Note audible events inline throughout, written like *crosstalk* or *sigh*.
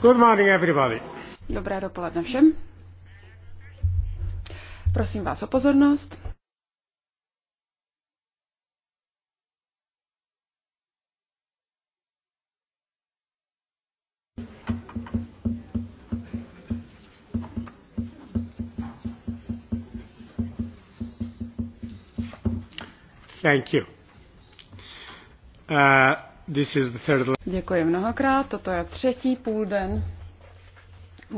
Good morning, everybody. Dobré dopoledne všem. Prosím vás o pozornost. Thank you. Uh, Děkuji mnohokrát. Toto je třetí půl den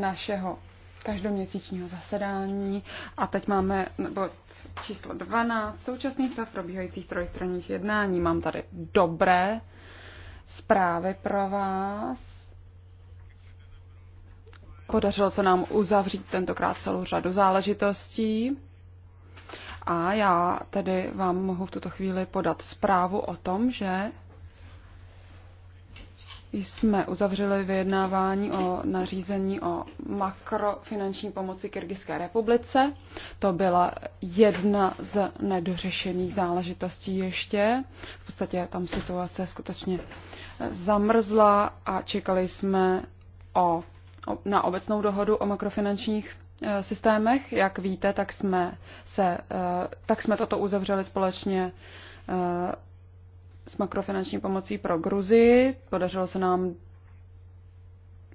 našeho každoměsíčního zasedání. A teď máme bod číslo 12, současný stav probíhajících trojstranních jednání. Mám tady dobré zprávy pro vás. Podařilo se nám uzavřít tentokrát celou řadu záležitostí. A já tedy vám mohu v tuto chvíli podat zprávu o tom, že jsme uzavřeli vyjednávání o nařízení o makrofinanční pomoci Kyrgyzské republice. To byla jedna z nedořešených záležitostí ještě. V podstatě tam situace skutečně zamrzla a čekali jsme o, o, na obecnou dohodu o makrofinančních e, systémech. Jak víte, tak jsme, se, e, tak jsme toto uzavřeli společně e, s makrofinanční pomocí pro Gruzi. Podařilo se nám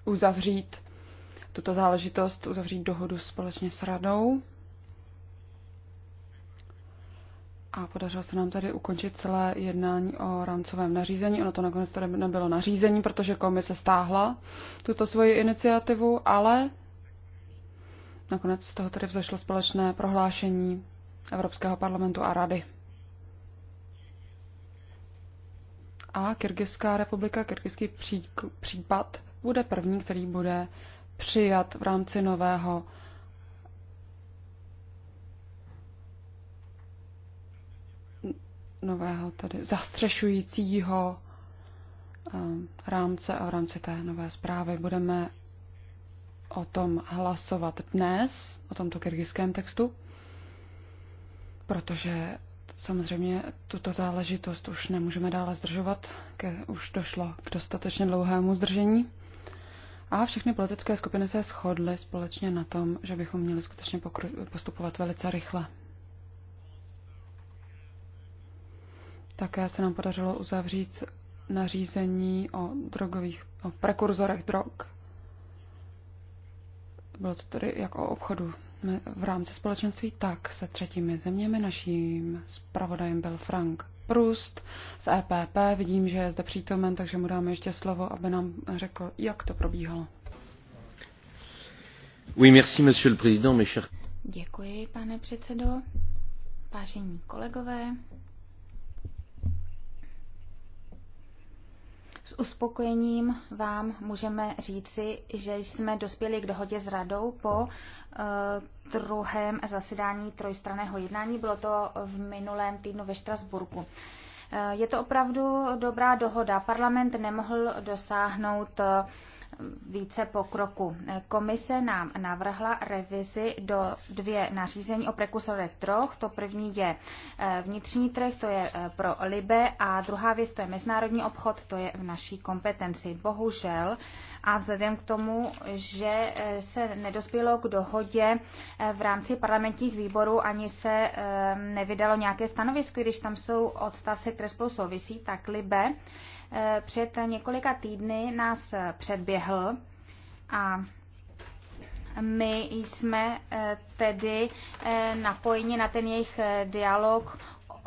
uzavřít tuto záležitost, uzavřít dohodu společně s radou. A podařilo se nám tady ukončit celé jednání o rámcovém nařízení. Ono to nakonec tady nebylo nařízení, protože komise stáhla tuto svoji iniciativu, ale nakonec z toho tady vzešlo společné prohlášení Evropského parlamentu a rady. a Kyrgyzská republika, kyrgyzský případ, bude první, který bude přijat v rámci nového nového tady zastřešujícího ehm, rámce a v rámci té nové zprávy budeme o tom hlasovat dnes, o tomto kyrgyzském textu, protože Samozřejmě tuto záležitost už nemůžeme dále zdržovat, ke, už došlo k dostatečně dlouhému zdržení. A všechny politické skupiny se shodly společně na tom, že bychom měli skutečně postupovat velice rychle. Také se nám podařilo uzavřít nařízení o drogových, o prekurzorech drog. Bylo to tedy jako o obchodu v rámci společenství tak se třetími zeměmi. Naším zpravodajem byl Frank Prust z EPP. Vidím, že je zde přítomen, takže mu dáme ještě slovo, aby nám řekl, jak to probíhalo. Oui, merci, monsieur le président, mes chers... Děkuji, pane předsedo. Vážení kolegové, S uspokojením vám můžeme říci, že jsme dospěli k dohodě s radou po eh, druhém zasedání trojstraného jednání. Bylo to v minulém týdnu ve Štrasburku. Eh, je to opravdu dobrá dohoda. Parlament nemohl dosáhnout eh, více pokroku. Komise nám navrhla revizi do dvě nařízení o prekusorech troch. To první je eh, vnitřní trh, to je eh, pro Libe a druhá věc to je mezinárodní obchod, to je v naší kompetenci. Bohužel a vzhledem k tomu, že eh, se nedospělo k dohodě v rámci parlamentních výborů, ani se nevydalo nějaké stanovisko, když tam jsou odstavce, které spolu souvisí, tak Libe Eh, před několika týdny nás předběhl a my jsme eh, tedy eh, napojeni na ten jejich dialog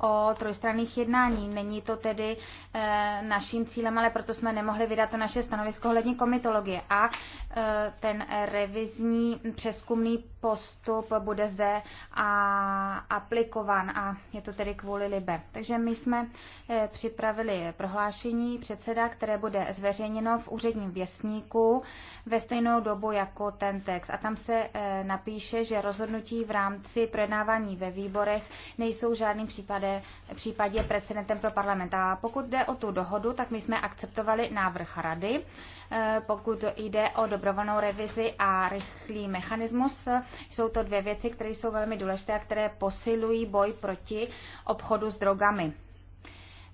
o trojstranných jednání. Není to tedy eh, naším cílem, ale proto jsme nemohli vydat to naše stanovisko hledně komitologie. A eh, ten revizní přeskumný postup bude zde a aplikován a je to tedy kvůli Libe. Takže my jsme eh, připravili prohlášení předseda, které bude zveřejněno v úředním věstníku ve stejnou dobu jako ten text. A tam se napíše, že rozhodnutí v rámci projednávání ve výborech nejsou žádným případem každé případě precedentem pro parlament. A pokud jde o tu dohodu, tak my jsme akceptovali návrh rady. E, pokud jde o dobrovolnou revizi a rychlý mechanismus, jsou to dvě věci, které jsou velmi důležité a které posilují boj proti obchodu s drogami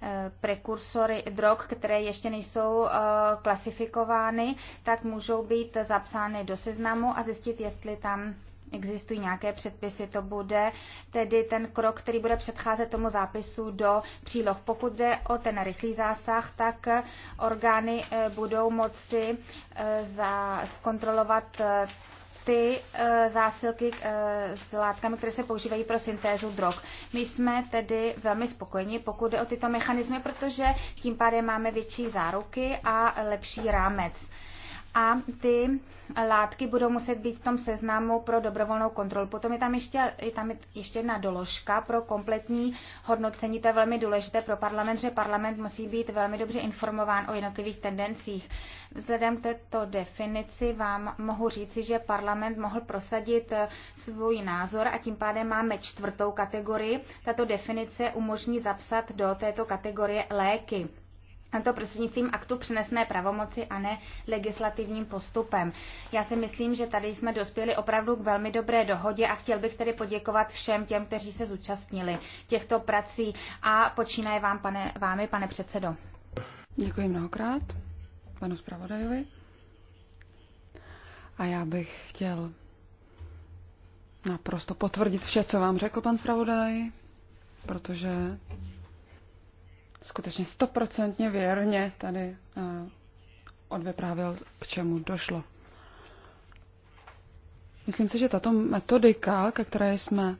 e, prekursory drog, které ještě nejsou e, klasifikovány, tak můžou být zapsány do seznamu a zjistit, jestli tam existují nějaké předpisy, to bude tedy ten krok, který bude předcházet tomu zápisu do příloh. Pokud jde o ten rychlý zásah, tak eh, orgány eh, budou moci eh, za, zkontrolovat ty zásilky s látkami, které se používají pro syntézu drog. My jsme tedy velmi spokojeni, pokud jde o tyto mechanismy, protože tím pádem máme větší záruky a lepší rámec a ty látky budou muset být v tom seznamu pro dobrovolnou kontrolu. Potom je tam ještě, je tam ještě jedna doložka pro kompletní hodnocení. To je velmi důležité pro parlament, že parlament musí být velmi dobře informován o jednotlivých tendencích. Vzhledem k této definici vám mohu říci, že parlament mohl prosadit eh, svůj názor a tím pádem máme čtvrtou kategorii. Tato definice umožní zapsat do této kategorie léky to prostřednictvím aktu přenesné pravomoci a ne legislativním postupem. Já si myslím, že tady jsme dospěli opravdu k velmi dobré dohodě a chtěl bych tedy poděkovat všem těm, kteří se zúčastnili těchto prací a počínaje vám, pane, vámi, pane předsedo. Děkuji mnohokrát panu zpravodajovi. A já bych chtěl naprosto potvrdit vše, co vám řekl pan zpravodaj, protože skutečně stoprocentně věrně tady eh, odvyprávěl, k čemu došlo. Myslím si, že tato metodika, ke které jsme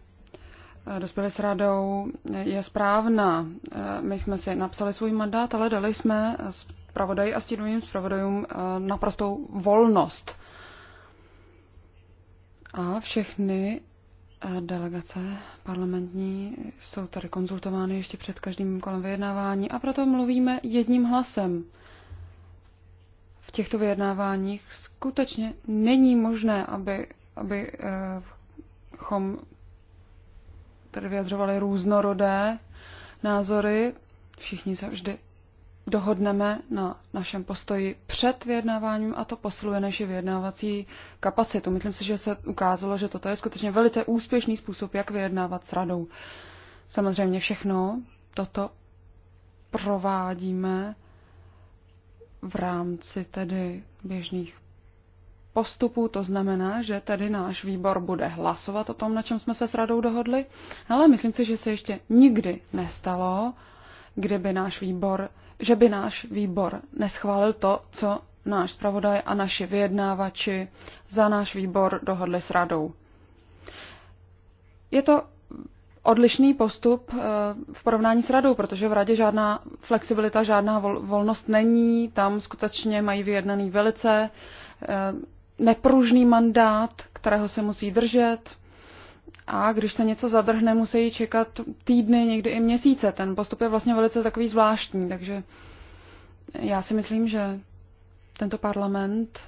eh, dospěli s radou, je správná. Eh, my jsme si napsali svůj mandát, ale dali jsme zpravodaji a stínovým zpravodajům naprostou volnost. A všechny delegace parlamentní jsou tady konzultovány ještě před každým kolem vyjednávání a proto mluvíme jedním hlasem. V těchto vyjednáváních skutečně není možné, aby, aby, eh, chom, tady vyjadřovali různorodé názory. Všichni se vždy dohodneme na našem postoji před vyjednáváním a to posiluje naši vyjednávací kapacitu. Myslím si, že se ukázalo, že toto je skutečně velice úspěšný způsob, jak vyjednávat s radou. Samozřejmě všechno toto provádíme v rámci tedy běžných postupů, to znamená, že tedy náš výbor bude hlasovat o tom, na čem jsme se s radou dohodli, ale myslím si, že se ještě nikdy nestalo, kdyby náš výbor že by náš výbor neschválil to, co náš zpravodaj a naši vyjednávači za náš výbor dohodli s radou. Je to odlišný postup eh, v porovnání s radou, protože v radě žádná flexibilita, žádná volnost není. Tam skutečně mají vyjednaný velice eh, nepružný mandát, kterého se musí držet a když se něco zadrhne, musí čekat týdny, někdy i měsíce. Ten postup je vlastně velice takový zvláštní, takže já si myslím, že tento parlament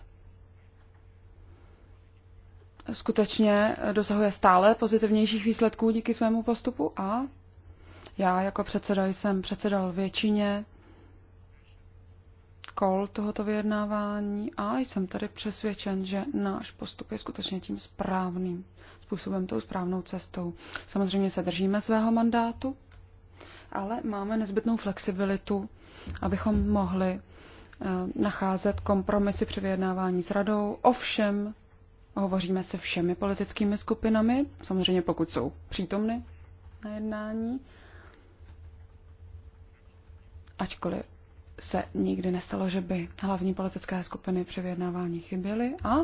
skutečně dosahuje stále pozitivnějších výsledků díky svému postupu a já jako předseda jsem předsedal většině kol tohoto vyjednávání a jsem tady přesvědčen, že náš postup je skutečně tím správným způsobem tou správnou cestou. Samozřejmě se držíme svého mandátu, ale máme nezbytnou flexibilitu, abychom mohli eh, nacházet kompromisy při vyjednávání s radou. Ovšem, hovoříme se všemi politickými skupinami, samozřejmě pokud jsou přítomny na jednání. Ačkoliv se nikdy nestalo, že by hlavní politické skupiny při vyjednávání chyběly a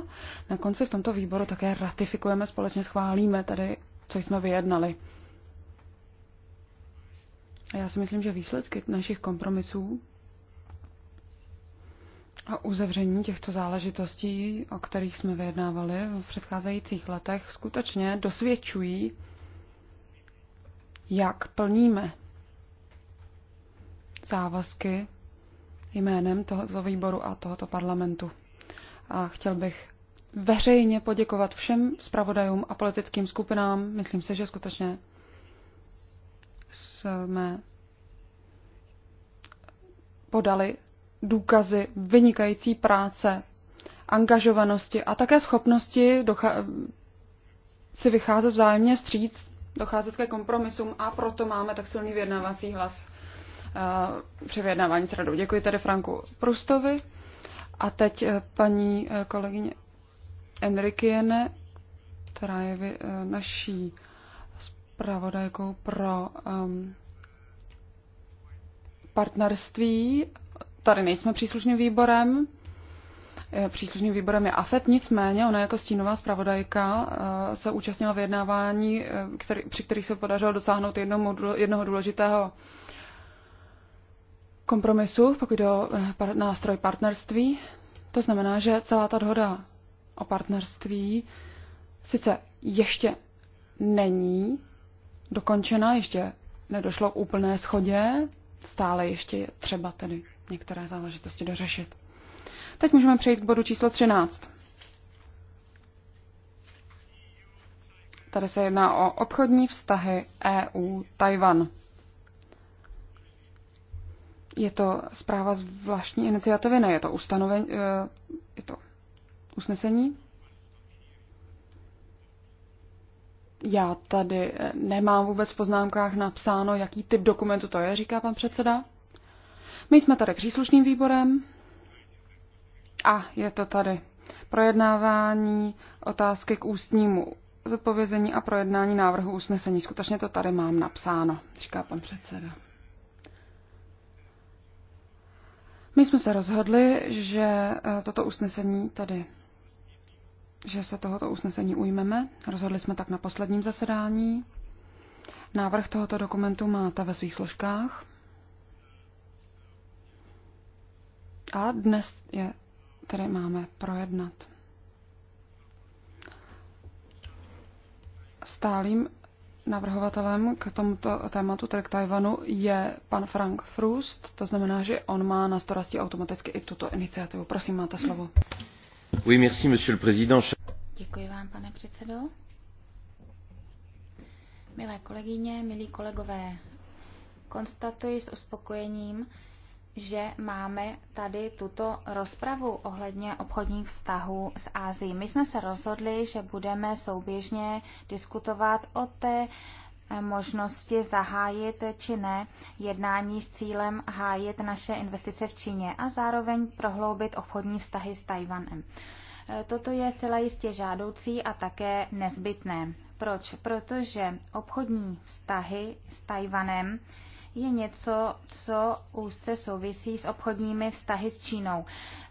na konci v tomto výboru také ratifikujeme, společně schválíme tady, co jsme vyjednali. A já si myslím, že výsledky našich kompromisů a uzavření těchto záležitostí, o kterých jsme vyjednávali v předcházejících letech, skutečně dosvědčují, jak plníme závazky jménem tohoto výboru a tohoto parlamentu. A chtěl bych veřejně poděkovat všem zpravodajům a politickým skupinám. Myslím si, že skutečně jsme podali důkazy vynikající práce, angažovanosti a také schopnosti si vycházet vzájemně vstříc, docházet ke kompromisům a proto máme tak silný vyjednávací hlas Eh, při vyjednávání s radou. Děkuji tady Franku Prustovi. A teď eh, paní eh, kolegyně Enrikiene, která je naší zpravodajkou pro um, partnerství. Tady nejsme příslušným výborem. Příslušným výborem je AFET, nicméně ona jako stínová zpravodajka se účastnila vyjednávání, který, při kterých se podařilo dosáhnout jednomu, jednoho důležitého kompromisu, pokud jde o eh, nástroj partnerství. To znamená, že celá ta dohoda o partnerství sice ještě není dokončena, ještě nedošlo k úplné schodě, stále ještě je třeba tedy některé záležitosti dořešit. Teď můžeme přejít k bodu číslo 13. Tady se jedná o obchodní vztahy EU-Tajvan. Je to zpráva zvláštní iniciativy, ne, je to ustanovení, eh, je to usnesení. Já tady eh, nemám vůbec v poznámkách napsáno, jaký typ dokumentu to je, říká pan předseda. My jsme tady příslušným výborem a je to tady projednávání otázky k ústnímu zodpovězení a projednání návrhu usnesení. Skutečně to tady mám napsáno, říká pan předseda. My jsme se rozhodli, že eh, toto usnesení tady že se tohoto usnesení ujmeme. Rozhodli jsme tak na posledním zasedání. Návrh tohoto dokumentu máte ve svých složkách. A dnes je tedy máme projednat. Stálým navrhovatelem k tomuto tématu, tedy k Tajvanu, je pan Frank Frust. To znamená, že on má na starosti automaticky i tuto iniciativu. Prosím, máte slovo. Oui, merci, monsieur le président. Děkuji vám, pane předsedo. Milé kolegyně, milí kolegové, konstatuji s uspokojením, že máme tady tuto rozpravu ohledně obchodních vztahů s Ázií. My jsme se rozhodli, že budeme souběžně diskutovat o té eh, možnosti zahájit či ne jednání s cílem hájit naše investice v Číně a zároveň prohloubit obchodní vztahy s Tajvanem. Eh, toto je zcela jistě žádoucí a také nezbytné. Proč? Protože obchodní vztahy s Tajvanem je něco, co úzce souvisí s obchodními vztahy s Čínou.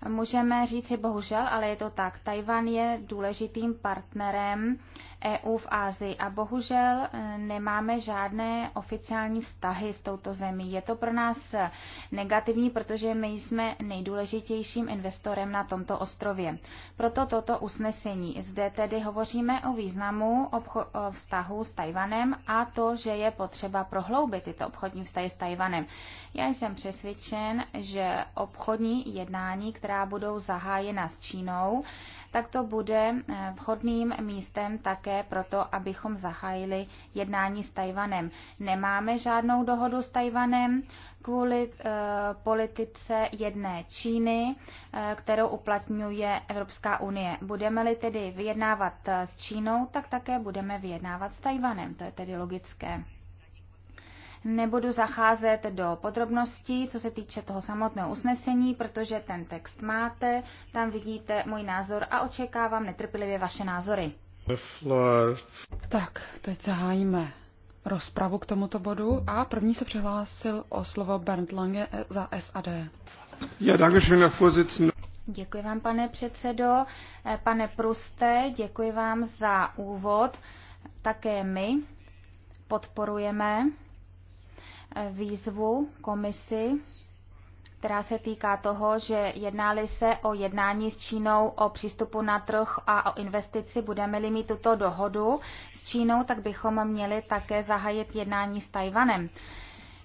Můžeme říci bohužel, ale je to tak. Tajvan je důležitým partnerem EU v Ázii a bohužel eh, nemáme žádné oficiální vztahy s touto zemí. Je to pro nás eh, negativní, protože my jsme nejdůležitějším investorem na tomto ostrově. Proto toto usnesení. Zde tedy hovoříme o významu obcho- vztahu s Tajvanem a to, že je potřeba prohloubit tyto obchodní vztahy vztahy s Tajvanem. Já jsem přesvědčen, že obchodní jednání, která budou zahájena s Čínou, tak to bude eh, vhodným místem také proto, abychom zahájili jednání s Tajvanem. Nemáme žádnou dohodu s Tajvanem kvůli e, politice jedné Číny, e, kterou uplatňuje Evropská unie. Budeme-li tedy vyjednávat s Čínou, tak také budeme vyjednávat s Tajvanem. To je tedy logické. Nebudu zacházet do podrobností, co se týče toho samotného usnesení, protože ten text máte, tam vidíte můj názor a očekávám netrpělivě vaše názory. Tak, teď zahájíme rozpravu k tomuto bodu a první se přihlásil o slovo Bernd Lange za SAD. Ja, danke schön, Herr Vorsitzende. Děkuji vám, pane předsedo. Eh, pane Pruste, děkuji vám za úvod. Také my podporujeme výzvu komisi, která se týká toho, že jednáli se o jednání s Čínou o přístupu na trh a o investici, budeme-li mít tuto dohodu s Čínou, tak bychom měli také zahájit jednání s Tajvanem.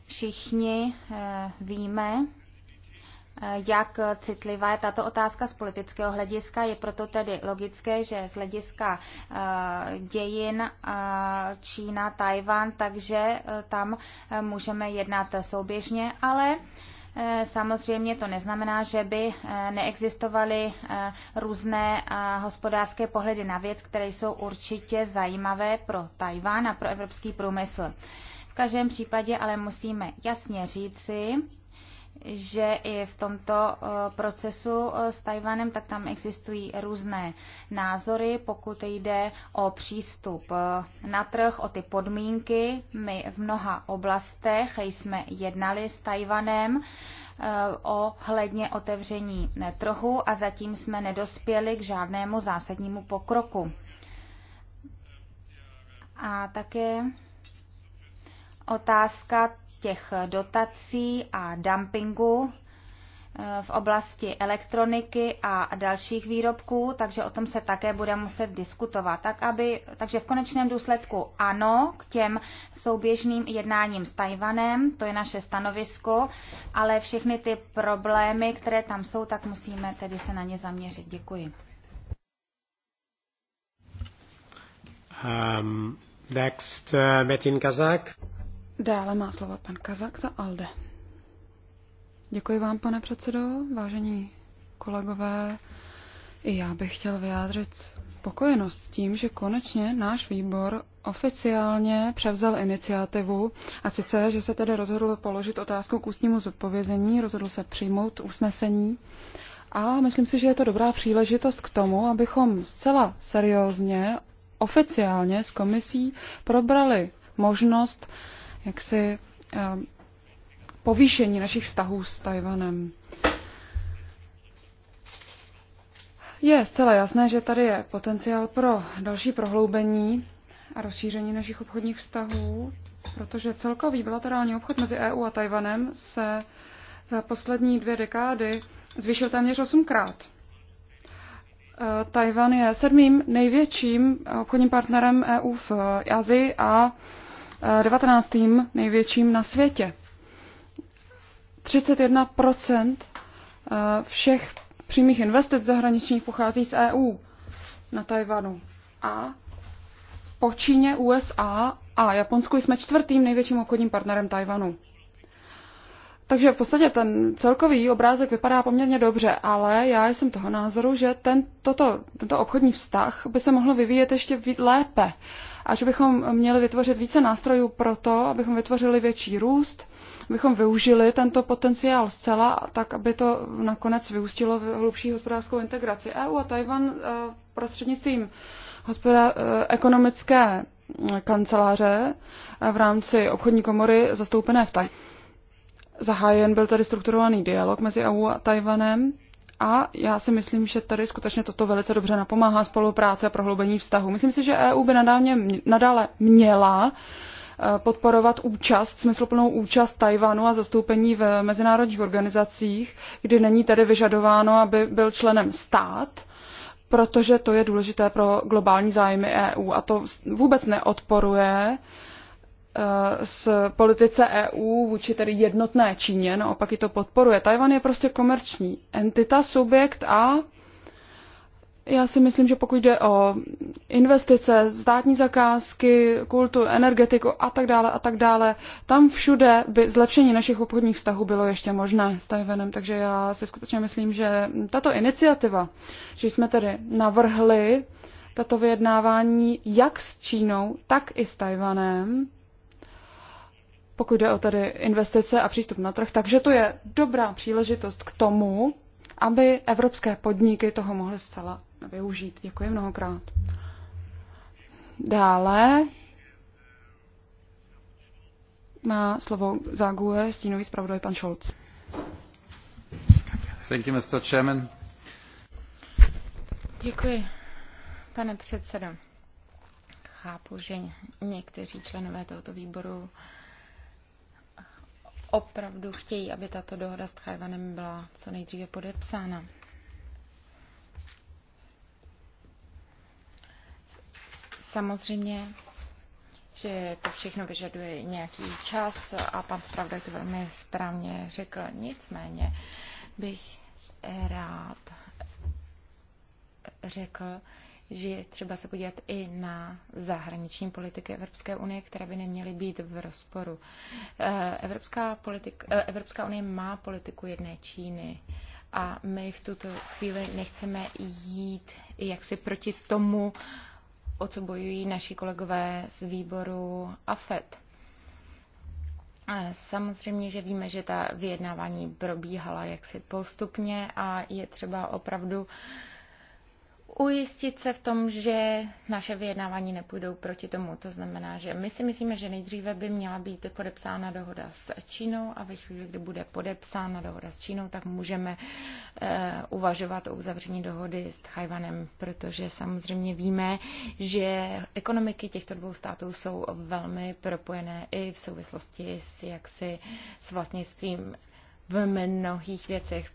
Všichni eh, víme, jak citlivá je tato otázka z politického hlediska. Je proto tedy logické, že z hlediska eh, dějin eh, Čína, Tajvan, takže eh, tam můžeme jednat souběžně, ale Samozřejmě to neznamená, že by neexistovaly různé hospodářské pohledy na věc, které jsou určitě zajímavé pro Tajván a pro evropský průmysl. V každém případě ale musíme jasně říci, že i v tomto eh, procesu eh, s Tajvanem, tak tam existují různé názory, pokud jde o přístup eh, na trh, o ty podmínky. My v mnoha oblastech jsme jednali s Tajvanem o hledně otevření trhu a zatím jsme nedospěli k žádnému zásadnímu pokroku. A také otázka těch dotací a dumpingu eh, v oblasti elektroniky a dalších výrobků, takže o tom se také bude muset diskutovat. Tak aby, takže v konečném důsledku ano k těm souběžným jednáním s Tajvanem, to je naše stanovisko, ale všechny ty problémy, které tam jsou, tak musíme tedy se na ně zaměřit. Děkuji. Um, next, uh, Metin Kazak. Dále má slova pan Kazak za Alde. Děkuji vám, pane předsedo, vážení kolegové. I já bych chtěl vyjádřit spokojenost s tím, že konečně náš výbor oficiálně převzal iniciativu a sice, že se tedy rozhodl položit otázku k ústnímu zodpovězení, rozhodl se přijmout usnesení a myslím si, že je to dobrá příležitost k tomu, abychom zcela seriózně, oficiálně s komisí probrali možnost uh, jaksi eh, povýšení našich vztahů s Tajvanem. Je zcela jasné, že tady je potenciál pro další prohloubení a rozšíření našich obchodních vztahů, protože celkový bilaterální obchod mezi EU a Tajvanem se za poslední dvě dekády zvýšil téměř osmkrát. Eh, Tajvan je sedmým největším obchodním partnerem EU v Azii a 19. největším na světě. 31 eh, všech přímých investic zahraničních pochází z EU na Tajvanu. A po Číně, USA a Japonsku jsme čtvrtým největším obchodním partnerem Tajvanu. Takže v podstatě ten celkový obrázek vypadá poměrně dobře, ale já jsem toho názoru, že ten, toto, tento obchodní vztah by se mohl vyvíjet ještě lépe a že bychom měli vytvořit více nástrojů pro to, abychom vytvořili větší růst, abychom využili tento potenciál zcela, tak aby to nakonec vyústilo v hlubší hospodářskou integraci EU a Tajvan e, prostřednictvím e, ekonomické e, kanceláře v rámci obchodní komory zastoupené v Tajvanu. Zahájen byl tady strukturovaný dialog mezi EU a Tajvanem a já si myslím, že tady skutečně toto velice dobře napomáhá spolupráce a prohloubení vztahu. Myslím si, že EU by nadále, nadále měla eh, podporovat účast, smysluplnou účast Tajvanu a zastoupení v mezinárodních organizacích, kdy není tedy vyžadováno, aby byl členem stát, protože to je důležité pro globální zájmy EU. A to vůbec neodporuje uh, Eh, s politice EU vůči tedy jednotné Číně, naopak i to podporuje. Tajvan je prostě komerční entita, subjekt a já si myslím, že pokud jde o investice, státní zakázky, kulturu, energetiku a tak dále a tak dále, tam všude by zlepšení našich obchodních vztahů bylo ještě možné s Tajvanem. Takže já si skutečně myslím, že tato iniciativa, že jsme tedy navrhli tato vyjednávání jak s Čínou, tak i s Tajvanem, pokud jde o tady investice a přístup na trh, takže to je dobrá příležitost k tomu, aby evropské podniky toho mohly zcela využít. Děkuji mnohokrát. Dále má slovo Zague stínový zpravodaj pan Scholz. Thank you, Mr. Chairman. Děkuji, pane předsedo. Chápu, že někteří členové tohoto výboru opravdu chtějí, aby tato dohoda s Tchajvanem byla co nejdříve podepsána. Samozřejmě, že to všechno vyžaduje nějaký čas a pan zpravodaj to velmi správně řekl. Nicméně bych rád řekl, že třeba se podívat i na zahraniční politiky Evropské unie, které by neměly být v rozporu. Eh, Evropská, politik, eh, Evropská unie má politiku jedné Číny a my v tuto chvíli nechceme jít jaksi proti tomu, o co bojují naši kolegové z výboru AFET. Eh, samozřejmě, že víme, že ta vyjednávání probíhala jaksi postupně a je třeba opravdu uh, ujistit se v tom, že naše vyjednávání nepůjdou proti tomu. To znamená, že my si myslíme, že nejdříve by měla být podepsána dohoda s Čínou a ve chvíli, kdy bude podepsána dohoda s Čínou, tak můžeme e, uvažovat o uzavření dohody s Tchajvanem, protože samozřejmě víme, že ekonomiky těchto dvou států jsou velmi propojené i v souvislosti s jaksi s vlastnictvím v mnohých věcech.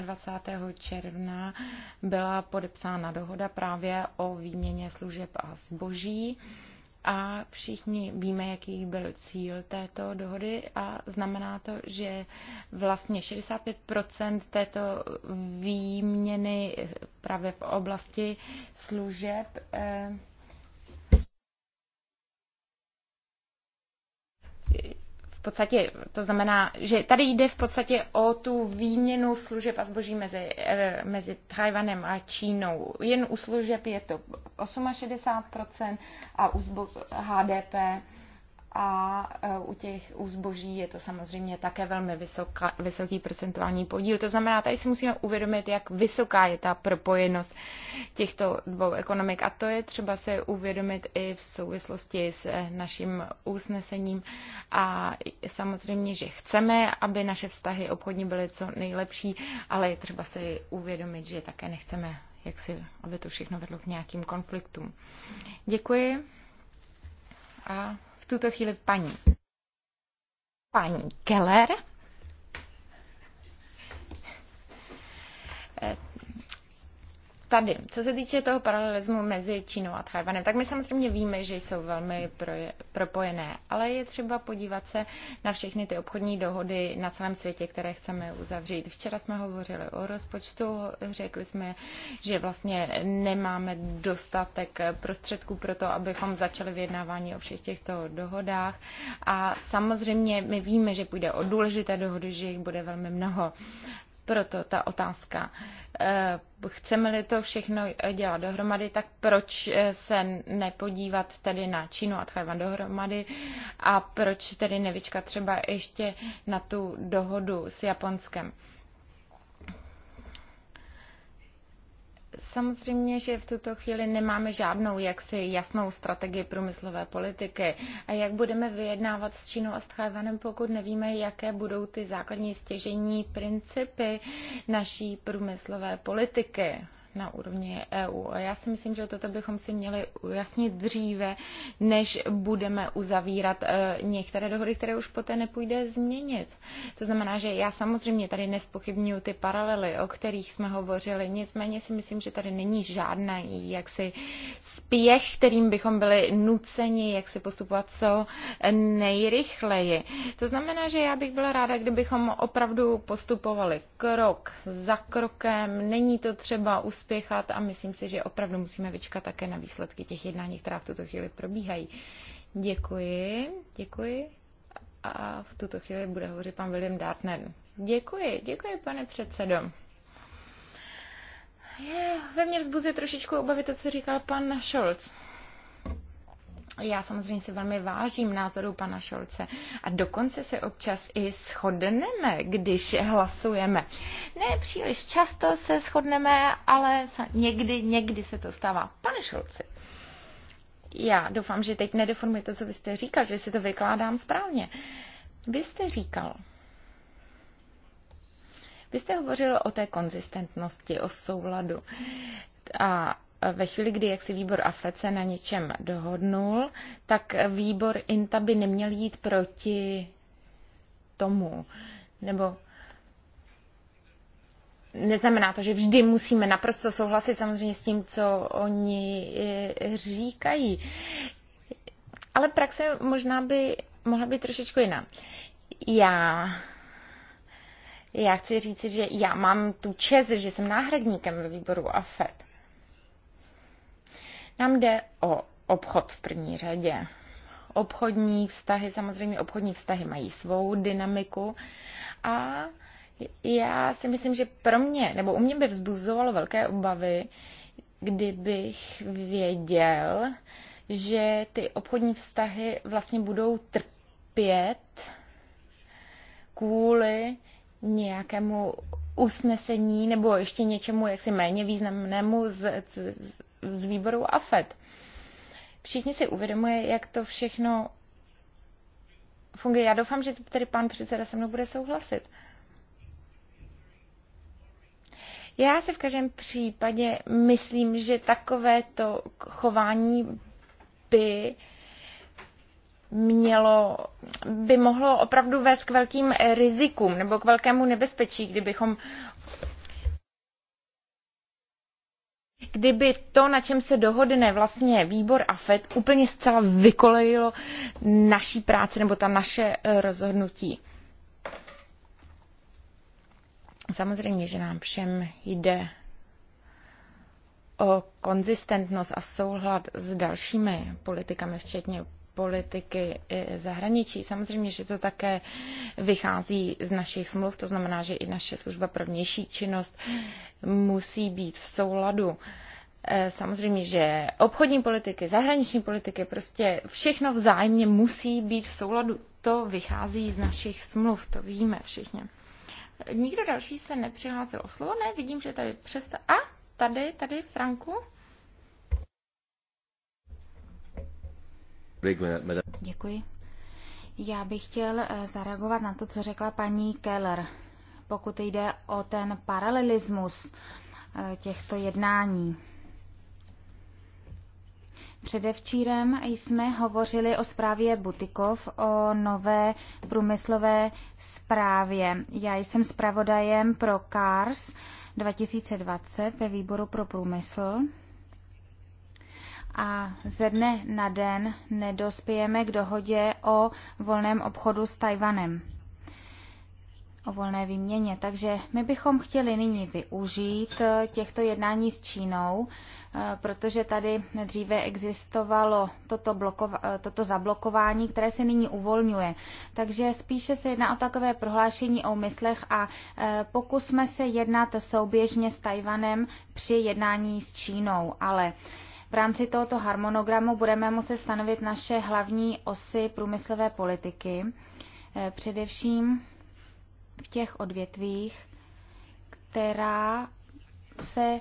21. června byla podepsána dohoda právě o výměně služeb a zboží a všichni víme, jaký byl cíl této dohody a znamená to, že vlastně 65% této výměny právě v oblasti služeb eh, podstatě, to znamená, že tady jde v podstatě o tu výměnu služeb a zboží mezi, eh, mezi Tajvanem a Čínou. Jen u služeb je to 68% a u HDP a e, u těch u zboží je to samozřejmě také velmi vysoká, vysoký procentuální podíl. To znamená, tady si musíme uvědomit, jak vysoká je ta propojenost těchto dvou ekonomik a to je třeba se uvědomit i v souvislosti s e, naším usnesením a samozřejmě, že chceme, aby naše vztahy obchodní byly co nejlepší, ale je třeba si uvědomit, že také nechceme jak si, aby to všechno vedlo k nějakým konfliktům. Děkuji a tuto chvíli paní. Paní Keller tady, co se týče toho paralelismu mezi Čínou a Tajvanem, tak my samozřejmě víme, že jsou velmi proje, propojené, ale je třeba podívat se na všechny ty obchodní dohody na celém světě, které chceme uzavřít. Včera jsme hovořili o rozpočtu, řekli jsme, že vlastně nemáme dostatek prostředků pro to, abychom začali vyjednávání o všech těchto dohodách. A samozřejmě my víme, že půjde o důležité dohody, že jich bude velmi mnoho. Proto ta otázka, eh, chceme-li to všechno dělat dohromady, tak proč eh, se nepodívat tedy na Čínu a Tchajvan dohromady a proč tedy nevyčkat třeba ještě na tu dohodu s Japonskem? Samozřejmě, že v tuto chvíli nemáme žádnou jaksi jasnou strategii průmyslové politiky. A jak budeme vyjednávat s Čínou a s Tchajvanem, pokud nevíme, jaké budou ty základní stěžení principy naší průmyslové politiky? na úrovni EU. A já si myslím, že toto bychom si měli ujasnit dříve, než budeme uzavírat e, některé dohody, které už poté nepůjde změnit. To znamená, že já samozřejmě tady nespochybnuju ty paralely, o kterých jsme hovořili, nicméně si myslím, že tady není žádný jaksi spěch, kterým bychom byli nuceni, jak si postupovat co nejrychleji. To znamená, že já bych byla ráda, kdybychom opravdu postupovali krok za krokem. Není to třeba uspět spěchat a myslím si, že opravdu musíme vyčkat také na výsledky těch jednání, která v tuto chvíli probíhají. Děkuji, děkuji. A v tuto chvíli bude hovořit pan William Dartner. Děkuji, děkuji, pane předsedo. Je, ve mně vzbuzuje trošičku obavy to, co říkal pan Scholz. Já samozřejmě si velmi vážím názoru pana Šolce a dokonce se občas i shodneme, když hlasujeme. Ne příliš často se shodneme, ale někdy, někdy se to stává. Pane Šolce, já doufám, že teď nedeformuji to, co vy jste říkal, že si to vykládám správně. Vy jste říkal, vy jste hovořil o té konzistentnosti, o souladu. A ve chvíli, kdy jaksi výbor Afec se na něčem dohodnul, tak výbor INTA by neměl jít proti tomu. Nebo neznamená to, že vždy musíme naprosto souhlasit samozřejmě s tím, co oni e, říkají. Ale praxe možná by mohla být trošičku jiná. Já já chci říct, že já mám tu čest, že jsem náhradníkem ve výboru AFED. Nám jde o obchod v první řadě. Obchodní vztahy, samozřejmě obchodní vztahy mají svou dynamiku a já si myslím, že pro mě, nebo u mě by vzbuzovalo velké obavy, kdybych věděl, že ty obchodní vztahy vlastně budou trpět kvůli nějakému usnesení nebo ještě něčemu jaksi méně významnému z, z, z výboru AFED. Všichni si uvědomuje, jak to všechno funguje. Já doufám, že tady pan předseda se mnou bude souhlasit. Já si v každém případě myslím, že takovéto chování by mělo, by mohlo opravdu vést k velkým rizikům nebo k velkému nebezpečí, kdybychom kdyby to, na čem se dohodne vlastně výbor a FED, úplně zcela vykolejilo naší práci nebo ta naše eh, rozhodnutí. Samozřejmě, že nám všem jde o konzistentnost a souhlad s dalšími politikami, včetně politiky zahraničí. Samozřejmě, že to také vychází z našich smluv, to znamená, že i naše služba pro vnější činnost musí být v souladu eh, samozřejmě, že obchodní politiky, zahraniční politiky, prostě všechno vzájemně musí být v souladu. To vychází z našich smluv, to víme všichni. Nikdo další se nepřihlásil o slovo, ne, vidím, že tady přesta... A, tady, tady, Franku? Děkuji. Já bych chtěl eh, zareagovat na to, co řekla paní Keller, pokud jde o ten paralelismus eh, těchto jednání. Předevčírem jsme hovořili o zprávě Butikov, o nové průmyslové zprávě. Já jsem zpravodajem pro CARS 2020 ve výboru pro průmysl a ze dne na den nedospějeme k dohodě o volném obchodu s Tajvanem, o volné výměně. Takže my bychom chtěli nyní využít eh, těchto jednání s Čínou, eh, protože tady dříve existovalo toto, blokova- eh, toto zablokování, které se nyní uvolňuje. Takže spíše se jedná o takové prohlášení o myslech a pokusme se jednat souběžně s Tajvanem při jednání s Čínou, ale v rámci tohoto harmonogramu budeme muset stanovit naše hlavní osy průmyslové politiky, eh, především v těch odvětvích, která se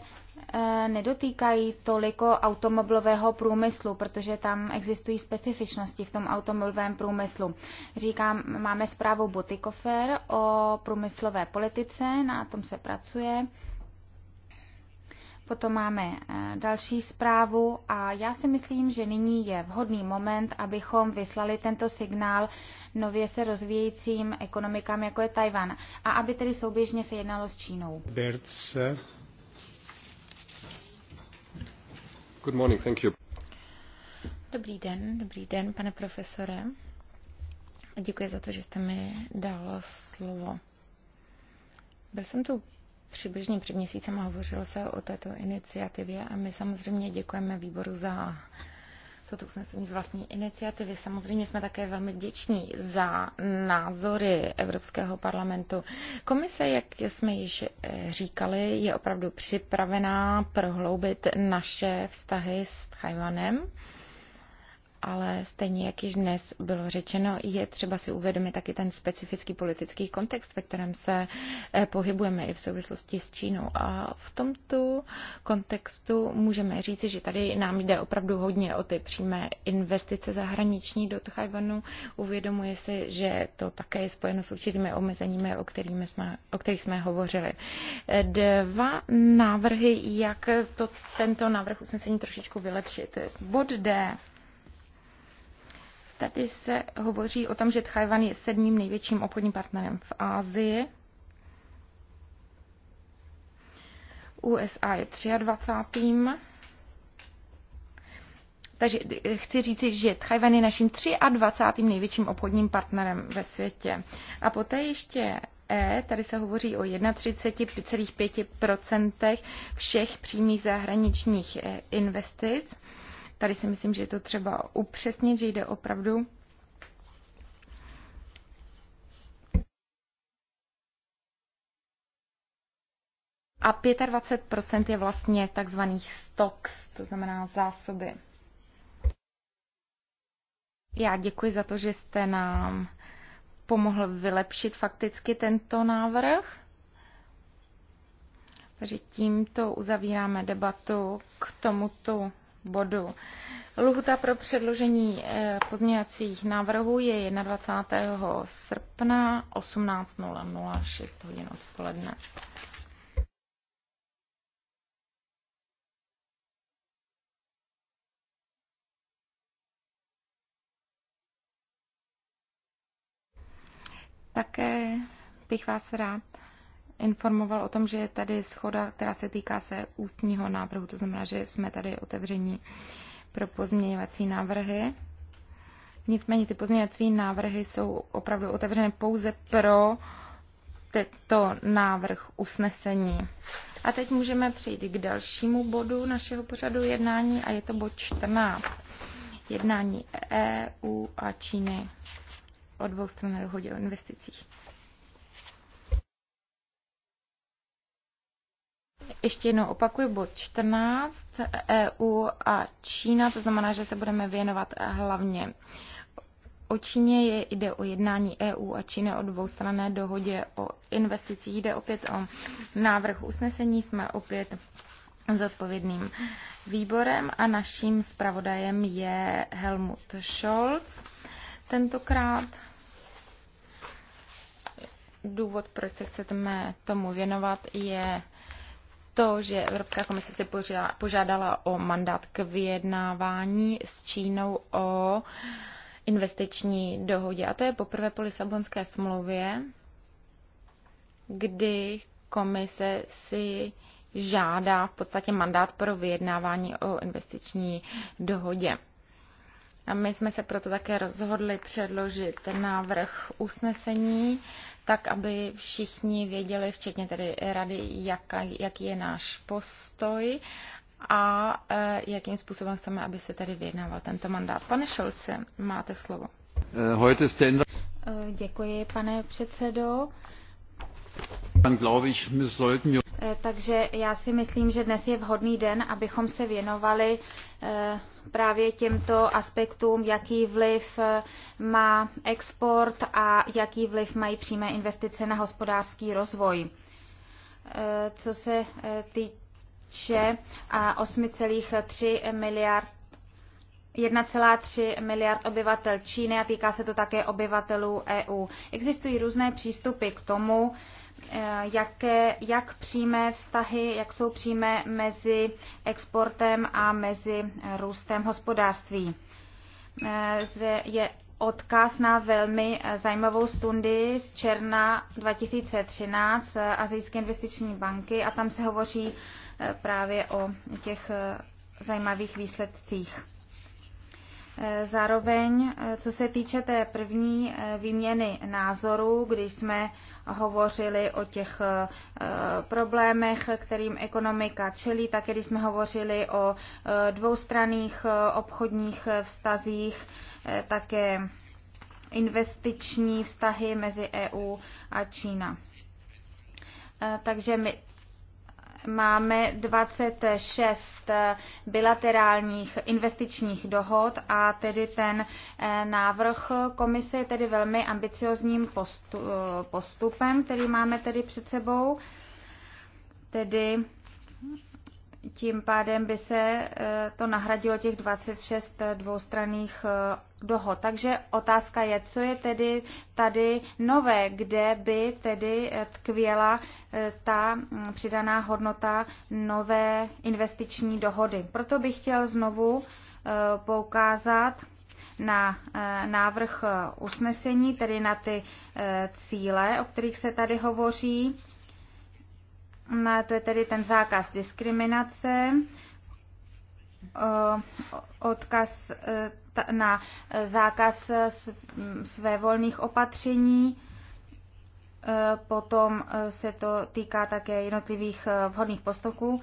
eh, nedotýkají toliko automobilového průmyslu, protože tam existují specifičnosti v tom automobilovém průmyslu. Říkám, máme zprávu Butikofer o průmyslové politice, na tom se pracuje. Potom máme eh, další zprávu a já si myslím, že nyní je vhodný moment, abychom vyslali tento signál nově se rozvíjejícím ekonomikám, jako je Tajvan, a aby tedy souběžně se jednalo s Čínou. Good morning, thank you. Dobrý den, dobrý den, pane profesore. Děkuji za to, že jste mi dal slovo. Byl jsem tu Přibližně před měsícem hovořilo se o této iniciativě a my samozřejmě děkujeme výboru za toto usnesení z vlastní iniciativy. Samozřejmě jsme také velmi vděční za názory Evropského parlamentu. Komise, jak jsme již eh, říkali, je opravdu připravená prohloubit naše vztahy s Tajvanem ale stejně jak již dnes bylo řečeno, je třeba si uvědomit taky ten specifický politický kontext, ve kterém se eh, pohybujeme i v souvislosti s Čínou. A v tomto kontextu můžeme říci, že tady nám jde opravdu hodně o ty přímé investice zahraniční do Tchajvanu. Uvědomuje si, že to také je spojeno s určitými omezeními, o, jsme, o kterých jsme hovořili. Eh, dva návrhy, jak to, tento návrh usnesení trošičku vylepšit. Bod D Tady se hovoří o tom, že Tchajvan je sedmým největším obchodním partnerem v Ázii. USA je 23. Takže chci říci, že Tchajvan je naším 23. největším obchodním partnerem ve světě. A poté ještě E, tady se hovoří o 31,5% všech přímých zahraničních eh, investic. Tady si myslím, že je to třeba upřesnit, že jde opravdu a 25% je vlastně takzvaných stocks, to znamená zásoby. Já děkuji za to, že jste nám pomohl vylepšit fakticky tento návrh. Takže tímto uzavíráme debatu k tomuto bodu. Lhuta pro předložení eh, pozměňovacích návrhů je 21. srpna 18.00, hodin odpoledne. Také bych vás rád informoval o tom, že je tady schoda, která se týká se ústního návrhu, to znamená, že jsme tady otevření pro pozměňovací návrhy. Nicméně ty pozměňovací návrhy jsou opravdu otevřené pouze pro tento návrh usnesení. A teď můžeme přejít k dalšímu bodu našeho pořadu jednání a je to bod 14. Jednání EU a Číny o dvoustranné dohodě o investicích. Ještě jednou opakuju, bod 14, EU a Čína, to znamená, že se budeme věnovat hlavně O Číně je, jde o jednání EU a Číny o dvoustranné dohodě o investicích. Jde opět o návrh usnesení. Jsme opět zodpovědným výborem a naším zpravodajem je Helmut Scholz. Tentokrát důvod, proč se chceme tomu věnovat, je to, že Evropská komise si požádala o mandát k vyjednávání s Čínou o investiční dohodě. A to je poprvé po Lisabonské smlouvě, kdy komise si žádá v podstatě mandát pro vyjednávání o investiční dohodě. A my jsme se proto také rozhodli předložit návrh usnesení tak aby všichni věděli, včetně tedy rady, jaka, jaký je náš postoj a e, jakým způsobem chceme, aby se tedy vyjednával tento mandát. Pane Šolce, máte slovo. E, e, děkuji, pane předsedo. Pan, glaube ich, sollten Eh, takže já si myslím, že dnes je vhodný den, abychom se věnovali eh, právě těmto aspektům, jaký vliv eh, má export a jaký vliv mají přímé investice na hospodářský rozvoj. Co se týče 8,3 miliard 1,3 miliard obyvatel Číny a týká se to také obyvatelů EU. Existují různé přístupy k tomu, Eh, jaké, jak přímé vztahy, jak jsou přímé mezi exportem a mezi eh, růstem hospodářství. Eh, je odkaz na velmi zajímavou studii z června 2013 Azijské investiční banky a tam se hovoří právě o těch zajímavých výsledcích. Eh, zároveň, eh, co se týče té první eh, výměny názorů, když jsme hovořili o těch problémech, kterým ekonomika čelí, tak když jsme hovořili o dvoustranných obchodních vztazích, také investiční vztahy mezi EU a Čína. Takže my máme 26 bilaterálních investičních dohod a tedy ten eh, návrh komise je tedy velmi ambiciozním postupem, který máme tedy před sebou. Tedy tím pádem by se eh, to nahradilo těch 26 eh, dvoustranných eh, dohod. Takže otázka je, co je tedy tady nové, kde by tedy tkvěla ta mm, přidaná hodnota nové investiční dohody. Proto bych chtěl znovu poukázat na návrh usnesení, tedy na ty cíle, o kterých se tady hovoří No, to je tedy ten zákaz diskriminace, odkaz e, na zákaz svévolných opatření, e, potom e, se to týká také jednotlivých vhodných postupů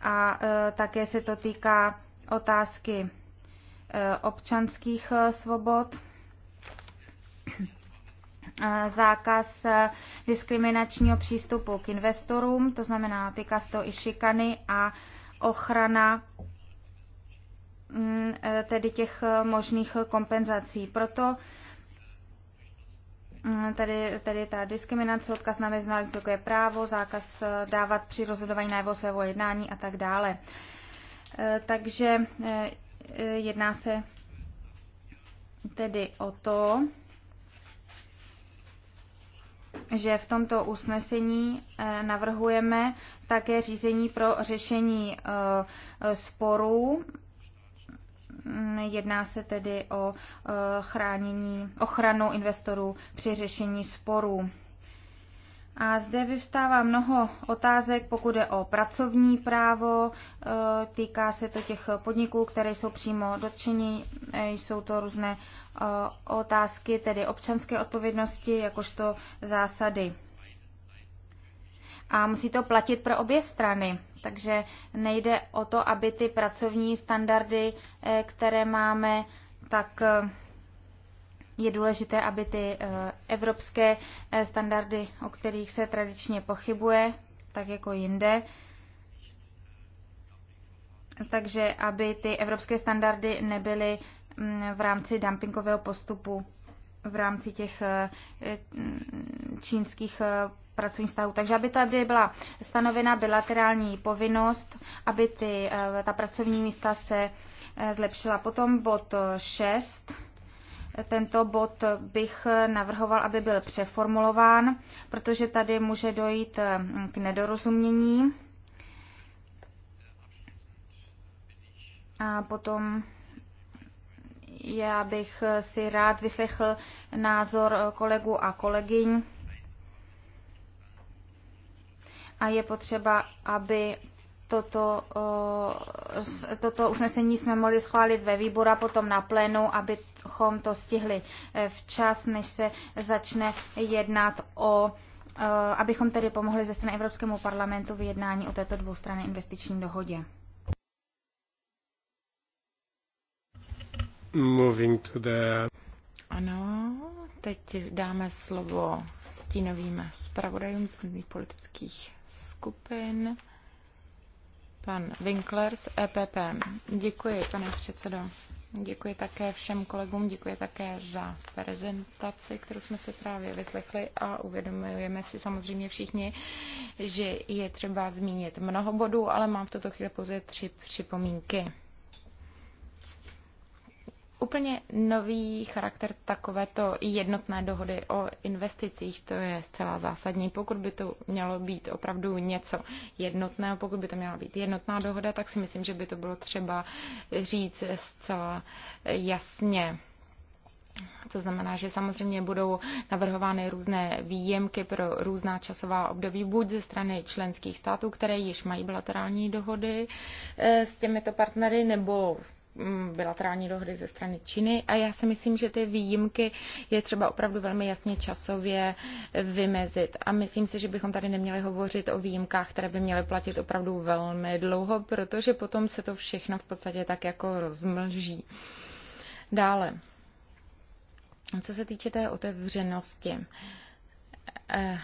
a také se to týká otázky občanských svobod zákaz e, diskriminačního přístupu k investorům, to znamená týká se to i šikany a ochrana mm, e, tedy těch e, možných kompenzací. Proto mm, tedy tedy ta diskriminace, odkaz na mezinárodní je právo, zákaz dávat při rozhodování najevo svého jednání a tak dále. Takže jedná se tedy o to, že v tomto usnesení eh, navrhujeme také řízení pro řešení eh, sporů. Mm, jedná se tedy o eh, chránění, ochranu investorů při řešení sporů. A zde vyvstává mnoho otázek, pokud je o pracovní právo, e, týká se to těch podniků, které jsou přímo dotčeny, e, jsou to různé e, otázky, tedy občanské odpovědnosti, jakožto zásady. A musí to platit pro obě strany, takže nejde o to, aby ty pracovní standardy, které máme, tak je důležité, aby ty eh, evropské eh, standardy, o kterých se tradičně pochybuje, tak jako jinde, takže aby ty evropské standardy nebyly mm, v rámci dumpingového postupu v rámci těch eh, čínských pracovních stavů. Takže aby aby byla stanovena bilaterální povinnost, aby ty, ta pracovní místa se zlepšila. Potom bod 6 tento bod bych navrhoval, aby byl přeformulován, protože tady může dojít mm, k nedorozumění. A potom já bych si rád vyslechl názor kolegů a kolegyň. A je potřeba, aby toto, toto usnesení jsme mohli schválit ve výboru a potom na plénu, abychom to stihli e, včas, než se začne jednat o e, abychom tedy pomohli ze strany Evropskému parlamentu vyjednání o této dvoustranné investiční dohodě. Moving to the... Ano, teď dáme slovo stínovým zpravodajům z různých politických skupin. Pan Winkler z EPP. Děkuji, pane předsedo. Děkuji také všem kolegům, děkuji také za prezentaci, kterou jsme si právě vyslechli a uvědomujeme si samozřejmě všichni, že je třeba zmínit mnoho bodů, ale mám v tuto chvíli pouze tři připomínky úplně nový charakter takovéto jednotné dohody o investicích, to je zcela zásadní. Pokud by to mělo být opravdu něco jednotného, pokud by to měla být jednotná dohoda, tak si myslím, že by to bylo třeba říct zcela jasně. To znamená, že samozřejmě budou navrhovány různé výjimky pro různá časová období, buď ze strany členských států, které již mají bilaterální dohody eh, s těmito partnery, nebo Mm, bilaterální dohody ze strany Číny a já si myslím, že ty výjimky je třeba opravdu velmi jasně časově vymezit. A myslím si, že bychom tady neměli hovořit o výjimkách, které by měly platit opravdu velmi dlouho, protože potom se to všechno v podstatě tak jako rozmlží. Dále, co se týče té otevřenosti, eh,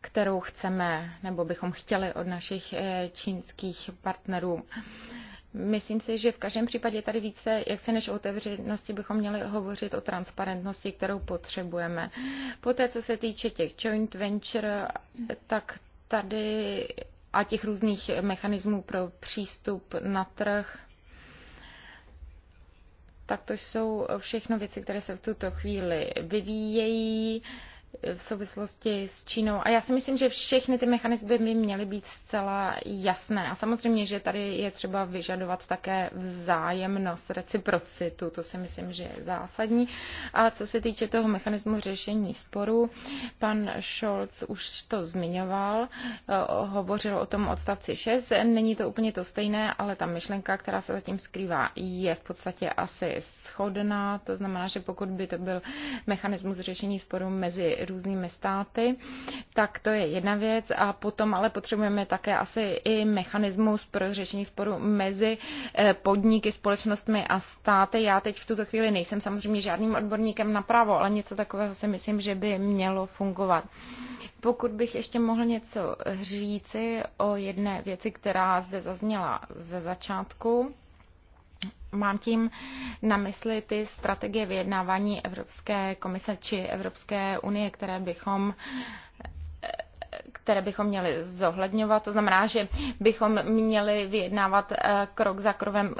kterou chceme nebo bychom chtěli od našich eh, čínských partnerů. Myslím si, že v každém případě tady více, jak se než o otevřenosti, bychom měli hovořit o transparentnosti, kterou potřebujeme. Poté, co se týče těch joint venture, tak tady a těch různých mechanismů pro přístup na trh, tak to jsou všechno věci, které se v tuto chvíli vyvíjejí v souvislosti s Čínou. A já si myslím, že všechny ty mechanismy by měly být zcela jasné. A samozřejmě, že tady je třeba vyžadovat také vzájemnost, reciprocitu, to si myslím, že je zásadní. A co se týče toho mechanismu řešení sporů, pan Scholz už to zmiňoval, eh, hovořil o tom odstavci 6. Není to úplně to stejné, ale ta myšlenka, která se zatím skrývá, je v podstatě asi schodná. To znamená, že pokud by to byl mechanismus řešení sporů mezi různými státy, tak to je jedna věc. A potom ale potřebujeme také asi i mechanismus pro řešení sporu mezi eh, podniky, společnostmi a státy. Já teď v tuto chvíli nejsem samozřejmě žádným odborníkem na právo, ale něco takového si myslím, že by mělo fungovat. Pokud bych ještě mohl něco říci o jedné věci, která zde zazněla ze začátku, Mám tím na mysli ty strategie vyjednávání Evropské komise či Evropské unie, které bychom které bychom měli zohledňovat. To znamená, že bychom měli vyjednávat eh, krok za, krokem,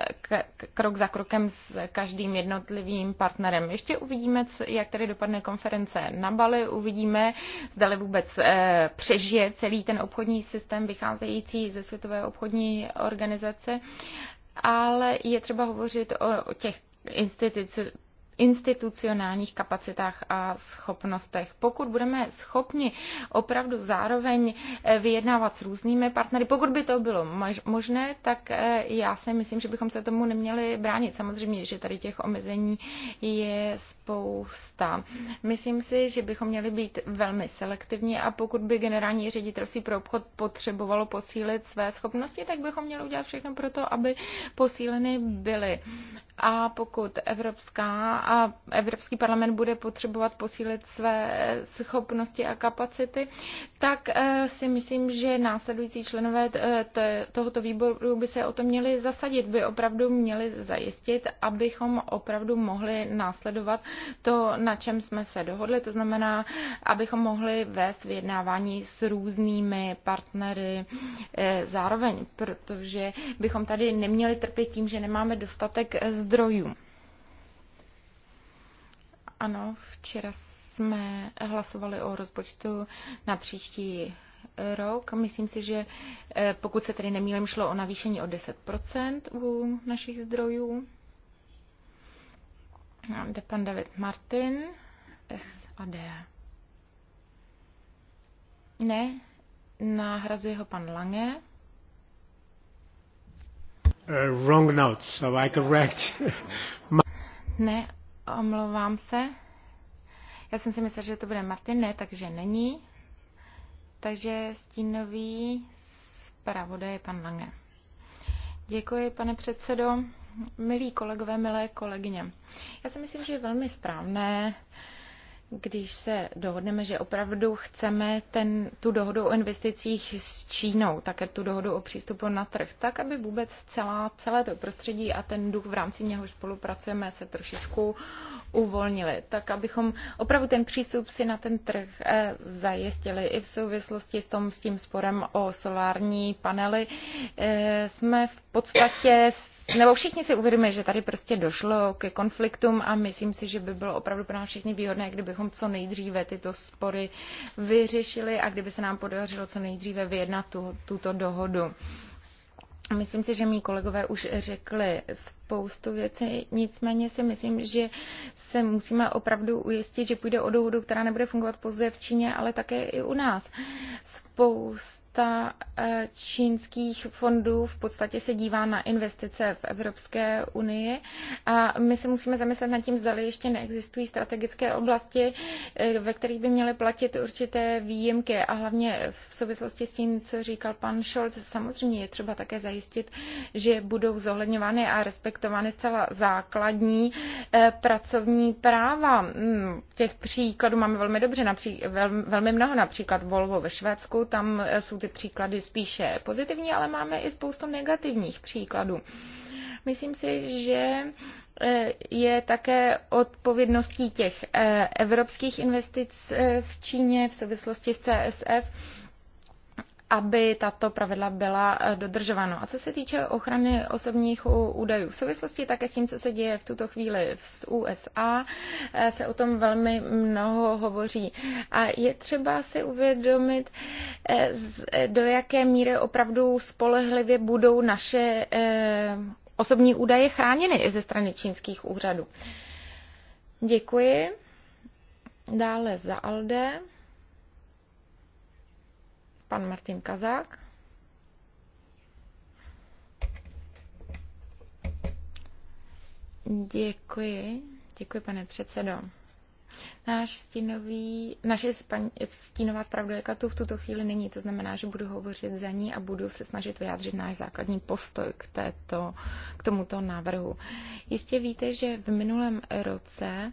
krok za krokem s každým jednotlivým partnerem. Ještě uvidíme, jak tady dopadne konference na Bali, uvidíme, zda vůbec eh, přežije celý ten obchodní systém vycházející ze Světové obchodní organizace ale je třeba hovořit o těch institucích institucionálních kapacitách a schopnostech. Pokud budeme schopni opravdu zároveň eh, vyjednávat s různými partnery, pokud by to bylo možné, tak eh, já si myslím, že bychom se tomu neměli bránit. Samozřejmě, že tady těch omezení je spousta. Myslím si, že bychom měli být velmi selektivní a pokud by generální ředitelství pro obchod potřebovalo posílit své schopnosti, tak bychom měli udělat všechno pro to, aby posíleny byly a pokud Evropská a Evropský parlament bude potřebovat posílit své schopnosti a kapacity, tak eh, si myslím, že následující členové eh, tohoto výboru by se o to měli zasadit, by opravdu měli zajistit, abychom opravdu mohli následovat to, na čem jsme se dohodli, to znamená, abychom mohli vést vyjednávání s různými partnery eh, zároveň, protože bychom tady neměli trpět tím, že nemáme dostatek z zdrojům. Ano, včera jsme hlasovali o rozpočtu na příští rok. Myslím si, že eh, pokud se tedy nemýlím, šlo o navýšení o 10% u našich zdrojů. Jde pan David Martin, S a D. Ne, nahrazuje ho pan Lange. Uh, wrong so I correct. *laughs* ne, omlouvám se. Já jsem si myslel, že to bude Martin, ne, takže není. Takže stínový zpravodaj je pan Lange. Děkuji, pane předsedo. Milí kolegové, milé kolegyně. Já si myslím, že je velmi správné, když se dohodneme, že opravdu chceme ten, tu dohodu o investicích s Čínou, také tu dohodu o přístupu na trh, tak aby vůbec celá, celé to prostředí a ten duch, v rámci něhož spolupracujeme, se trošičku uvolnili, tak abychom opravdu ten přístup si na ten trh eh, zajistili. I v souvislosti s, tom, s tím sporem o solární panely eh, jsme v podstatě nebo všichni si uvědomili, že tady prostě došlo ke konfliktům a myslím si, že by bylo opravdu pro nás všechny výhodné, kdybychom co nejdříve tyto spory vyřešili a kdyby se nám podařilo co nejdříve vyjednat tu, tuto dohodu. Myslím si, že mý kolegové už řekli spoustu věcí, nicméně si myslím, že se musíme opravdu ujistit, že půjde o dohodu, která nebude fungovat pouze v Číně, ale také i u nás. Spousta spousta eh, čínských fondů v podstatě se dívá na investice v Evropské unii a my se musíme zamyslet nad tím, zdali ještě neexistují strategické oblasti, eh, ve kterých by měly platit určité výjimky a hlavně v souvislosti s tím, co říkal pan Scholz, samozřejmě je třeba také zajistit, že budou zohledňovány a respektovány zcela základní eh, pracovní práva. Hmm, těch příkladů máme velmi dobře, napří, velmi mnoho, například Volvo ve Švédsku, tam jsou ty příklady spíše pozitivní, ale máme i spoustu negativních příkladů. Myslím si, že e, je také odpovědností těch e, evropských investic e, v Číně v souvislosti s CSF, aby tato pravidla byla eh, dodržována. A co se týče ochrany osobních údajů, v souvislosti také s tím, co se děje v tuto chvíli v USA, eh, se o tom velmi mnoho hovoří. A je třeba si uvědomit, eh, do jaké míry opravdu spolehlivě budou naše osobní údaje chráněny ze strany čínských úřadů. Děkuji. Dále za Alde. Pan Martin Kazák. Děkuji. Děkuji, pane předsedo. Náš stínový, naše spaň, stínová zpravodajka tu v tuto chvíli není, to znamená, že budu hovořit za ní a budu se snažit vyjádřit náš základní postoj k, této, k tomuto návrhu. Jistě víte, že v minulém roce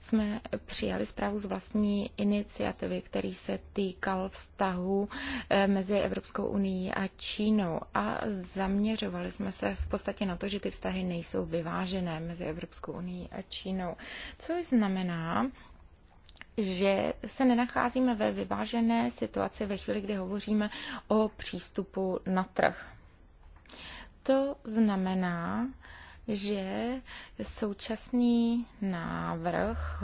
jsme přijali zprávu z vlastní iniciativy, který se týkal vztahu eh, mezi Evropskou unii a Čínou a zaměřovali jsme se v podstatě na to, že ty vztahy nejsou vyvážené mezi Evropskou unii a Čínou, což znamená, že se nenacházíme ve vyvážené situaci ve chvíli, kdy hovoříme o přístupu na trh. To znamená, že současný návrh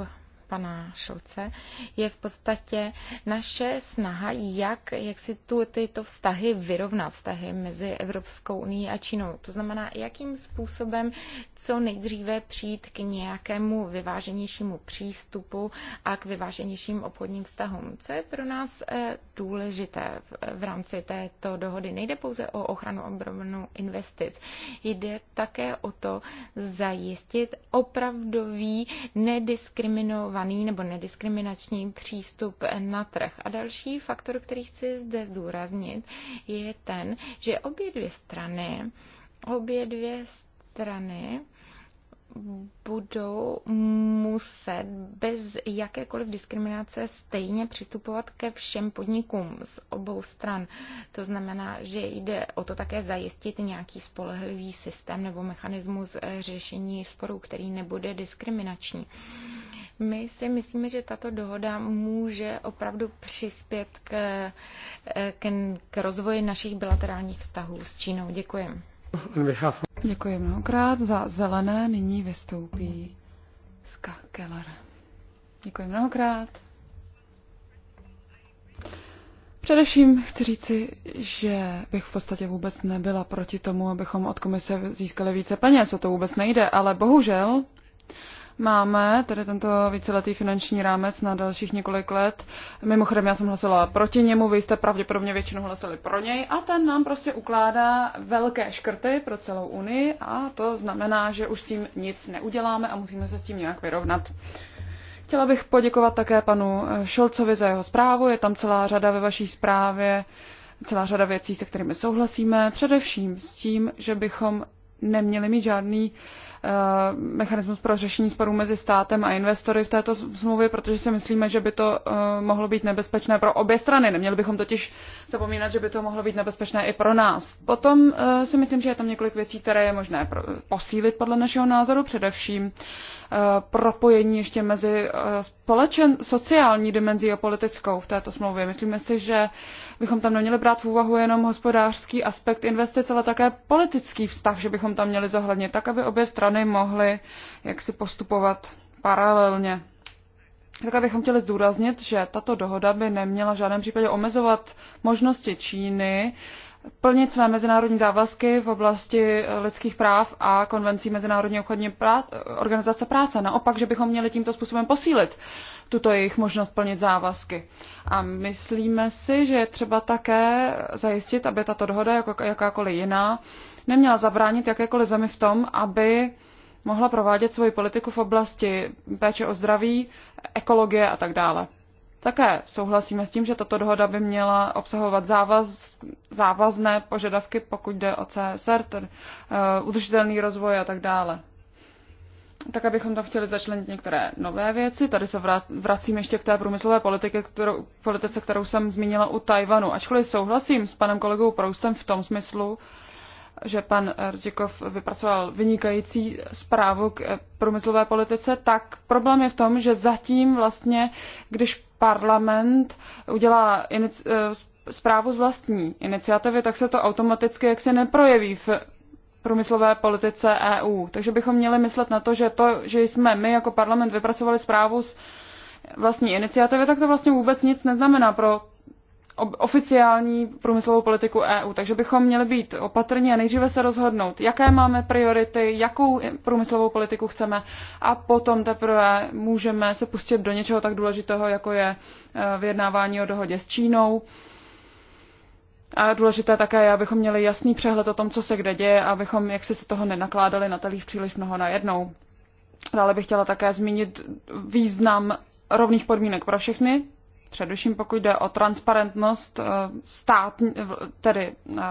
pana Šulce, je v podstatě naše snaha, jak, jak si tu, tyto vztahy vyrovnat, vztahy mezi Evropskou unii a Čínou. To znamená, jakým způsobem co nejdříve přijít k nějakému vyváženějšímu přístupu a k vyváženějším obchodním vztahům. Co je pro nás eh, důležité v rámci této dohody? Nejde pouze o ochranu obrovnou investic. Jde také o to zajistit opravdový nediskriminovaný takzvaný nebo nediskriminační přístup na trh. A další faktor, který chci zde zdůraznit, je ten, že obě dvě strany, obě dvě strany budou muset bez jakékoliv diskriminace stejně přistupovat ke všem podnikům z obou stran. To znamená, že jde o to také zajistit nějaký spolehlivý systém nebo mechanismus eh, řešení sporů, který nebude diskriminační. My si myslíme, že tato dohoda může opravdu přispět k, eh, k, k rozvoji našich bilaterálních vztahů s Čínou. Děkuji. Děkuji mnohokrát za zelené. Nyní vystoupí Ska Keller. Děkuji mnohokrát. Především chci říci, že bych v podstatě vůbec nebyla proti tomu, abychom od komise získali více peněz, o to vůbec nejde, ale bohužel máme, tedy tento víceletý finanční rámec na dalších několik let. Mimochodem, já jsem hlasovala proti němu, vy jste pravděpodobně většinu hlasovali pro něj a ten nám prostě ukládá velké škrty pro celou Unii a to znamená, že už s tím nic neuděláme a musíme se s tím nějak vyrovnat. Chtěla bych poděkovat také panu Šolcovi za jeho zprávu. Je tam celá řada ve vaší zprávě, celá řada věcí, se kterými souhlasíme. Především s tím, že bychom neměli mít žádný uh, Eh, mechanismus pro řešení sporů mezi státem a investory v této smlouvě, protože si myslíme, že by to eh, mohlo být nebezpečné pro obě strany. Neměli bychom totiž zapomínat, že by to mohlo být nebezpečné i pro nás. Potom eh, si myslím, že je tam několik věcí, které je možné posílit podle našeho názoru, především propojení ještě mezi společen, sociální dimenzí a politickou v této smlouvě. Myslíme si, že bychom tam neměli brát v úvahu jenom hospodářský aspekt investic, ale také politický vztah, že bychom tam měli zohlednit tak, aby obě strany mohly jaksi postupovat paralelně. Tak bychom chtěli zdůraznit, že tato dohoda by neměla v žádném případě omezovat možnosti Číny plnit své mezinárodní závazky v oblasti lidských práv a konvencí Mezinárodní obchodní prá- organizace práce. Naopak, že bychom měli tímto způsobem posílit tuto jejich možnost plnit závazky. A myslíme si, že je třeba také zajistit, aby tato dohoda, jako jakákoliv jiná, neměla zabránit jakékoliv zemi v tom, aby mohla provádět svoji politiku v oblasti péče o zdraví, ekologie a tak dále. Také souhlasíme s tím, že tato dohoda by měla obsahovat závaz, závazné požadavky, pokud jde o CSR, tedy, uh, udržitelný rozvoj a tak dále tak abychom tam chtěli začlenit některé nové věci. Tady se vracím ještě k té průmyslové politice, kterou, politice, kterou jsem zmínila u Tajvanu. Ačkoliv souhlasím s panem kolegou Proustem v tom smyslu, že pan Rdikov vypracoval vynikající zprávu k eh, průmyslové politice, tak problém je v tom, že zatím vlastně, když parlament udělá eh, zprávu z vlastní iniciativy, tak se to automaticky jaksi neprojeví v průmyslové politice EU. Takže bychom měli myslet na to, že to, že jsme my jako parlament vypracovali zprávu z vlastní iniciativy, tak to vlastně vůbec nic neznamená pro oficiální průmyslovou politiku EU. Takže bychom měli být opatrní a nejdříve se rozhodnout, jaké máme priority, jakou průmyslovou politiku chceme a potom teprve můžeme se pustit do něčeho tak důležitého, jako je e, vyjednávání o dohodě s Čínou a důležité také je, abychom měli jasný přehled o tom, co se kde děje, abychom si se toho nenakládali na talíř příliš mnoho najednou. Dále bych chtěla také zmínit význam rovných podmínek pro všechny, především pokud jde o transparentnost eh, stát eh, tedy eh,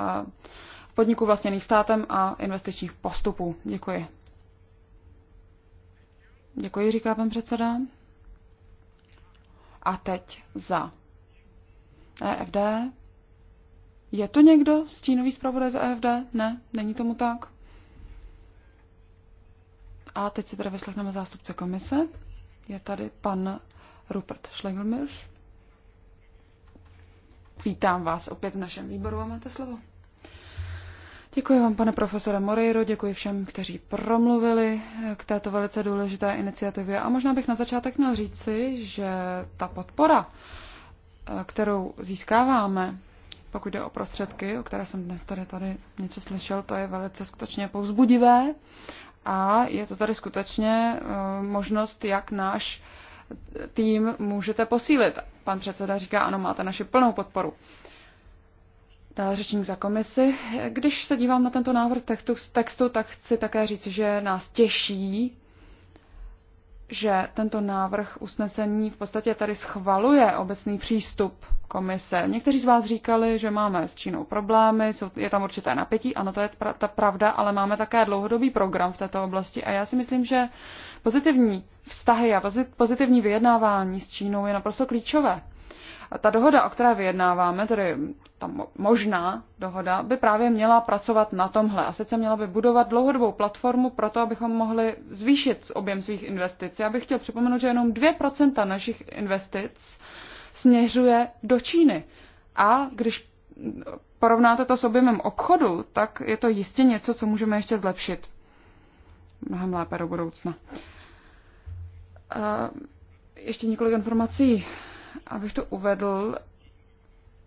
podniků vlastněných státem a investičních postupů. Děkuji. Děkuji, říká pan předseda. A teď za EFD je to někdo stínový zpravodaj za AFD? E ne, není tomu tak. A teď si teda vyslechneme zástupce komise. Je tady pan Rupert Schlegelmilch. Vítám vás opět v našem výboru a máte slovo. Děkuji vám, pane profesore Moreiro, děkuji všem, kteří promluvili k této velice důležité iniciativě. A možná bych na začátek měl říci, že ta podpora, kterou získáváme pokud jde o prostředky, o které jsem dnes tady, tady něco slyšel, to je velice skutečně povzbudivé a je to tady skutečně eh, možnost, jak náš tým můžete posílit. Pan předseda říká, ano, máte naši plnou podporu. Dále řečník za komisi. Když se dívám na tento návrh textu, textu tak chci také říct, že nás těší, že tento návrh usnesení v podstatě tady schvaluje obecný přístup komise. Někteří z vás říkali, že máme s Čínou problémy, jsou, je tam určité napětí, ano, to je pra, ta pravda, ale máme také dlouhodobý program v této oblasti a já si myslím, že pozitivní vztahy a pozitivní vyjednávání s Čínou je naprosto klíčové ta dohoda, o které vyjednáváme, tedy ta možná dohoda, by právě měla pracovat na tomhle. A sice měla by budovat dlouhodobou platformu pro to, abychom mohli zvýšit objem svých investic. Já bych chtěl připomenout, že jenom 2% našich investic směřuje do Číny. A když porovnáte to s objemem obchodu, tak je to jistě něco, co můžeme ještě zlepšit. Mnohem lépe do budoucna. Eh, ještě několik informací abych to uvedl,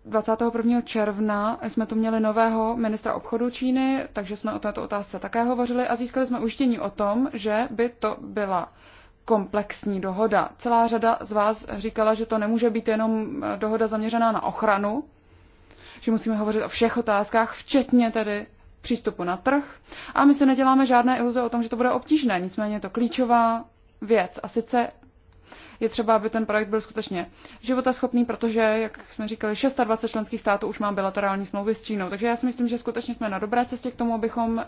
21. června jsme tu měli nového ministra obchodu Číny, takže jsme o této otázce také hovořili a získali jsme ujištění o tom, že by to byla komplexní dohoda. Celá řada z vás říkala, že to nemůže být jenom dohoda zaměřená na ochranu, že musíme hovořit o všech otázkách, včetně tedy přístupu na trh. A my se neděláme žádné iluze o tom, že to bude obtížné, nicméně je to klíčová věc. A sice je třeba, aby ten projekt byl skutečně životaschopný, protože, jak jsme říkali, 26 členských států už má bilaterální smlouvy s Čínou. Takže já si myslím, že skutečně jsme na dobré cestě k tomu, abychom eh,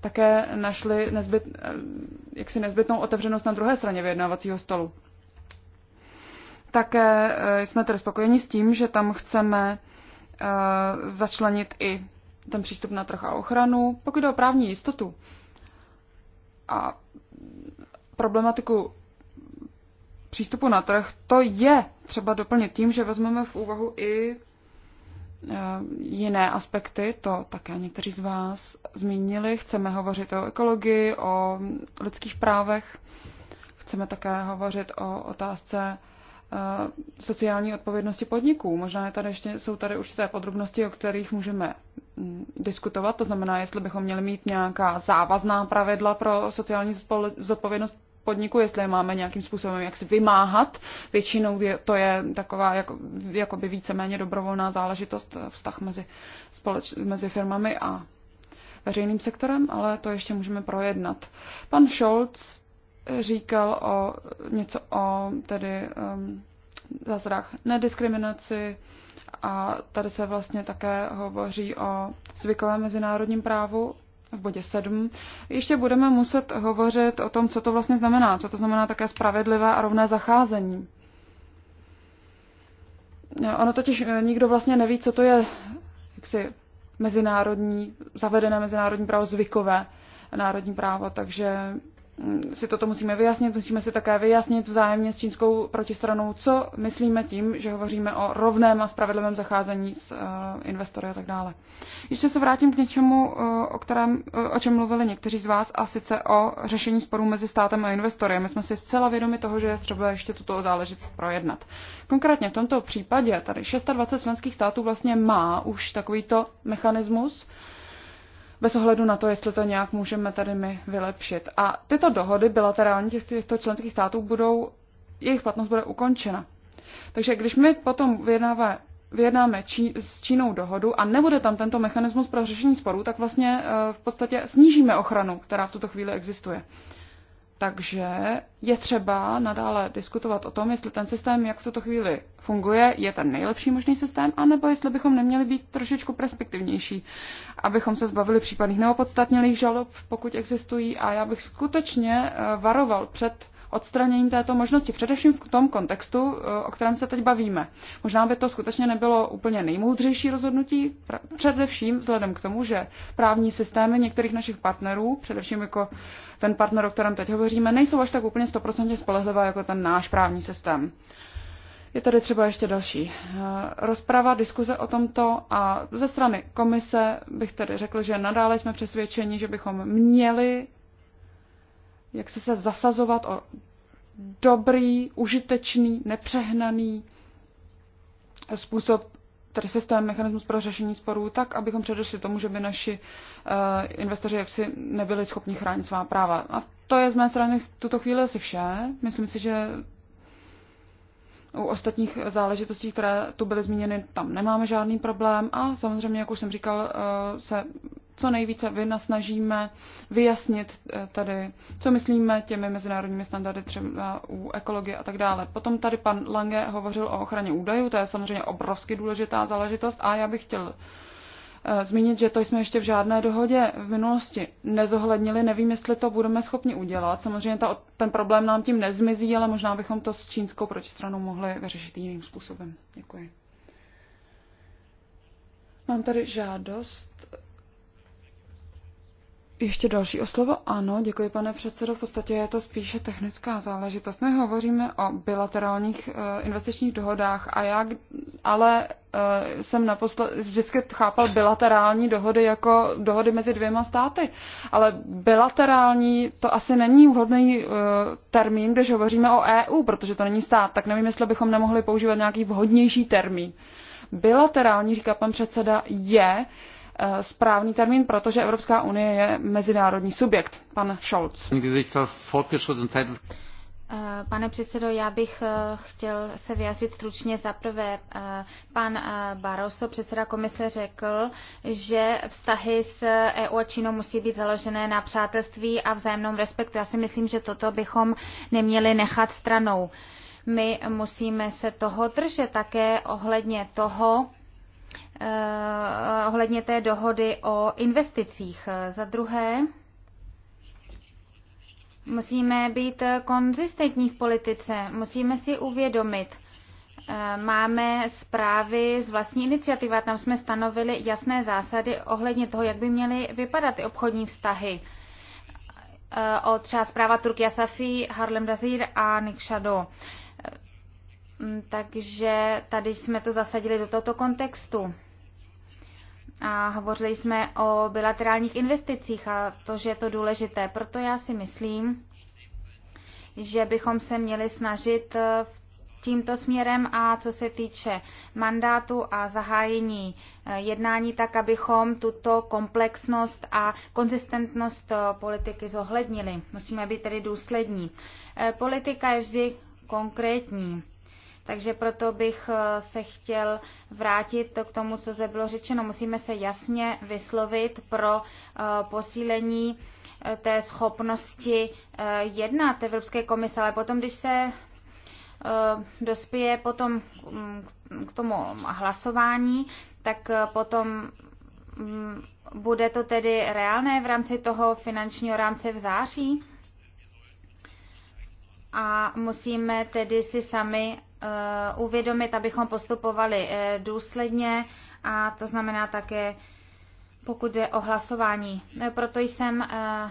také našli nezbyt, eh, jaksi nezbytnou otevřenost na druhé straně vyjednávacího stolu. Také eh, jsme tedy spokojeni s tím, že tam chceme začlenit i ten přístup na trh a ochranu, pokud jde o právní jistotu a problematiku přístupu na trh, to je třeba doplnit tím, že vezmeme v úvahu i eh, jiné aspekty, to také někteří z vás zmínili. Chceme hovořit o ekologii, o lidských právech, chceme také hovořit o otázce eh, sociální odpovědnosti podniků. Možná je tady ještě, jsou tady určité podrobnosti, o kterých můžeme mm, diskutovat, to znamená, jestli bychom měli mít nějaká závazná pravidla pro sociální zodpovědnost podniku, jestli je máme nějakým způsobem jak si vymáhat. Většinou je, to je taková jako, jakoby víceméně dobrovolná záležitost, eh, vztah mezi, společ, mezi firmami a veřejným sektorem, ale to ještě můžeme projednat. Pan Scholz říkal o, něco o tedy um, ehm, zázrach nediskriminaci a tady se vlastně také hovoří o zvykovém mezinárodním právu v bodě 7, ještě budeme muset hovořit o tom, co to vlastně znamená, co to znamená také spravedlivé a rovné zacházení. Ono totiž eh, nikdo vlastně neví, co to je jaksi mezinárodní, zavedené mezinárodní právo, zvykové národní právo, takže Mm, si toto musíme vyjasnit, musíme si také vyjasnit vzájemně s čínskou protistranou, co myslíme tím, že hovoříme o rovném a spravedlivém zacházení s eh, investory a tak dále. Ještě se vrátím k něčemu, eh, o, kterém, eh, o čem mluvili někteří z vás, a sice o řešení sporů mezi státem a investory. My jsme si zcela vědomi toho, že je třeba ještě tuto záležitost projednat. Konkrétně v tomto případě tady 26 členských států vlastně má už takovýto mechanismus, bez ohledu na to, jestli to nějak můžeme tady my vylepšit. A tyto dohody bilaterální těch, těchto členských států budou, jejich platnost bude ukončena. Takže když my potom vyjednáváme vyjednáme Čí, s Čínou dohodu a nebude tam tento mechanismus pro řešení sporů, tak vlastně eh, v podstatě snížíme ochranu, která v tuto chvíli existuje. Takže je třeba nadále diskutovat o tom, jestli ten systém, jak v tuto chvíli funguje, je ten nejlepší možný systém, anebo jestli bychom neměli být trošičku perspektivnější, abychom se zbavili případných neopodstatnělých žalob, pokud existují. A já bych skutečně eh, varoval před odstranění této možnosti, především v tom kontextu, eh, o kterém se teď bavíme. Možná by to skutečně nebylo úplně nejmoudřejší rozhodnutí, především vzhledem k tomu, že právní systémy některých našich partnerů, především jako ten partner, o kterém teď hovoříme, nejsou až tak úplně stoprocentně spolehlivé jako ten náš právní systém. Je tady třeba ještě další eh, rozprava, diskuze o tomto a ze strany komise bych tedy řekl, že nadále jsme přesvědčeni, že bychom měli jak si se zasazovat o dobrý, užitečný, nepřehnaný způsob, tedy systém, mechanismus pro řešení sporů, tak, abychom předešli tomu, že by naši uh, investoři jaksi nebyli schopni chránit svá práva. A to je z mé strany v tuto chvíli asi vše. Myslím si, že u ostatních záležitostí, které tu byly zmíněny, tam nemáme žádný problém a samozřejmě, jak už jsem říkal, eh, se co nejvíce vynasnažíme vyjasnit eh, tady, co myslíme těmi mezinárodními standardy třeba u ekologie a tak dále. Potom tady pan Lange hovořil o ochraně údajů, to je samozřejmě obrovsky důležitá záležitost a já bych chtěl eh, zmínit, že to jsme ještě v žádné dohodě v minulosti nezohlednili. Nevím, jestli to budeme schopni udělat. Samozřejmě ta, ten problém nám tím nezmizí, ale možná bychom to s čínskou protistranou mohli vyřešit jiným způsobem. Děkuji. Mám tady žádost ještě další o slovo? Ano, děkuji pane předsedo. V podstatě je to spíše technická záležitost. My hovoříme o bilaterálních eh, investičních dohodách a já ale eh, jsem naposled, vždycky chápal bilaterální dohody jako dohody mezi dvěma státy. Ale bilaterální to asi není vhodný eh, termín, když hovoříme o EU, protože to není stát. Tak nevím, jestli bychom nemohli používat nějaký vhodnější termín. Bilaterální, říká pan předseda, je uh, Eh, správný termín, protože Evropská unie je mezinárodní subjekt. Pan Scholz. Eh, pane předsedo, já bych eh, chtěl se vyjádřit stručně. Za prvé, pan Barroso, předseda komise, řekl, že vztahy s EU a Čínou musí být založené na přátelství a vzájemném respektu. Já si myslím, že toto bychom neměli nechat stranou. My musíme se toho držet také ohledně toho, Eh, ohledně té dohody o investicích. Za druhé, musíme být konzistentní v politice, musíme si uvědomit, eh, máme zprávy z vlastní iniciativy a tam jsme stanovili jasné zásady ohledně toho, jak by měly vypadat ty obchodní vztahy. Eh, o třeba zpráva Turkia Safi, Harlem Dazir a Nick Shadow. Takže tady jsme to zasadili do tohoto kontextu a hovořili jsme o bilaterálních investicích a to, že je to důležité. Proto já si myslím, že bychom se měli snažit eh, tímto směrem a co se týče mandátu a zahájení eh, jednání, tak abychom tuto komplexnost a konzistentnost eh, politiky zohlednili. Musíme být tedy důslední. Politika je vždy konkrétní takže proto bych eh, se chtěl vrátit k tomu, co zde bylo řečeno. Musíme se jasně vyslovit pro eh, posílení eh, té schopnosti jednat Evropské komise, ale potom, když se dospěje potom mm, k tomu hlasování, tak potom mm, bude to tedy reálné v rámci toho finančního rámce v září? A musíme tedy si sami Eh, uvědomit, abychom postupovali eh, důsledně a to znamená také pokud je o hlasování. Eh, proto jsem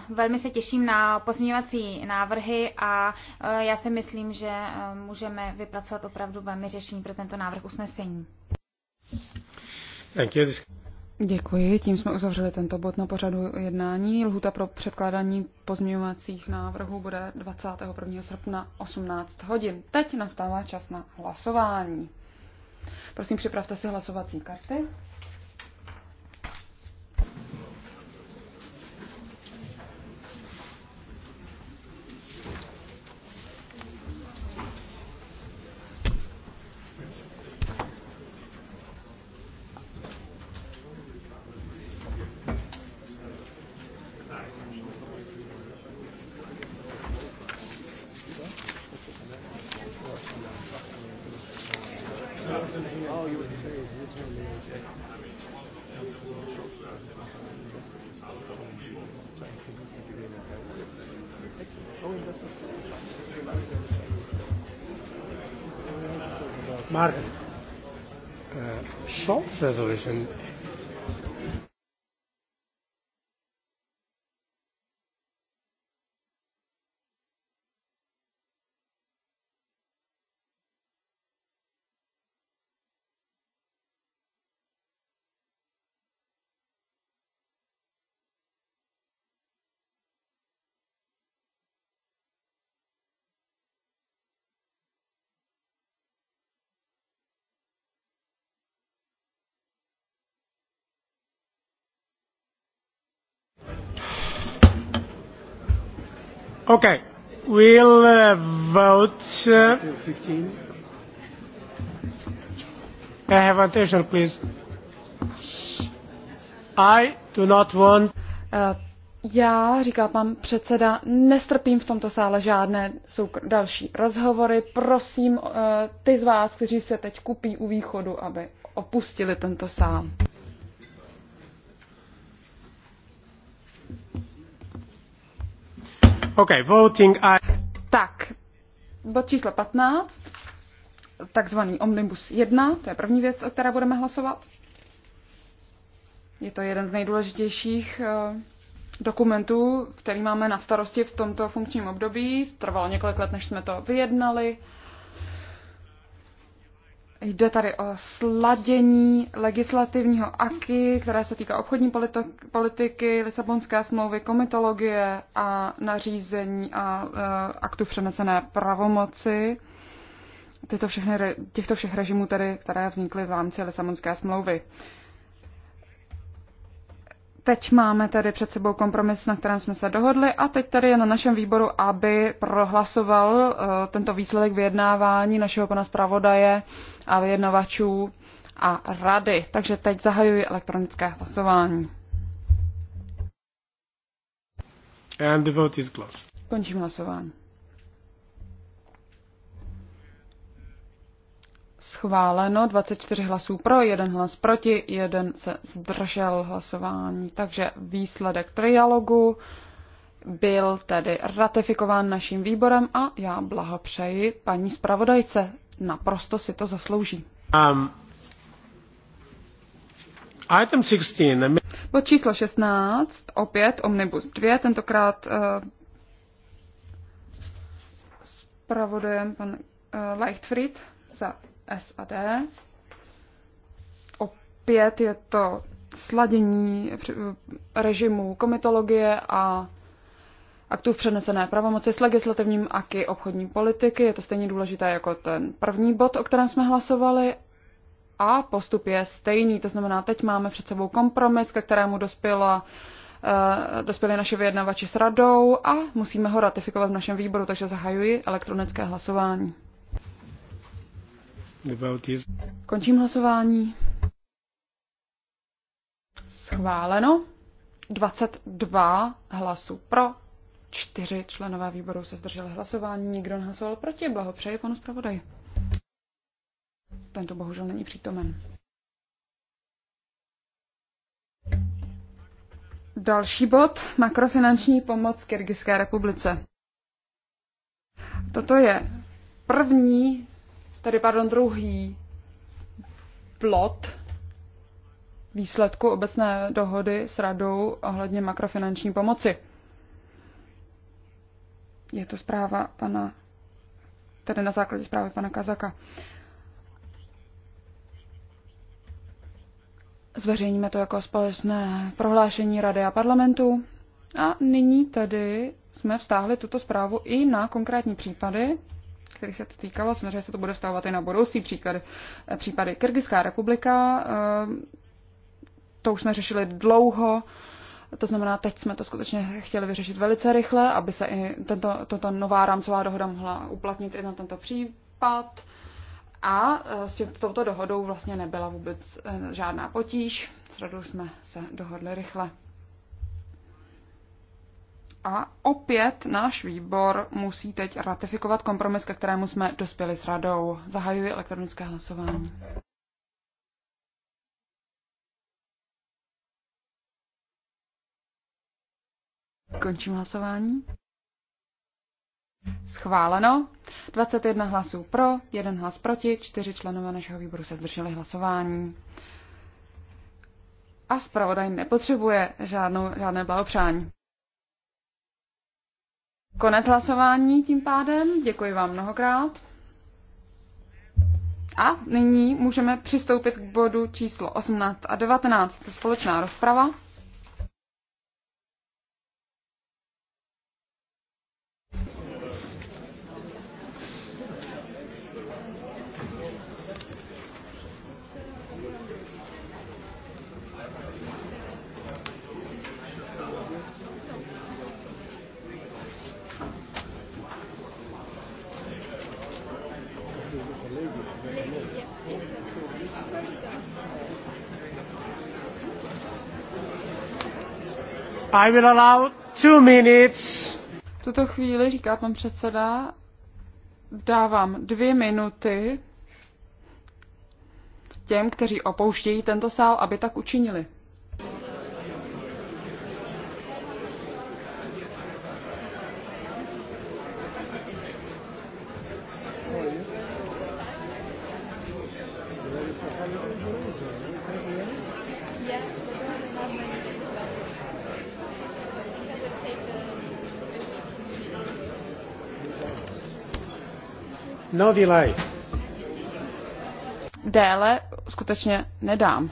velmi se těším na pozměňovací návrhy a já si myslím, že můžeme vypracovat opravdu velmi řešení pro tento návrh usnesení. Thank you. Děkuji, tím jsme uzavřeli tento bod na pořadu jednání. Lhuta pro předkládání pozměňovacích návrhů bude 21. srpna 18 hodin. Teď nastává čas na hlasování. Prosím, připravte si hlasovací karty. commission Okay, we'll uh, vote. Uh, 15. I have attention, please. I do not want. Uh, já, říká pan předseda, nestrpím v tomto sále žádné jsou další rozhovory. Prosím uh, ty z vás, kteří se teď kupí u východu, aby opustili tento sál. voting I... Tak, bod číslo 15, takzvaný Omnibus 1, to je první věc, o které budeme hlasovat. Je to jeden z nejdůležitějších eh, dokumentů, který máme na starosti v tomto funkčním období. Trvalo několik let, než jsme to vyjednali. Jde tady o sladění legislativního aky, které se týká obchodní politiky, Lisabonské smlouvy, komitologie a nařízení a uh, aktu přenesené pravomoci. Tyto všechny, těchto všech režimů, tedy, které vznikly v rámci Lisabonské smlouvy. Uh, Teď máme tady před sebou kompromis, na kterém jsme se dohodli a teď tady je na našem výboru, aby prohlasoval eh, tento výsledek vyjednávání našeho pana zpravodaje a vyjednavačů a rady. Takže teď zahajuji elektronické hlasování. And the vote is closed. Končím hlasování. schváleno 24 hlasů pro, jeden hlas proti, jeden se zdržel hlasování. Takže výsledek trialogu byl tedy ratifikován naším výborem a já blahopřeji paní zpravodajce. Naprosto si to zaslouží. Um, item 16. Bod číslo 16, opět Omnibus 2, tentokrát uh, zpravodajem pan uh, Leichtfried za SAD. Opět je to sladění režimu komitologie a aktů v přenesené pravomoci s legislativním aky obchodní politiky. Je to stejně důležité jako ten první bod, o kterém jsme hlasovali. A postup je stejný, to znamená, teď máme před sebou kompromis, ke kterému dospěla eh, dospěli naše vyjednavači s radou a musíme ho ratifikovat v našem výboru, takže zahajuji elektronické hlasování. Končím hlasování. Schváleno. 22 hlasů pro, čtyři členové výboru se zdrželi hlasování, nikdo nehlasoval proti. Blahopřeji panu zpravodaji. Tento bohužel není přítomen. Další bod, makrofinanční pomoc Kyrgyzské republice. Toto je první Tady pardon, druhý plot výsledku obecné dohody s radou ohledně makrofinanční pomoci. Je to zpráva pana, tedy na základě zprávy pana Kazaka. Zveřejníme to jako společné prohlášení Rady a parlamentu. A nyní tedy jsme vztáhli tuto zprávu i na konkrétní případy který se to týkalo. Samozřejmě se to bude stávat i na budoucí příklad, eh, případy. Kyrgyzská republika, eh, to už jsme řešili dlouho, to znamená, teď jsme to skutečně chtěli vyřešit velice rychle, aby se i tento, tato nová rámcová dohoda mohla uplatnit i na tento případ. A eh, s touto dohodou vlastně nebyla vůbec žádná potíž. S radou jsme se dohodli rychle. A opět náš výbor musí teď ratifikovat kompromis, ke kterému jsme dospěli s radou. Zahajuji elektronické hlasování. Končím hlasování. Schváleno. 21 hlasů pro, 1 hlas proti, 4 členové našeho výboru se zdrželi hlasování. A zpravodaj nepotřebuje žádnou, žádné blahopřání. Konec hlasování tím pádem. Děkuji vám mnohokrát. A nyní můžeme přistoupit k bodu číslo 18 a 19, to společná rozprava. I will allow two minutes. V tuto chvíli, říká pan předseda, dávám dvě minuty těm, kteří opouštějí tento sál, aby tak učinili. No Déle skutečně nedám.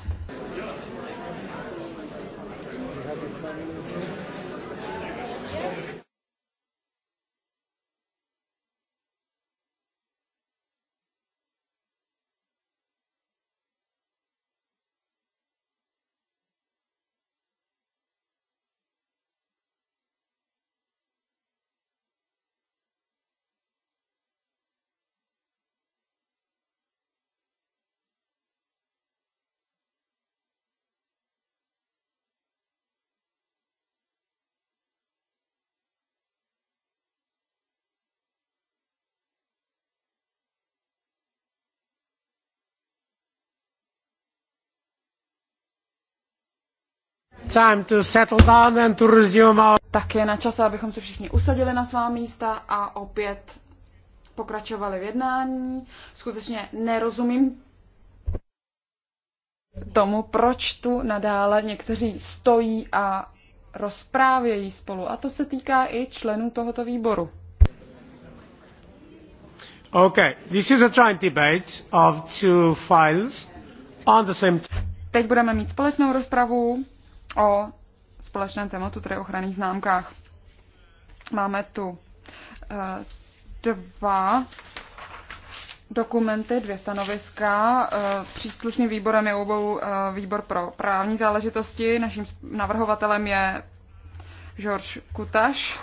time to settle down and to resume our... Tak je na čase, abychom se všichni usadili na svá místa a opět pokračovali v jednání. Skutečně nerozumím tomu, proč tu nadále někteří stojí a rozprávějí spolu. A to se týká i členů tohoto výboru. Okay, this is a joint debate of two files on the same Teď budeme mít společnou rozpravu o společném tématu, tedy ochranných známkách. Máme tu eh, dva dokumenty, dvě stanoviska. Eh, příslušným výborem je obou eh, výbor pro právní záležitosti. Naším navrhovatelem je George Kutaš.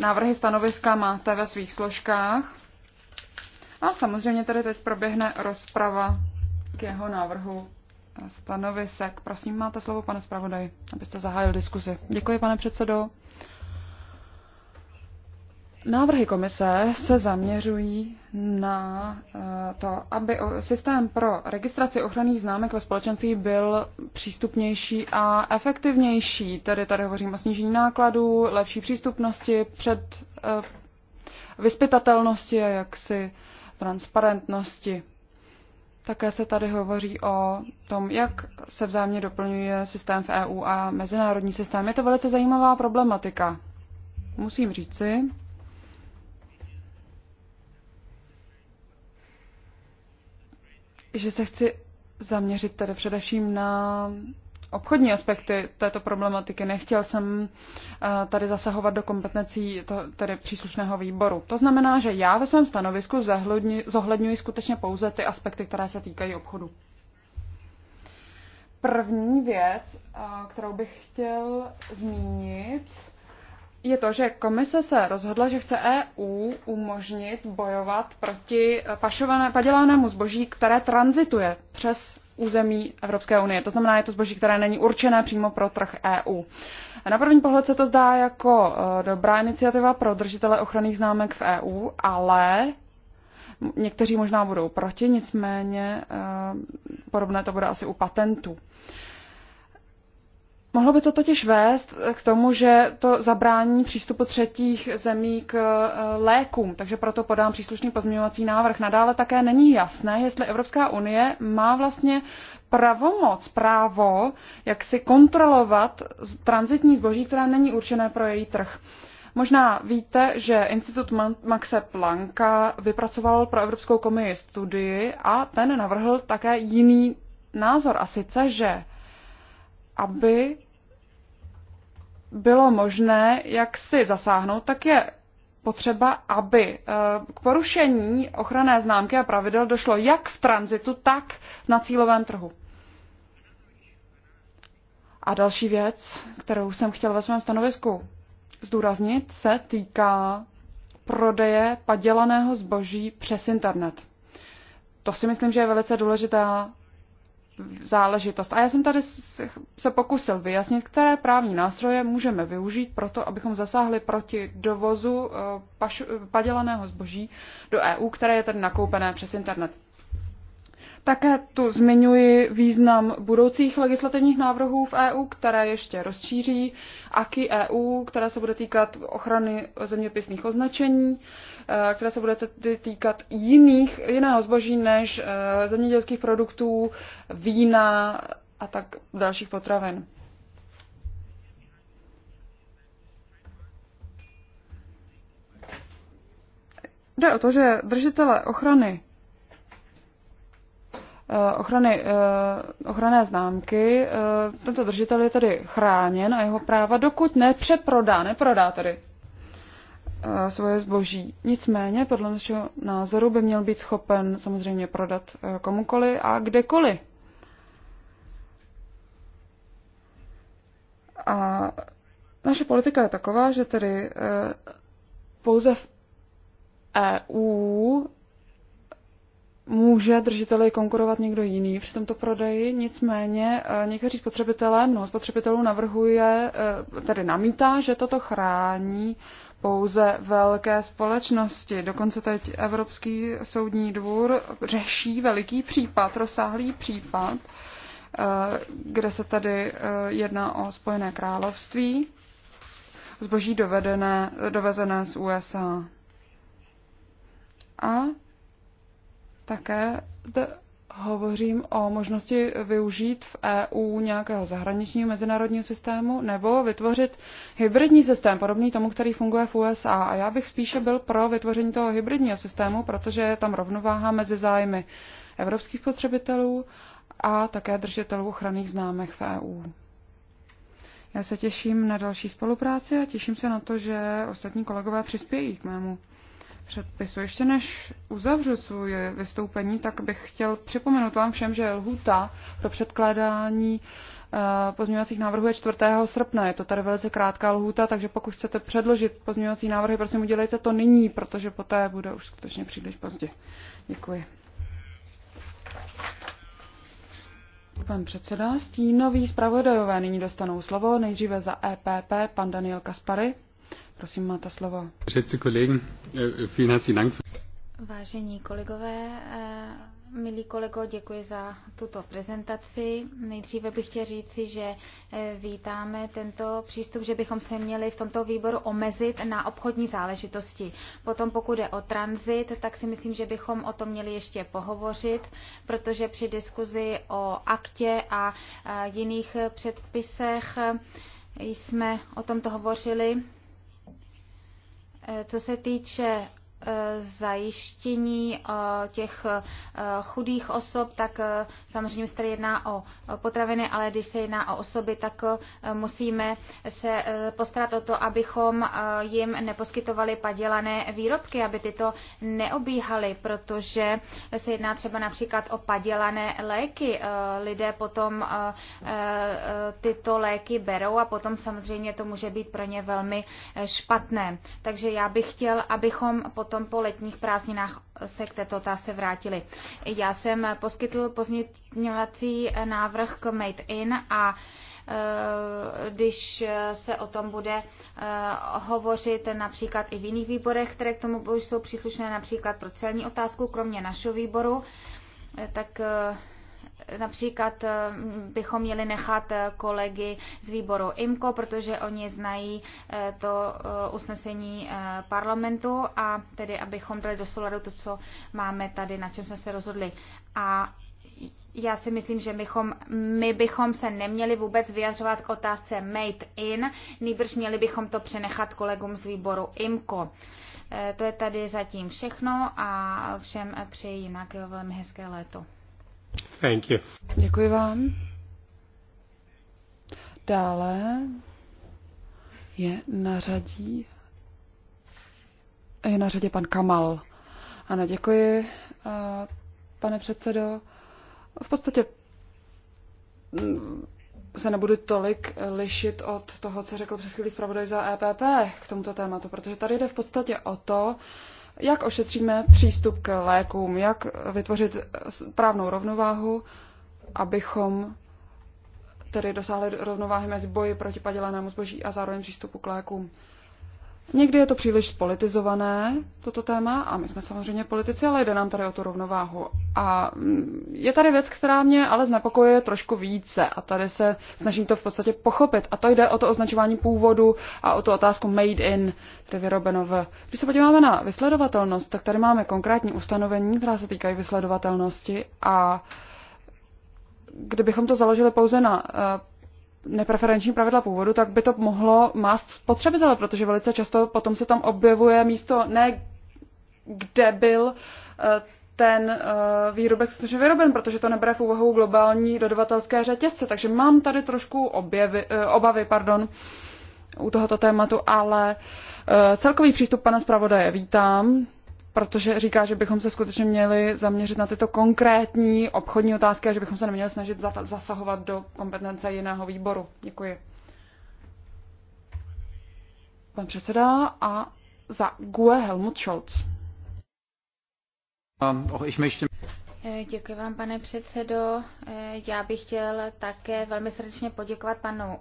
Návrhy stanoviska máte ve svých složkách. A samozřejmě tady teď proběhne rozprava k jeho návrhu stanovisek. Prosím, máte slovo, pane zpravodaj, abyste zahájil diskuzi. Děkuji, pane předsedo. Návrhy komise se zaměřují na eh, to, aby systém pro registraci ochranných známek ve společenství byl přístupnější a efektivnější. Tedy tady hovořím o snížení nákladů, lepší přístupnosti, před eh, vyspytatelnosti a jaksi transparentnosti. Také se tady hovoří o tom, jak se vzájemně doplňuje systém v EU a mezinárodní systém. Je to velice zajímavá problematika. Musím říci, že se chci zaměřit tedy především na obchodní aspekty této problematiky. Nechtěl jsem eh, tady zasahovat do kompetencí to, tedy příslušného výboru. To znamená, že já ve svém stanovisku zohledňuji skutečně pouze ty aspekty, které se týkají obchodu. První věc, eh, kterou bych chtěl zmínit, je to, že komise se rozhodla, že chce EU umožnit bojovat proti eh, pašované, padělanému zboží, které transituje přes území Evropské unie. To znamená, je to zboží, které není určené přímo pro trh EU. na první pohled se to zdá jako e, dobrá iniciativa pro držitele ochranných známek v EU, ale někteří možná budou proti, nicméně e, podobné to bude asi u patentů. Mohlo by to totiž vést k tomu, že to zabrání přístupu třetích zemí k eh, lékům, takže proto podám příslušný pozměňovací návrh. Nadále také není jasné, jestli Evropská unie má vlastně pravomoc, právo, jak si kontrolovat transitní zboží, které není určené pro její trh. Možná víte, že Institut Maxe Plancka vypracoval pro Evropskou komisi studii a ten navrhl také jiný názor, a sice, že aby bylo možné jak si zasáhnout, tak je potřeba, aby eh, k porušení ochranné známky a pravidel došlo jak v tranzitu, tak na cílovém trhu. A další věc, kterou jsem chtěl ve svém stanovisku zdůraznit, se týká prodeje padělaného zboží přes internet. To si myslím, že je velice důležitá záležitost. A já jsem tady se pokusil vyjasnit, které právní nástroje můžeme využít pro to, abychom zasáhli proti dovozu eh, paš, padělaného zboží do EU, které je tedy nakoupené přes internet. Také tu zmiňuji význam budoucích legislativních návrhů v EU, které ještě rozšíří AKI EU, které se bude týkat ochrany zeměpisných označení, Eh, které se bude týkat jiných, jiného zboží než eh, zemědělských produktů, vína a tak dalších potravin. Jde o to, že držitele ochrany eh, ochrany, ochranné známky. Tento držitel je tedy chráněn a jeho práva, dokud nepřeprodá, neprodá tedy svoje zboží. Nicméně, podle našeho názoru, by měl být schopen samozřejmě prodat e, komukoli a kdekoliv. A naše politika je taková, že tedy e, pouze v EU může držiteli konkurovat někdo jiný při tomto prodeji, nicméně e, někteří spotřebitelé, mnoho spotřebitelů navrhuje, tedy namítá, že toto chrání pouze velké společnosti. Dokonce teď Evropský soudní dvůr řeší veliký případ, rozsáhlý případ, eh, kde se tady eh, jedná o Spojené království, zboží dovedené, dovezené z USA. A také zde hovořím o možnosti využít v EU nějakého zahraničního mezinárodního systému nebo vytvořit hybridní systém, podobný tomu, který funguje v USA. A já bych spíše byl pro vytvoření toho hybridního systému, protože je tam rovnováha mezi zájmy evropských spotřebitelů a také držitelů ochranných známek v EU. Já se těším na další spolupráci a těším se na to, že ostatní kolegové přispějí k mému předpisu. Ještě než uzavřu svoje vystoupení, tak bych chtěl připomenout vám všem, že lhuta pro předkládání eh, pozměňovacích návrhů je 4. srpna. Je to tady velice krátká lhůta, takže pokud chcete předložit pozměňovací návrhy, prosím udělejte to nyní, protože poté bude už skutečně příliš pozdě. Děkuji. Pan předseda, stínový zpravodajové nyní dostanou slovo. Nejdříve za EPP pan Daniel Kaspary. Prosím, máte slovo. Äh, Vážení kolegové, eh, milí kolego, děkuji za tuto prezentaci. Nejdříve bych chtěl říci, že eh, vítáme tento přístup, že bychom se měli v tomto výboru omezit na obchodní záležitosti. Potom pokud je o tranzit, tak si myslím, že bychom o tom měli ještě pohovořit, protože při diskuzi o aktě a eh, jiných předpisech jsme o tomto hovořili Eh, co se týče zajištění eh, těch eh, chudých osob, tak eh, samozřejmě se tady jedná o potraviny, ale když se jedná o osoby, tak musíme se postarat o to, abychom jim neposkytovali padělané výrobky, aby tyto neobíhaly, protože se jedná třeba například o padělané léky. Lidé potom tyto léky berou a potom samozřejmě to může být pro ně velmi špatné. Takže já bych chtěl, abychom potom potom po letních prázdninách se k této otázce vrátili. Já jsem poskytl pozměňovací návrh k Made In a e, když se o tom bude e, hovořit například i v jiných výborech, které k tomu jsou příslušné například pro celní otázku, kromě našeho výboru, e, tak Například eh, bychom měli nechat eh, kolegy z výboru IMCO, protože oni znají eh, to usnesení parlamentu a tedy, abychom dali do souladu to, co máme tady, na čem jsme se rozhodli. A já si myslím, že bychom, my bychom se neměli vůbec vyjadřovat k otázce made in, nejbrž měli bychom to přenechat kolegům z výboru IMCO. To je tady zatím všechno a všem přeji jinak velmi hezké léto. Thank you. Děkuji vám. Dále je na řadí je na řadě pan Kamal. Ano, děkuji, eh, pane předsedo. V podstatě mm, se nebudu tolik lišit od toho, co řekl přes chvíli zpravodaj za EPP k tomuto tématu, protože tady jde v podstatě o to, jak ošetříme přístup k lékům, jak vytvořit správnou rovnováhu, abychom tedy dosáhli rovnováhy mezi boji proti padělanému zboží a zároveň přístupu k lékům. Někdy je to příliš politizované toto téma, a my jsme samozřejmě politici, ale jde nám tady o tu rovnováhu. A mm, je tady věc, která mě ale znepokojuje trošku více a tady se snažím to v podstatě pochopit. A to jde o to označování původu a o tu otázku made in, tedy vyrobeno v. Když se podíváme na vysledovatelnost, tak tady máme konkrétní ustanovení, která se týkají vysledovatelnosti a kdybychom to založili pouze na eh, nepreferenční pravidla původu, tak by to mohlo mást spotřebitele, protože velice často potom se tam objevuje místo ne kde byl eh, ten eh, výrobek skutečně vyroben, protože to nebere v úvahu globální dodavatelské řetězce. Takže mám tady trošku objevy, eh, obavy pardon, u tohoto tématu, ale celkový přístup pana zpravodaje vítám protože říká, že bychom se skutečně měli zaměřit na tyto konkrétní obchodní otázky a že bychom se neměli snažit zasahovat do kompetence jiného výboru. Děkuji. Pan předseda a za GUE Helmut Scholz. Um, oh, Eh, děkuji vám, pane předsedo. Eh, já bych chtěl také velmi srdečně poděkovat panu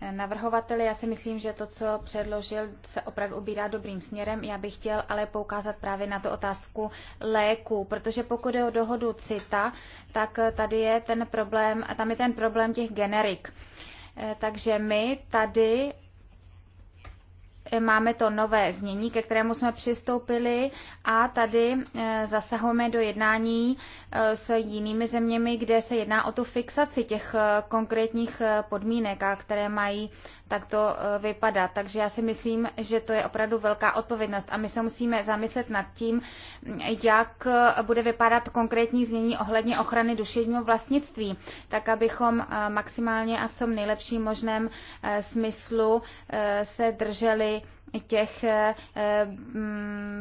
eh, navrhovateli. Já si myslím, že to, co předložil, se opravdu ubírá dobrým směrem. Já bych chtěl ale poukázat právě na tu otázku léku, protože pokud je o dohodu CITA, tak tady je ten problém, tam je ten problém těch generik. Takže my tady Eh, máme to nové znění, ke kterému jsme přistoupili a tady eh, zasahujeme do jednání eh, s jinými zeměmi, kde se jedná o tu fixaci těch konkrétních podmínek, a které mají takto e, vypadá, Takže já si myslím, že to je opravdu velká odpovědnost a my se musíme zamyslet nad tím, jak e, bude vypadat konkrétní změní ohledně ochrany duševního vlastnictví, tak abychom e, maximálně a v co nejlepším možném smyslu se drželi těch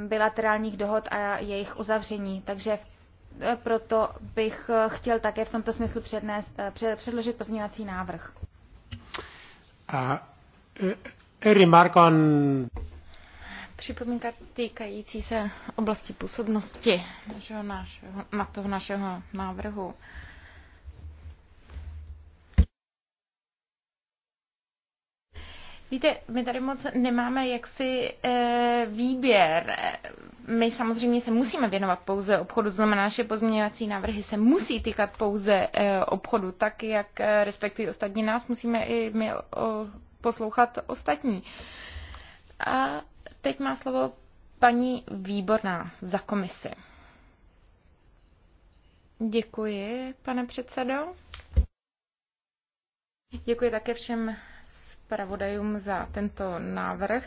bilaterálních dohod a jejich uzavření. Takže proto bych chtěl také v tomto smyslu přednést, předložit pozměňovací návrh. E, remark on... Připomínka týkající se oblasti působnosti našeho, našeho, na toho našeho návrhu. Víte, my tady moc nemáme jaksi e, výběr my samozřejmě se musíme věnovat pouze obchodu, to znamená, že pozměňovací návrhy se musí týkat pouze eh, obchodu, tak jak eh, respektují ostatní nás, musíme i my poslouchat ostatní. A teď má slovo paní Výborná za komisi. Děkuji, pane předsedo. Děkuji také všem zpravodajům za tento návrh.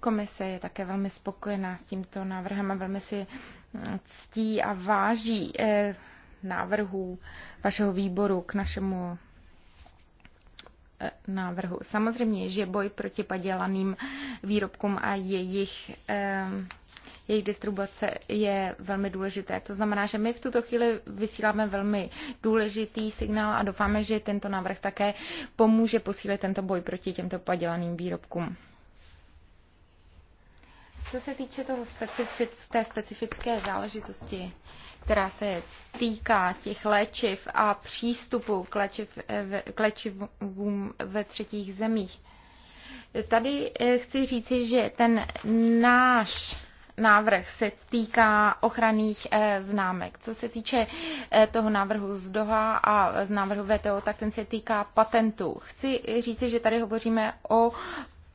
Komise je také velmi spokojená s tímto návrhem a velmi si mm, ctí a váží eh, návrhů vašeho výboru k našemu eh, návrhu. Samozřejmě, že boj proti padělaným výrobkům a jejich eh, jejich distribuce je velmi důležité. To znamená, že my v tuto chvíli vysíláme velmi důležitý signál a doufáme, že tento návrh také pomůže posílit tento boj proti těmto padělaným výrobkům. Co se týče toho specific, té specifické záležitosti, která se týká těch léčiv a přístupu k, léčiv, k léčivům ve třetích zemích, tady eh, chci říci, že ten náš návrh se týká ochranných eh, známek. Co se týče eh, toho návrhu z Doha a z návrhu VTO, tak ten se týká patentů. Chci říci, že tady hovoříme o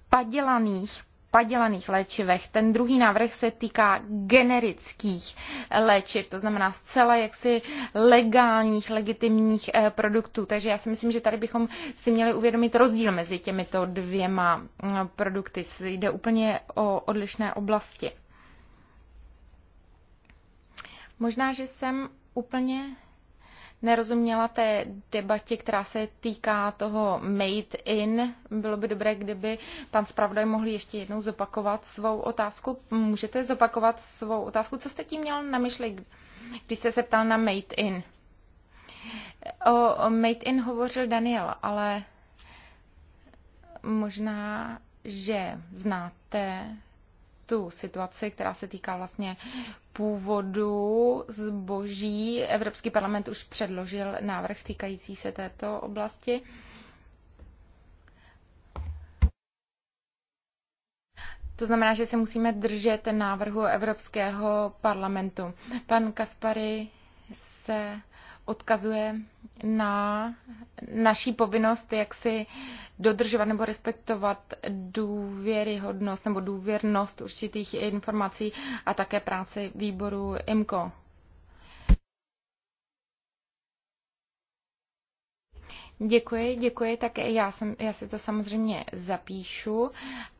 padělaných padělaných léčivech. Ten druhý návrh se týká generických eh, léčiv, to znamená zcela jaksi legálních, legitimních produktů. Takže já si myslím, že tady bychom si měli uvědomit rozdíl mezi těmito dvěma produkty. Jde úplně o odlišné oblasti. Možná, že jsem úplně nerozuměla té debatě, která se týká toho made in. Bylo by dobré, kdyby pan zpravodaj mohl ještě jednou zopakovat svou otázku. Můžete zopakovat svou otázku? Co jste tím měl na myšli, když jste se ptal na made in? O made in hovořil Daniel, ale možná, že znáte tu situaci, která se týká vlastně původu zboží. Evropský parlament už předložil návrh týkající se této oblasti. To znamená, že se musíme držet návrhu Evropského parlamentu. Pan Kaspary se odkazuje na naší povinnost, jak si dodržovat nebo respektovat důvěryhodnost nebo důvěrnost určitých informací a také práci výboru IMCO. Děkuji, děkuji. Tak já, jsem, já si to samozřejmě zapíšu,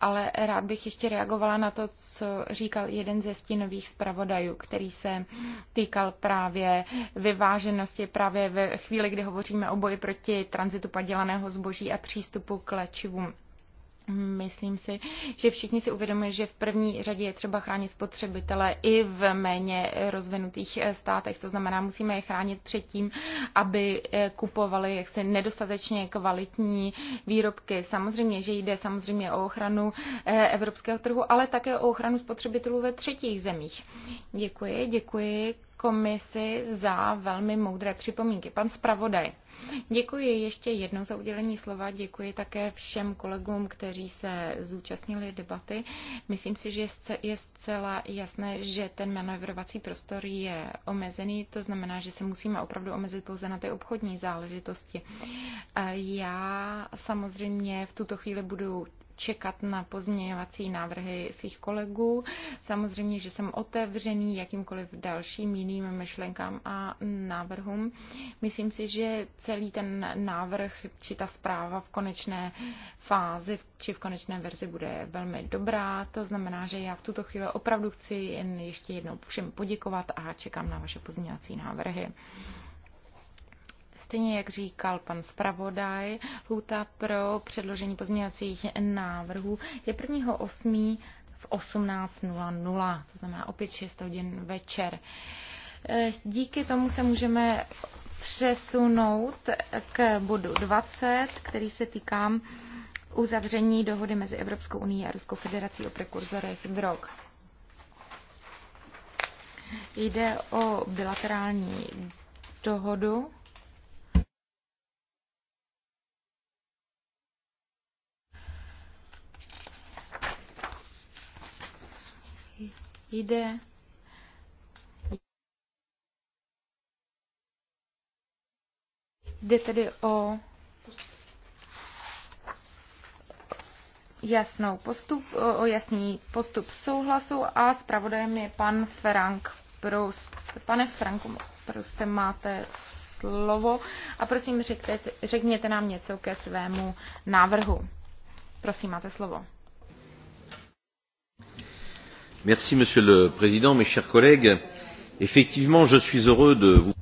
ale rád bych ještě reagovala na to, co říkal jeden ze stínových zpravodajů, který se týkal právě vyváženosti právě ve chvíli, kdy hovoříme o boji proti tranzitu padělaného zboží a přístupu k léčivům. Myslím si, že všichni si uvědomují, že v první řadě je třeba chránit spotřebitele i v méně rozvinutých eh, státech. To znamená, musíme je chránit před tím, aby eh, kupovali jaksi nedostatečně kvalitní výrobky. Samozřejmě, že jde samozřejmě o ochranu eh, evropského trhu, ale také o ochranu spotřebitelů ve třetích zemích. Děkuji, děkuji komisi za velmi moudré připomínky. Pan zpravodaj. Děkuji ještě jednou za udělení slova, děkuji také všem kolegům, kteří se zúčastnili debaty. Myslím si, že je zcela jasné, že ten manévrovací prostor je omezený, to znamená, že se musíme opravdu omezit pouze na ty obchodní záležitosti. Já samozřejmě v tuto chvíli budu čekat na pozměňovací návrhy svých kolegů. Samozřejmě, že jsem otevřený jakýmkoliv dalším jiným myšlenkám a návrhům. Myslím si, že celý ten návrh či ta zpráva v konečné fázi či v konečné verzi bude velmi dobrá. To znamená, že já v tuto chvíli opravdu chci jen ještě jednou všem poděkovat a čekám na vaše pozměňovací návrhy. Stejně jak říkal pan zpravodaj, lhůta pro předložení pozměňovacích návrhů je 1.8. v 18.00, to znamená opět 6 hodin večer. Eh, díky tomu se můžeme přesunout k bodu 20, který se týká uzavření dohody mezi Evropskou unii a Ruskou federací o prekurzorech drog. Jde o bilaterální dohodu jde Jde tedy o jasnou postup, o jasný postup souhlasu a zpravodajem je pan Frank Proust. Pane Franku prostě máte slovo a prosím řekněte, řekněte nám něco ke svému návrhu. Prosím, máte slovo monsieur le président mes chers collègues effectivement je suis heureux de vous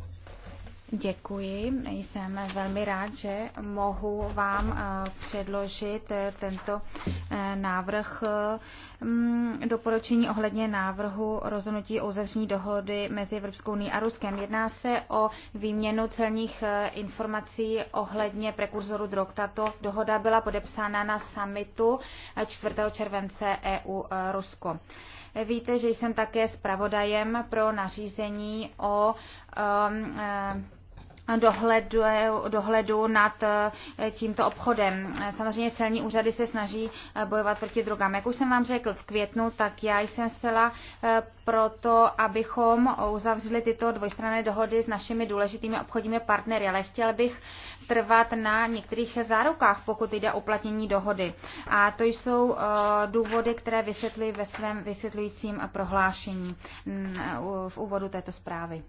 Děkuji, jsem velmi rád, že mohu vám eh, předložit eh, tento eh, návrh mm, doporučení ohledně návrhu rozhodnutí o uzavření dohody mezi Evropskou unii a Ruskem. Jedná se o výměnu celních informací ohledně prekurzoru drog. Tato dohoda byla podepsána na summitu 4. července EU-Rusko. Víte, že jsem také zpravodajem pro nařízení o um, eh, dohledu, dohledu nad eh, tímto obchodem. Samozřejmě celní úřady se snaží eh, bojovat proti drogám. Jak už jsem vám řekl v květnu, tak já jsem zcela proto, abychom uzavřeli tyto dvojstranné dohody s našimi důležitými obchodními partnery, ale chtěl bych trvat na některých zárukách, pokud jde o platnění dohody. A to jsou eh, důvody, které vysvětlí ve svém vysvětlujícím prohlášení mm, v úvodu této zprávy.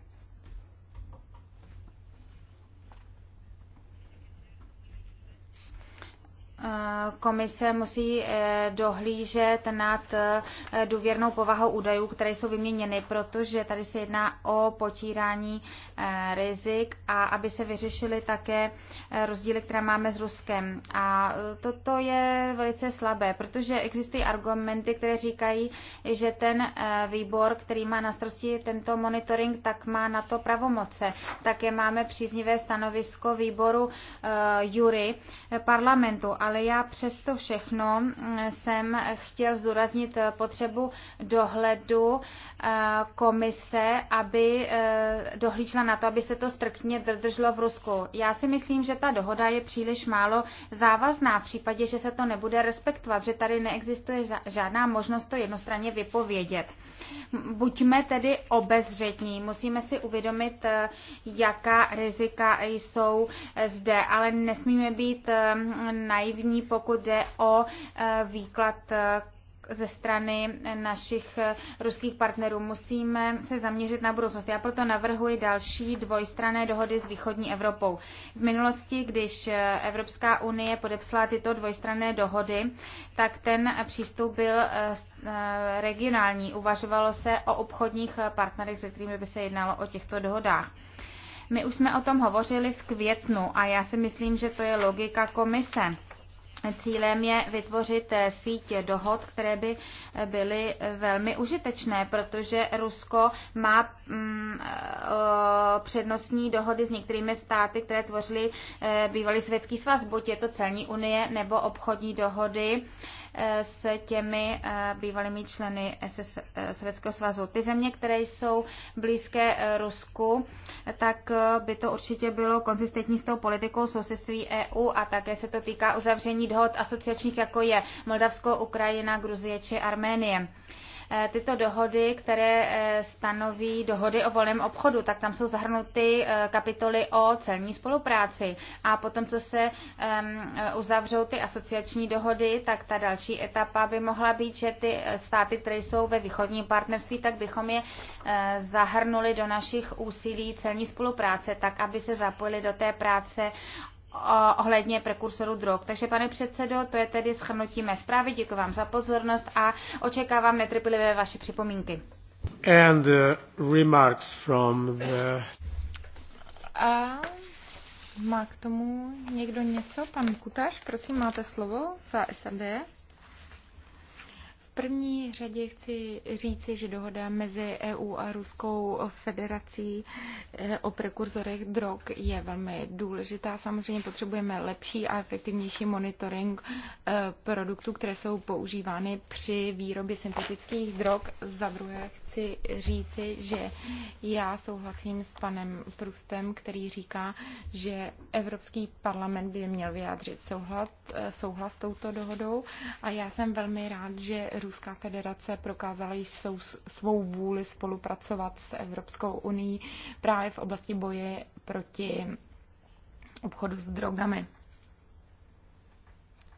Komise musí eh, dohlížet nad eh, důvěrnou povahou údajů, které jsou vyměněny, protože tady se jedná o potírání eh, rizik a aby se vyřešily také rozdíly, které máme s Ruskem. A toto je velice slabé, protože existují argumenty, které říkají, že ten výbor, který má na starosti tento monitoring, tak má na to pravomoce. Také máme příznivé stanovisko výboru Jury parlamentu, ale ale já přesto všechno mm, jsem chtěl zúraznit eh, potřebu dohledu eh, komise, aby eh, dohlížela na to, aby se to strkně drželo v Rusku. Já si myslím, že ta dohoda je příliš málo závazná v případě, že se to nebude respektovat, že tady neexistuje žádná možnost to jednostranně vypovědět. Buďme tedy obezřetní, musíme si uvědomit, jaká rizika jsou zde, ale nesmíme být naivní aktivní, pokud jde o eh, výklad eh, ze strany našich eh, ruských partnerů. Musíme se zaměřit na budoucnost. Já proto navrhuji další dvojstrané dohody s východní Evropou. V minulosti, když Evropská unie podepsala tyto dvojstrané dohody, tak ten přístup byl regionální. Uvažovalo se o obchodních partnerech, se kterými by se jednalo o těchto dohodách. My už jsme o tom hovořili v květnu a já si myslím, že to je logika komise Cílem je vytvořit eh, síť dohod, které by eh, byly eh, velmi užitečné, protože Rusko má mm, přednostní dohody s některými státy, které tvořily bývalý Světský svaz, buď je to celní unie nebo obchodní dohody s těmi eh, bývalými členy SS, eh, Sovětského svazu. Ty země, které jsou blízké eh, Rusku, tak by to určitě bylo konzistentní s tou politikou sousedství EU a také se to týká uzavření dohod asociačních, jako je Moldavsko, Ukrajina, Gruzie či Arménie. Eh, tyto dohody, které eh, stanoví dohody o volném obchodu, tak tam jsou zahrnuty eh, kapitoly o celní spolupráci. A potom, co se uzavřou ty asociační dohody, tak ta další etapa by mohla být, že ty státy, které jsou ve východním partnerství, tak bychom je zahrnuli do našich úsilí celní spolupráce, tak aby se zapojili do té práce ohledně prekursorů drog. Takže, pane předsedo, to je tedy schrnutí mé zprávy. Děkuji vám za pozornost a očekávám netrpělivě vaše připomínky. And the uh, remarks from the... A má k tomu někdo něco? Pan Kutáš, prosím, máte slovo za SRD první řadě chci říci, že dohoda mezi EU a Ruskou federací eh, o prekurzorech drog je velmi důležitá. Samozřejmě potřebujeme lepší a efektivnější monitoring eh, produktů, které jsou používány při výrobě syntetických drog. Za druhé chci říci, že já souhlasím s panem Prustem, který říká, že Evropský parlament by měl vyjádřit souhlas, eh, souhlas touto dohodou a já jsem velmi rád, že Ruská federace prokázala již svou, svou vůli spolupracovat s Evropskou unii právě v oblasti boje proti obchodu s drogami.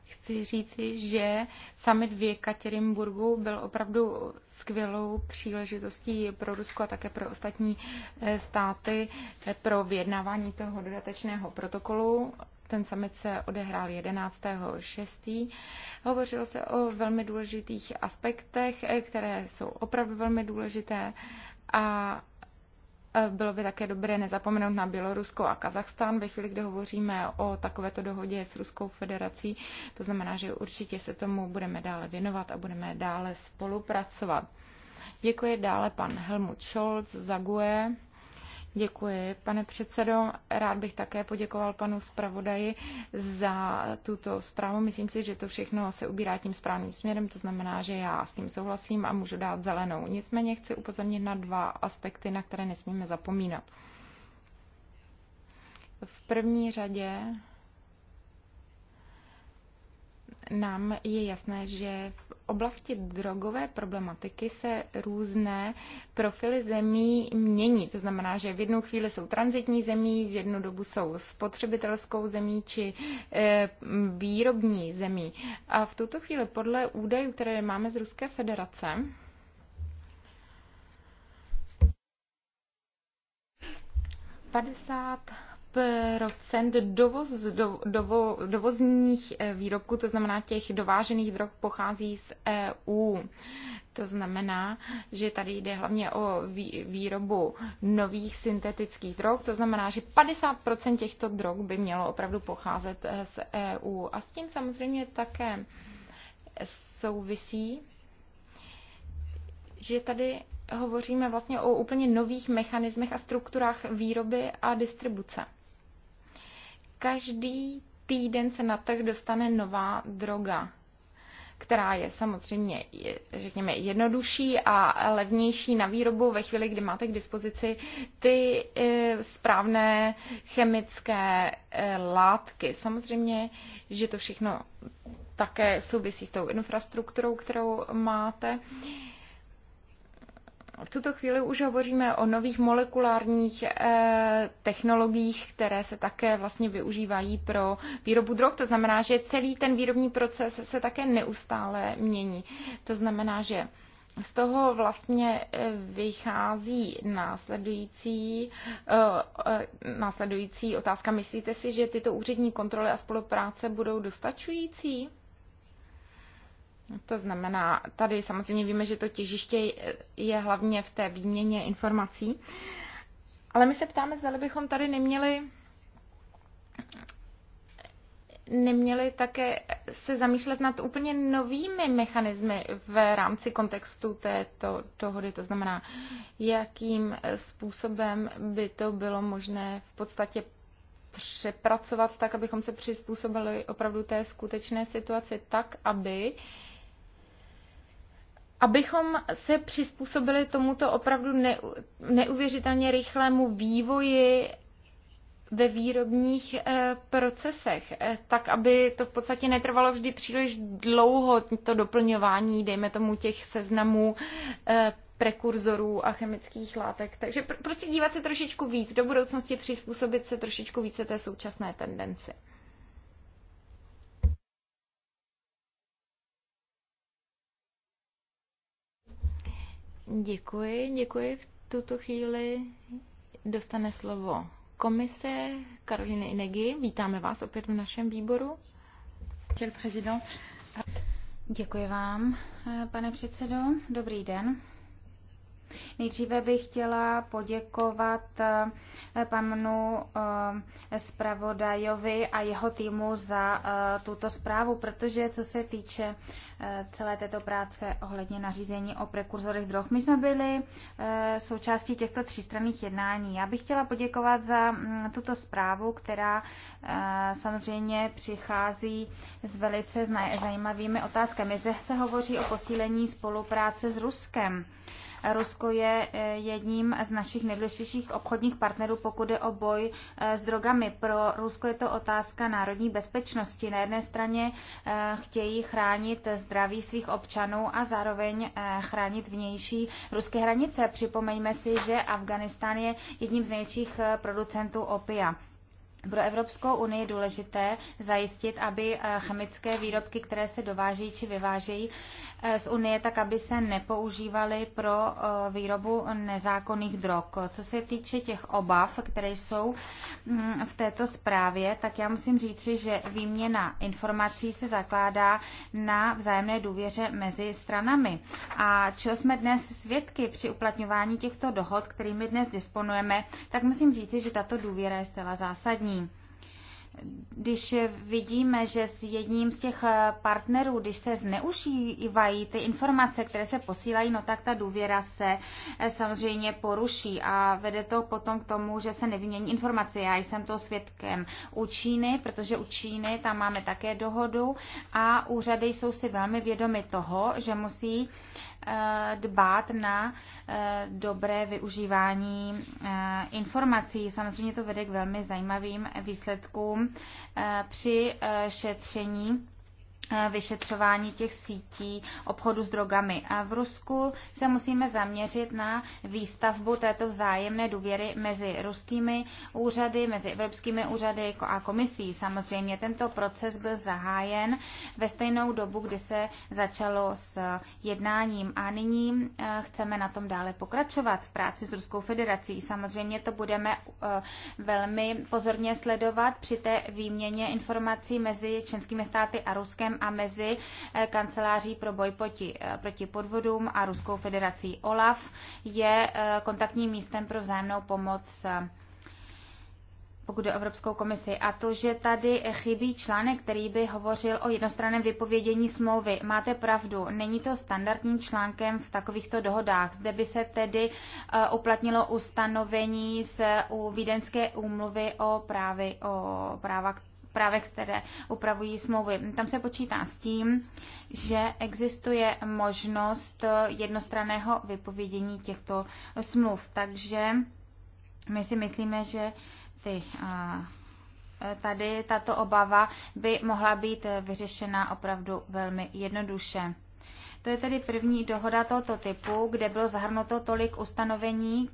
Chci říci, že summit v Jekaterinburgu byl opravdu skvělou příležitostí pro Rusko a také pro ostatní eh, státy eh, pro vyjednávání toho dodatečného protokolu ten summit se odehrál 11.6. Hovořilo se o velmi důležitých aspektech, které jsou opravdu velmi důležité a bylo by také dobré nezapomenout na Bělorusko a Kazachstán ve chvíli, kdy hovoříme o takovéto dohodě s Ruskou federací. To znamená, že určitě se tomu budeme dále věnovat a budeme dále spolupracovat. Děkuji dále pan Helmut Scholz za GUE. Děkuji, pane předsedo. Rád bych také poděkoval panu zpravodaji za tuto zprávu. Myslím si, že to všechno se ubírá tím správným směrem, to znamená, že já s tím souhlasím a můžu dát zelenou. Nicméně chci upozornit na dva aspekty, na které nesmíme zapomínat. V první řadě nám je jasné, že v oblasti drogové problematiky se různé profily zemí mění. To znamená, že v jednu chvíli jsou transitní zemí, v jednu dobu jsou spotřebitelskou zemí či e, výrobní zemí. A v tuto chvíli podle údajů, které máme z Ruské federace, padesát dovoz, do, dovo, dovozních eh, výrobků, to znamená těch dovážených výrobků pochází z EU. To znamená, že tady jde hlavně o výrobu nových syntetických drog, to znamená, že 50% těchto drog by mělo opravdu pocházet eh, z EU. A s tím samozřejmě také eh, souvisí, že tady hovoříme vlastně o úplně nových mechanismech a strukturách výroby a distribuce. Každý týden se na trh dostane nová droga, která je samozřejmě, řekněme, jednodušší a levnější na výrobu ve chvíli, kdy máte k dispozici ty e, správné chemické e, látky. Samozřejmě, že to všechno také souvisí s tou infrastrukturou, kterou máte. V tuto chvíli už hovoříme o nových molekulárních eh, technologiích, které se také vlastně využívají pro výrobu drog. To znamená, že celý ten výrobní proces se také neustále mění. To znamená, že z toho vlastně eh, vychází následující, eh, následující otázka. Myslíte si, že tyto úřední kontroly a spolupráce budou dostačující? To znamená, tady samozřejmě víme, že to těžiště je hlavně v té výměně informací, ale my se ptáme, zda bychom tady neměli neměli také se zamýšlet nad úplně novými mechanismy v rámci kontextu této dohody. To znamená, jakým způsobem by to bylo možné v podstatě přepracovat tak, abychom se přizpůsobili opravdu té skutečné situaci tak, aby uh, abychom se přizpůsobili tomuto opravdu neuvěřitelně rychlému vývoji ve výrobních eh, procesech, eh, tak aby to v podstatě netrvalo vždy příliš dlouho, to doplňování, dejme tomu, těch seznamů eh, prekurzorů a chemických látek. Takže prostě dívat se trošičku víc do budoucnosti, přizpůsobit se trošičku více té současné tendenci. Děkuji, děkuji. V tuto chvíli dostane slovo komise Karoliny Inegi. Vítáme vás opět v našem výboru. Děkuji vám, pane předsedo. Dobrý den. Nejdříve bych chtěla poděkovat eh, panu eh, zpravodajovi a jeho týmu za eh, tuto zprávu, protože co se týče celé této práce ohledně nařízení o prekurzorech drog, my jsme byli součástí těchto třístranných jednání. Já bych chtěla poděkovat za mm, tuto zprávu, která samozřejmě přichází s velice zajímavými otázkami. Zde se hovoří o posílení spolupráce s Ruskem. Rusko je eh, jedním z našich nejdůležitějších obchodních partnerů, pokud je o boj eh, s drogami. Pro Rusko je to otázka národní bezpečnosti. Na jedné straně eh, chtějí chránit zdraví svých občanů a zároveň chránit vnější ruské hranice. Připomeňme si, že Afganistán je jedním z největších producentů opia. Pro Evropskou unii je důležité zajistit, aby chemické výrobky, které se dovážejí či vyvážejí, z Unie, tak aby se nepoužívaly pro eh, výrobu nezákonných drog. Co se týče těch obav, které jsou mm, v této zprávě, tak já musím říci, že výměna informací se zakládá na vzájemné důvěře mezi stranami. A čeho jsme dnes svědky při uplatňování těchto dohod, kterými dnes disponujeme, tak musím říci, že tato důvěra je zcela zásadní. Když vidíme, že s jedním z těch eh, partnerů, když se zneužívají ty informace, které se posílají, no tak ta důvěra se eh, samozřejmě poruší a vede to potom k tomu, že se nevymění informace. Já jsem to svědkem u Číny, protože u Číny tam máme také dohodu a úřady jsou si velmi vědomi toho, že musí eh, dbát na dobré využívání informací. Samozřejmě to vede k velmi zajímavým výsledkům při eh, šetření Eh, vyšetřování těch sítí obchodu s drogami. A v Rusku se musíme zaměřit na výstavbu této vzájemné důvěry mezi ruskými úřady, mezi evropskými úřady jako a komisí. Samozřejmě tento proces byl zahájen ve stejnou dobu, kdy se začalo s jednáním a nyní eh, chceme na tom dále pokračovat v práci s Ruskou federací. Samozřejmě to budeme eh, velmi pozorně sledovat při té výměně informací mezi členskými státy a Ruskem a mezi eh, kanceláří pro boj proti, eh, proti podvodům a Ruskou federací OLAF je eh, kontaktním místem pro vzájemnou pomoc pokud jde o Evropskou komisi. A to, že tady chybí článek, který by hovořil o jednostranném vypovědění smlouvy. Máte pravdu, není to standardním článkem v takovýchto dohodách. Zde by se tedy uplatnilo ustanovení z u Vídeňské úmluvy o, právy, o práva právě které upravují smlouvy. Tam se počítá s tím, že existuje možnost jednostranného vypovědění těchto smluv. Takže my si myslíme, že ty tady tato obava by mohla být vyřešena opravdu velmi jednoduše. To je tedy první dohoda tohoto typu, kde bylo zahrnuto tolik ustanovení,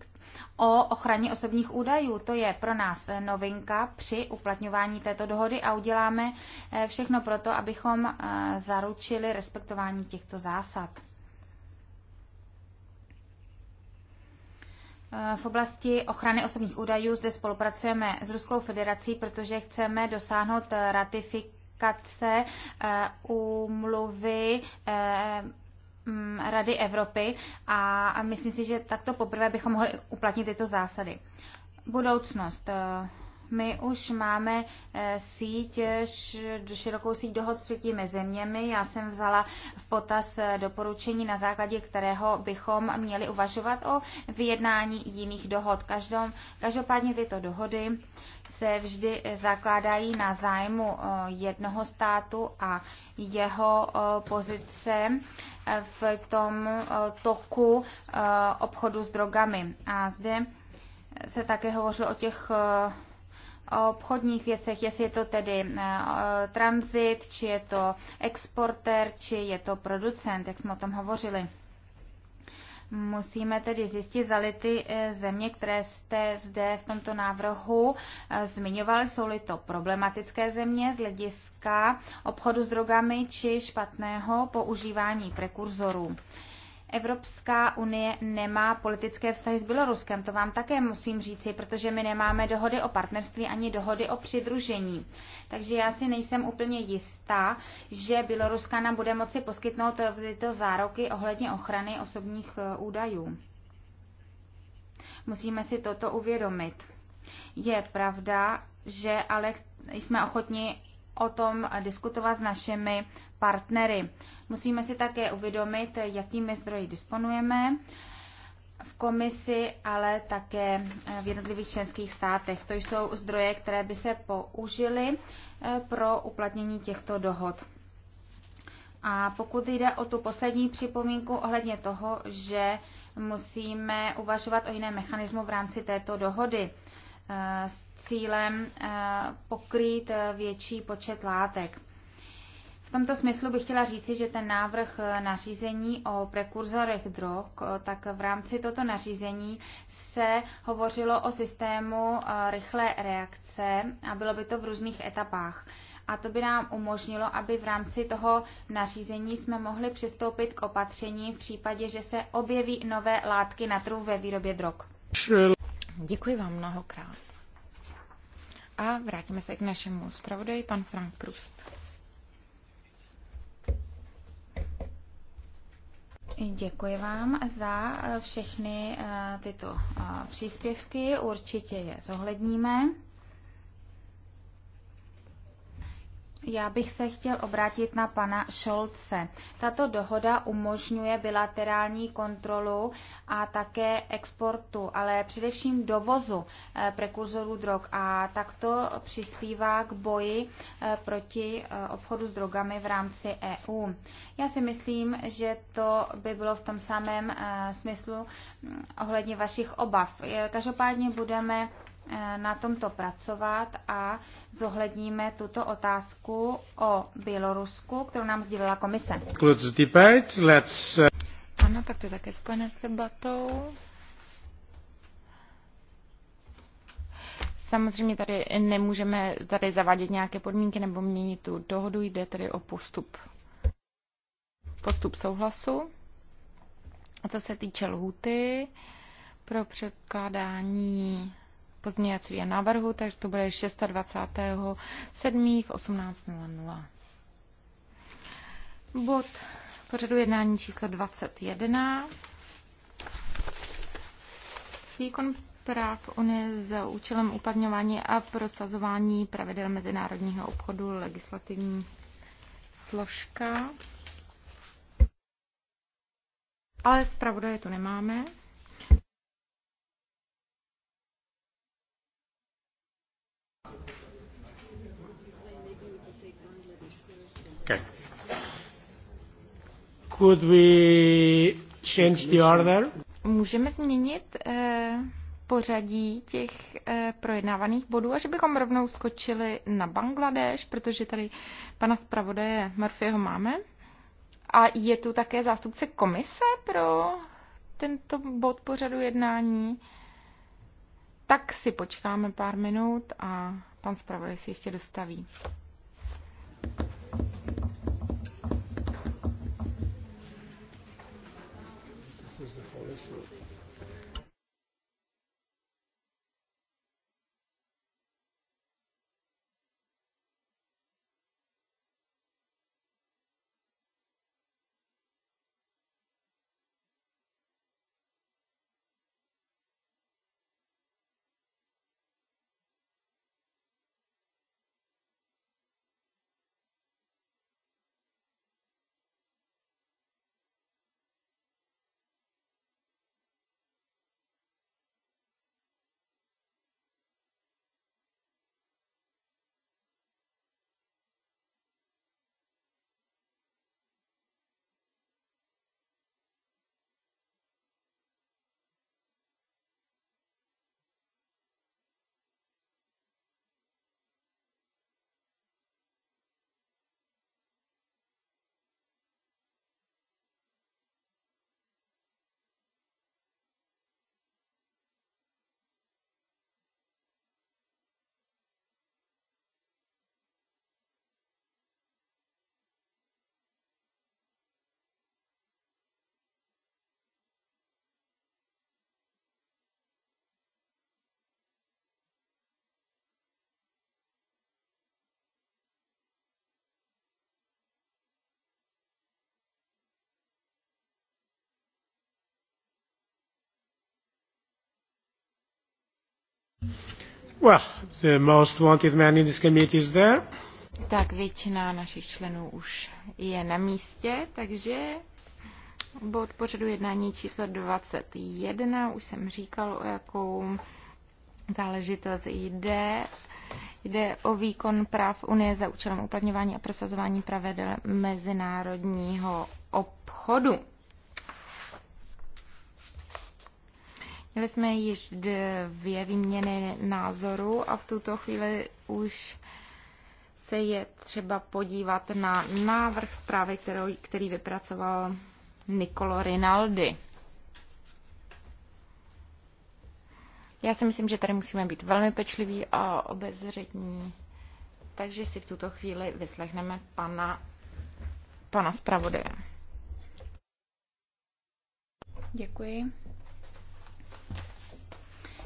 o ochraně osobních údajů. To je pro nás novinka při uplatňování této dohody a uděláme eh, všechno proto, abychom eh, zaručili respektování těchto zásad. Eh, v oblasti ochrany osobních údajů zde spolupracujeme s Ruskou federací, protože chceme dosáhnout ratifikace úmluvy Mm, Rady Evropy a myslím si, že takto poprvé bychom mohli uplatnit tyto zásady. Budoucnost. My už máme eh, síť, širokou síť dohod s třetími zeměmi. Já jsem vzala v potaz eh, doporučení, na základě kterého bychom měli uvažovat o vyjednání jiných dohod. Každom, každopádně tyto dohody se vždy eh, zakládají na zájmu jednoho státu a jeho pozice v tom toku obchodu s drogami. A zde se také hovořilo o těch o obchodních věcech, jestli je to tedy eh, transit, či je to exportér, či je to producent, jak jsme o tom hovořili. Musíme tedy zjistit, zda ty eh, země, které jste zde v tomto návrhu eh, zmiňovali, jsou-li to problematické země z hlediska obchodu s drogami či špatného používání prekurzorů. Evropská unie nemá politické vztahy s Běloruskem, to vám také musím říci, protože my nemáme dohody o partnerství ani dohody o přidružení. Takže já si nejsem úplně jistá, že Běloruska nám bude moci poskytnout tyto zároky ohledně ochrany osobních eh, údajů. Musíme si toto uvědomit. Je pravda, že ale jsme ochotni o tom diskutovat s našimi partnery. Musíme si také uvědomit, jakými zdroji disponujeme v komisi, ale také v jednotlivých členských státech. To jsou zdroje, které by se použily eh, pro uplatnění těchto dohod. A pokud jde o tu poslední připomínku ohledně toho, že musíme uvažovat o jiném mechanismu v rámci této dohody, Eh, s cílem eh, pokrýt eh, větší počet látek. V tomto smyslu bych chtěla říci, že ten návrh nařízení o prekurzorech drog, tak v rámci toto nařízení se hovořilo o systému rychlé reakce a bylo by to v různých etapách a to by nám umožnilo, aby v rámci toho nařízení jsme mohli přistoupit k opatření v případě, že se objeví nové látky na trhu ve výrobě drog. Děkuji vám mnohokrát. A vrátíme se k našemu zpravodaji, pan Frank Prust. Děkuji vám za eh, všechny eh, tyto eh, příspěvky, určitě je zohledníme. Já bych se chtěl obrátit na pana Šolce. Tato dohoda umožňuje bilaterální kontrolu a také exportu, ale především dovozu eh, prekurzorů drog a takto přispívá k boji eh, proti eh, obchodu s drogami v rámci EU. Já si myslím, že to by bylo v tom samém smyslu mm, ohledně vašich obav. Každopádně budeme Eh, na tomto pracovat a zohledníme tuto otázku o Bělorusku, kterou nám sdělila komise. Eh, ano, tak to je také spojené s debatou. Samozřejmě tady nemůžeme tady zavádět nějaké podmínky nebo měnit tu dohodu, jde tedy o postup, postup souhlasu. A co se týče lhuty pro předkládání pozměňovacího návrhu, takže to bude 26.7. v 18.00. Bod pořadu jednání číslo 21. Výkon práv Unie za účelem uplatňování a prosazování pravidel mezinárodního obchodu legislativní složka. Ale zpravodaje tu nemáme. Okay. Could we change the order? Můžeme změnit uh, pořadí těch uh, projednávaných bodů a že bychom rovnou skočili na Bangladeš, protože tady pana zpravodaje Murphyho máme. A je tu také zástupce komise pro tento bod pořadu jednání. Tak si počkáme pár minut a pan zpravodaj si ještě dostaví. Well, the most wanted man in this committee is there. Tak většina našich členů už je na místě, takže bod pořadu jednání číslo 21, už jsem říkal, o jakou záležitost jde. Jde o výkon práv Unie za účelem uplatňování a prosazování pravidel mezinárodního obchodu. Měli jsme již dvě výměny názorů a v tuto chvíli už se je třeba podívat na návrh zprávy, kterou, který vypracoval Nicolo Rinaldi. Já si myslím, že tady musíme být velmi pečliví a obezřetní. Takže si v tuto chvíli vyslechneme pana, pana zpravodaje. Děkuji.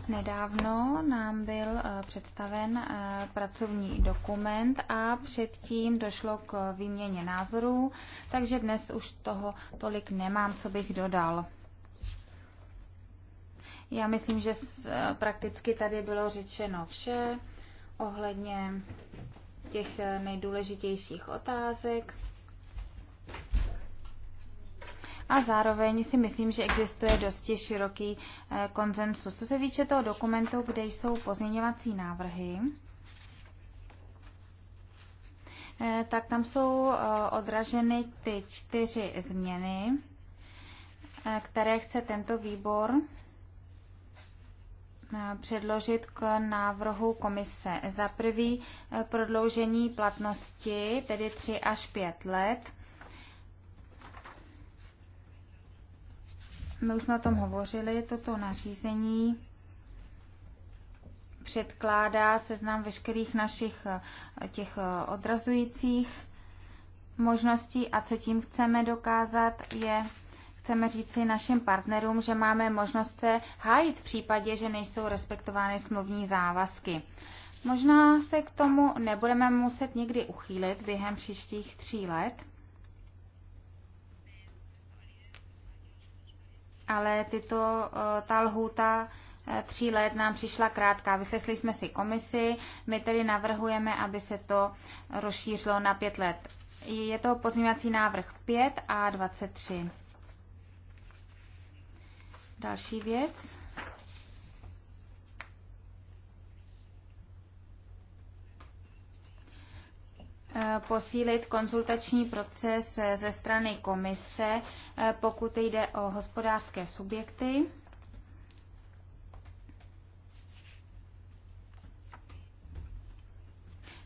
Nedávno nám byl eh, představen eh, pracovní dokument a předtím došlo k výměně názorů, takže dnes už toho tolik nemám, co bych dodal. Já myslím, že eh, prakticky tady bylo řečeno vše ohledně těch nejdůležitějších otázek a zároveň si myslím, že existuje dosti široký eh, konsensus. Co se týče toho dokumentu, kde jsou pozměňovací návrhy, eh, tak tam jsou eh, odraženy ty čtyři změny, které chce tento výbor předložit k návrhu komise. Za prvý prodloužení platnosti, tedy 3 až 5 let. My už jsme o tom hovořili, toto nařízení předkládá seznam veškerých našich těch odrazujících možností a co tím chceme dokázat je, chceme říci našim partnerům, že máme možnost se hájit v případě, že nejsou respektovány smluvní závazky. Možná se k tomu nebudeme muset nikdy uchýlit během příštích tří let, ale tyto, eh, ta lhůta eh, tří let nám přišla krátká. Vyslechli jsme si komisi, my tedy navrhujeme, aby se to rozšířilo na pět let. Je to pozměňovací návrh 5 a 23. Další věc. Eh, posílit konzultační proces ze strany komise, eh, pokud jde o hospodářské subjekty.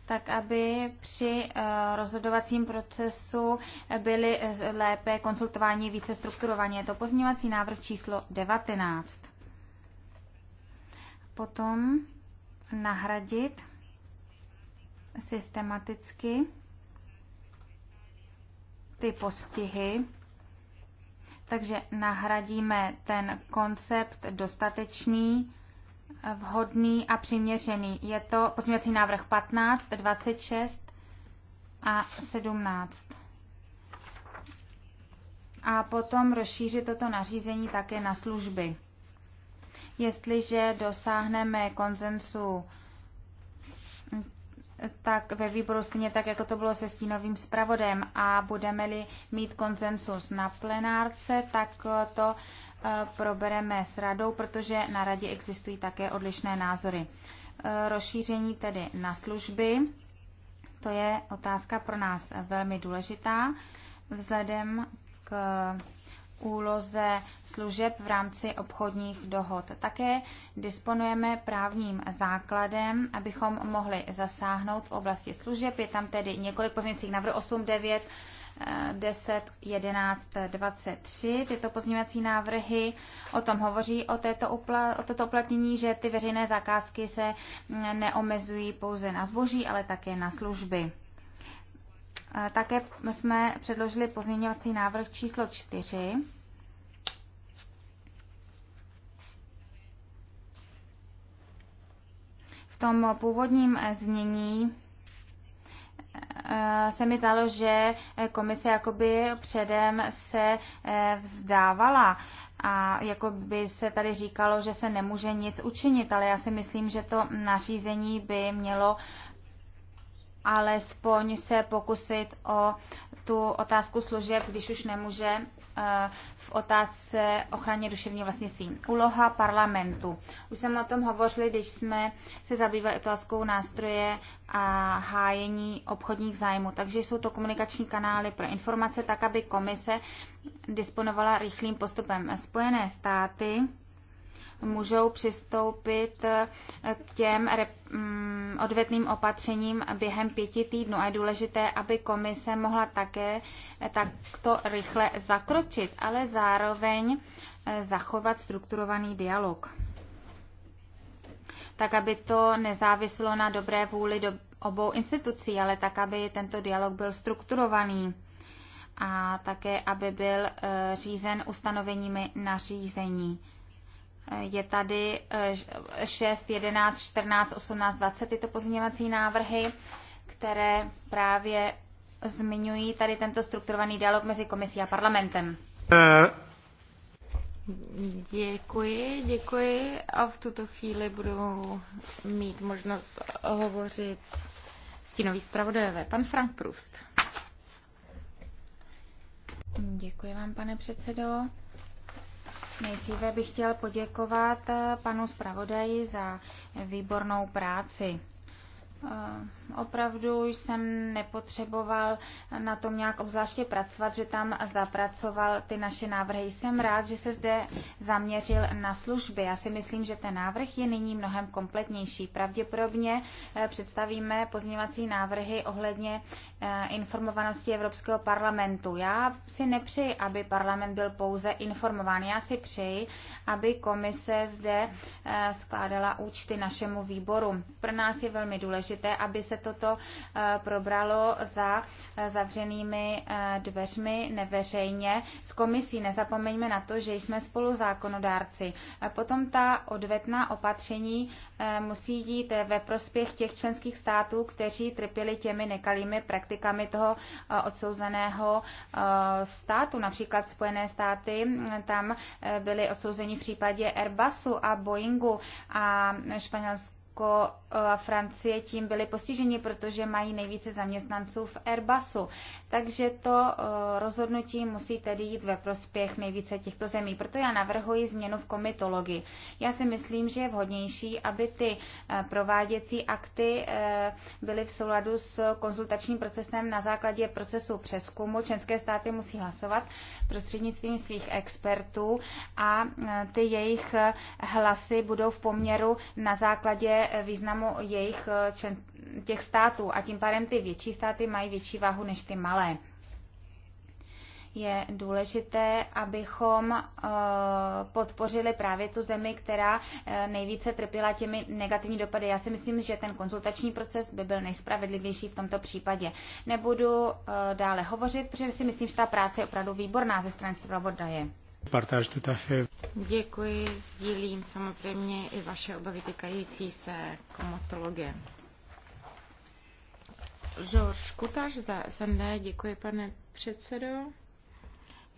tak aby při eh, rozhodovacím procesu byly lépe konzultováni více strukturovaně. Je to pozměňovací návrh číslo 19. Potom nahradit systematicky ty postihy, takže nahradíme ten koncept dostatečný, vhodný a přiměřený. Je to pozměňovací návrh 15, 26 a 17. A potom rozšířit toto nařízení také na služby. Jestliže dosáhneme konzensu tak ve výboru stejně tak, jako to bylo se stínovým zpravodem a budeme-li mít konsensus na plenárce, tak to eh, probereme s radou, protože na radě existují také odlišné názory. Eh, rozšíření tedy na služby, to je otázka pro nás velmi důležitá vzhledem k úloze služeb v rámci obchodních dohod. Také disponujeme právním základem, abychom mohli zasáhnout v oblasti služeb. Je tam tedy několik pozměcích návrhů 8, 9, 10, 11, 23. Tyto pozměňovací návrhy o tom hovoří o, této upla- o toto uplatnění, že ty veřejné zakázky se mm, neomezují pouze na zboží, ale také na služby. Také jsme předložili pozměňovací návrh číslo 4. V tom původním znění eh, se mi zdalo, že komise jakoby předem se eh, vzdávala a jako by se tady říkalo, že se nemůže nic učinit, ale já si myslím, že to nařízení by mělo alespoň se pokusit o tu otázku služeb, když už nemůže eh, v otázce ochraně duševního vlastnictví. Úloha parlamentu. Už jsem o tom hovořili, když jsme se zabývali otázkou nástroje a hájení obchodních zájmů. Takže jsou to komunikační kanály pro informace, tak aby komise disponovala rychlým postupem. Spojené státy můžou přistoupit eh, k těm mm, odvetným opatřením během pěti týdnů. A je důležité, aby komise mohla také eh, takto rychle zakročit, ale zároveň eh, zachovat strukturovaný dialog. Tak, aby to nezávislo na dobré vůli do obou institucí, ale tak, aby tento dialog byl strukturovaný a také, aby byl řízen ustanoveními nařízení. Je tady 6, 11, 14, 18, 20 tyto pozměňovací návrhy, které právě zmiňují tady tento strukturovaný dialog mezi komisí a parlamentem. Děkuji, děkuji a v tuto chvíli budu mít možnost hovořit stínový zpravodajové, pan Frank Proust. Děkuji vám, pane předsedo. Nejdříve bych chtěl poděkovat eh, panu zpravodaji za výbornou práci. Eh, opravdu jsem nepotřeboval na tom nějak obzvláště pracovat, že tam zapracoval ty naše návrhy. Jsem rád, že se zde zaměřil na služby. Já si myslím, že ten návrh je nyní mnohem kompletnější. Pravděpodobně eh, představíme pozměvací návrhy ohledně eh, informovanosti Evropského parlamentu. Já si nepřeji, aby parlament byl pouze informován. Já si přeji, aby komise zde skládala účty našemu výboru. Pro nás je velmi důležité, důležité, aby se toto eh, probralo za eh, zavřenými eh, dveřmi neveřejně s komisí. Nezapomeňme na to, že jsme spolu zákonodárci. Potom ta odvetná opatření musí jít ve prospěch těch členských států, kteří trpěli těmi nekalými praktikami toho odsouzeného státu. Například Spojené státy tam byly odsouzeni v případě Airbusu a Boeingu a Španělsko Německo a Francie tím byly postiženi, protože mají nejvíce zaměstnanců v Airbusu. Takže to eh, rozhodnutí musí tedy jít ve prospěch nejvíce těchto zemí. Proto já navrhuji změnu v komitologii. Já si myslím, že je vhodnější, aby ty eh, prováděcí akty eh, byly v souladu s konzultačním procesem na základě procesu přeskumu. Členské státy musí hlasovat prostřednictvím svých expertů a ty jejich hlasy budou v poměru na základě významu jejich eh, těch států a tím pádem ty větší státy mají větší váhu než ty malé. Je důležité, abychom eh, podpořili právě tu zemi, která eh, nejvíce trpěla těmi negativní dopady. Já si myslím, že ten konzultační proces by byl nejspravedlivější v tomto případě. Nebudu dále hovořit, protože si myslím, že ta práce je opravdu výborná ze strany zpravodaje. Děkuji, sdílím samozřejmě i vaše obavy týkající se komatologie. Žorž Kutaš za SND, děkuji pane předsedo.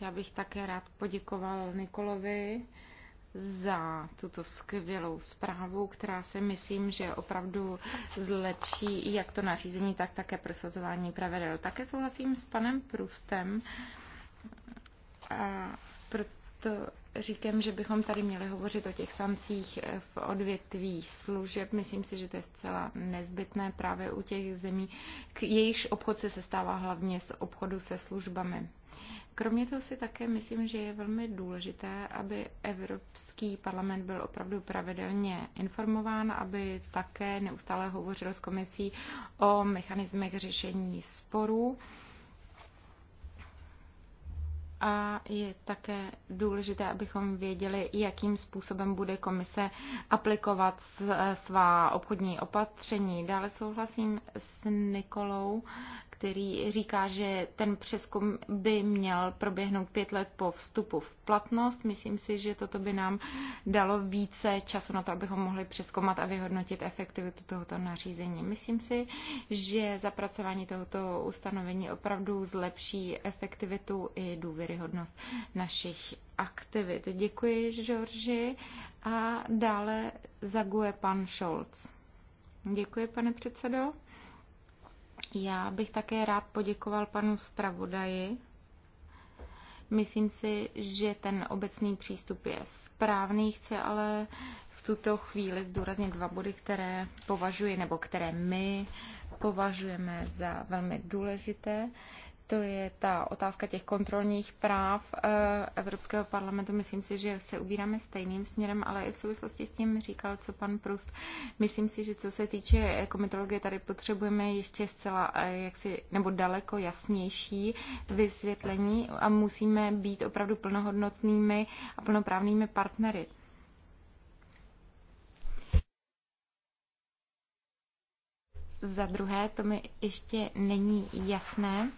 Já bych také rád poděkoval Nikolovi za tuto skvělou zprávu, která si myslím, že opravdu zlepší jak to nařízení, tak také prosazování pravidel. Také souhlasím s panem Prustem. A proto říkám, že bychom tady měli hovořit o těch sankcích eh, v odvětví služeb. Myslím si, že to je zcela nezbytné právě u těch zemí, k jejichž obchod se sestává hlavně z obchodu se službami. Kromě toho si také myslím, že je velmi důležité, aby Evropský parlament byl opravdu pravidelně informován, aby také neustále hovořil s komisí o mechanismech řešení sporů a je také důležité, abychom věděli, jakým způsobem bude komise aplikovat svá obchodní opatření. Dále souhlasím s Nikolou který říká, že ten přeskum by měl proběhnout pět let po vstupu v platnost. Myslím si, že toto by nám dalo více času na to, abychom mohli přeskoumat a vyhodnotit efektivitu tohoto nařízení. Myslím si, že zapracování tohoto ustanovení opravdu zlepší efektivitu i důvěryhodnost našich aktivit. Děkuji, Žorži. A dále zaguje pan Scholz. Děkuji, pane předsedo. Já bych také rád poděkoval panu zpravodaji. Myslím si, že ten obecný přístup je správný, chci ale v tuto chvíli zdůraznit dva body, které považuji nebo které my považujeme za velmi důležité. To je ta otázka těch kontrolních práv eh, Evropského parlamentu. Myslím si, že se ubíráme stejným směrem, ale i v souvislosti s tím říkal, co pan Prust. Myslím si, že co se týče komitologie, tady potřebujeme ještě zcela eh, jaksi, nebo daleko jasnější vysvětlení a musíme být opravdu plnohodnotnými a plnoprávnými partnery. Za druhé, to mi ještě není jasné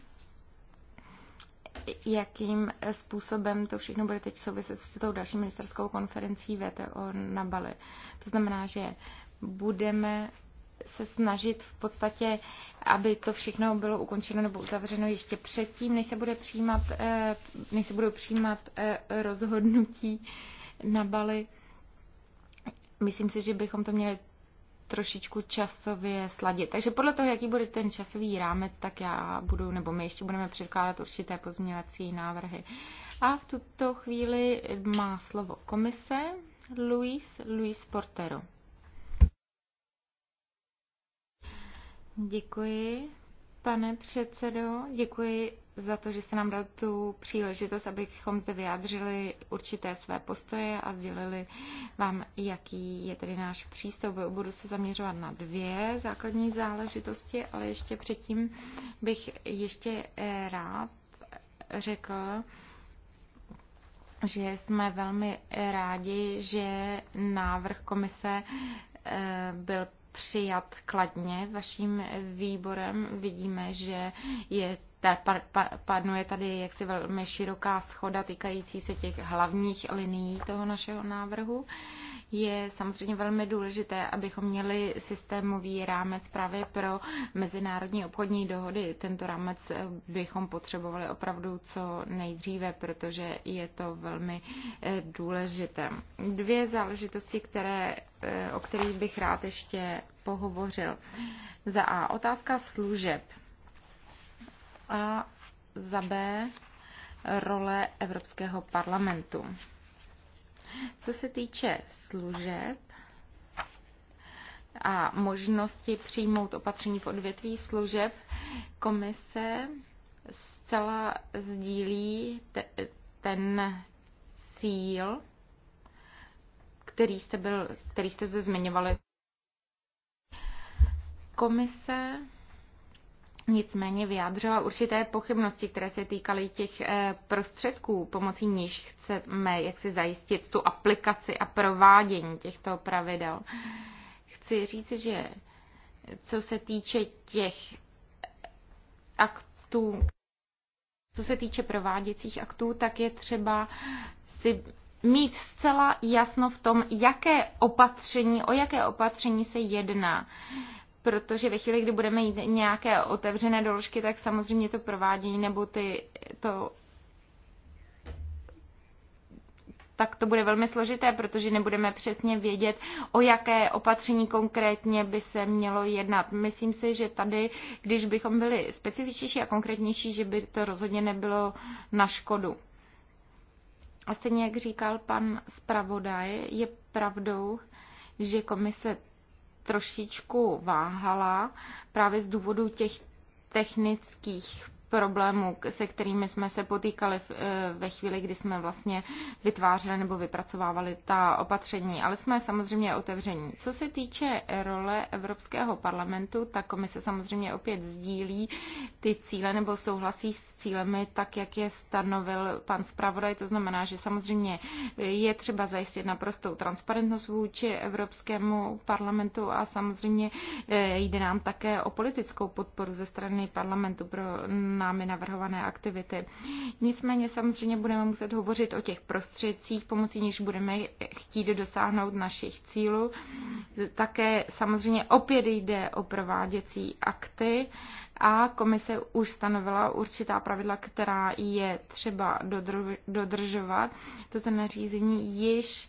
jakým způsobem to všechno bude teď souviset s tou další ministerskou konferencí VTO na Bali. To znamená, že budeme se snažit v podstatě, aby to všechno bylo ukončeno nebo uzavřeno ještě předtím, než se, bude přijímat, eh, než se budou přijímat eh, rozhodnutí na Bali. Myslím si, že bychom to měli trošičku časově sladit. Takže podle toho, jaký bude ten časový rámec, tak já budu, nebo my ještě budeme předkládat určité pozměňovací návrhy. A v tuto chvíli má slovo komise Luis, Luis Portero. Děkuji, pane předsedo, děkuji za to, že se nám dal tu příležitost, abychom zde vyjádřili určité své postoje a sdělili vám, jaký je tedy náš přístup. Budu se zaměřovat na dvě základní záležitosti, ale ještě předtím bych ještě eh, rád řekl, že jsme velmi rádi, že návrh komise eh, byl přijat kladně vaším výborem. Vidíme, že je panuje tady jaksi velmi široká schoda týkající se těch hlavních linií toho našeho návrhu. Je samozřejmě velmi důležité, abychom měli systémový rámec právě pro mezinárodní obchodní dohody. Tento rámec eh, bychom potřebovali opravdu co nejdříve, protože je to velmi eh, důležité. Dvě záležitosti, které, eh, o kterých bych rád ještě pohovořil. Za A otázka služeb a za B role Evropského parlamentu. Co se týče služeb a možnosti přijmout opatření v odvětví služeb, komise zcela sdílí te, ten cíl, který jste, byl, který jste zde zmiňovali. Komise nicméně vyjádřila určité pochybnosti, které se týkaly těch eh, prostředků, pomocí níž chceme jak si zajistit tu aplikaci a provádění těchto pravidel. Chci říct, že co se týče těch eh, aktů, co se týče prováděcích aktů, tak je třeba si mít zcela jasno v tom, jaké opatření, o jaké opatření se jedná protože ve chvíli, kdy budeme jít nějaké otevřené doložky, tak samozřejmě to provádění nebo ty, to tak to bude velmi složité, protože nebudeme přesně vědět, o jaké opatření konkrétně by se mělo jednat. Myslím si, že tady, když bychom byli specifičtější a konkrétnější, že by to rozhodně nebylo na škodu. A stejně jak říkal pan zpravodaj, je pravdou, že komise trošičku váhala právě z důvodu těch technických problémů, se kterými jsme se potýkali eh, ve chvíli, kdy jsme vlastně vytvářeli nebo vypracovávali ta opatření, ale jsme samozřejmě otevření. Co se týče role Evropského parlamentu, ta komise samozřejmě opět sdílí ty cíle nebo souhlasí s cílemi tak, jak je stanovil pan zpravodaj. To znamená, že samozřejmě je třeba zajistit naprostou transparentnost vůči Evropskému parlamentu a samozřejmě eh, jde nám také o politickou podporu ze strany parlamentu pro námi navrhované aktivity. Nicméně samozřejmě budeme muset hovořit o těch prostředcích, pomocí níž budeme chtít dosáhnout našich cílů. Také samozřejmě opět jde o prováděcí akty a komise už stanovila určitá pravidla, která je třeba dodržovat. Toto nařízení již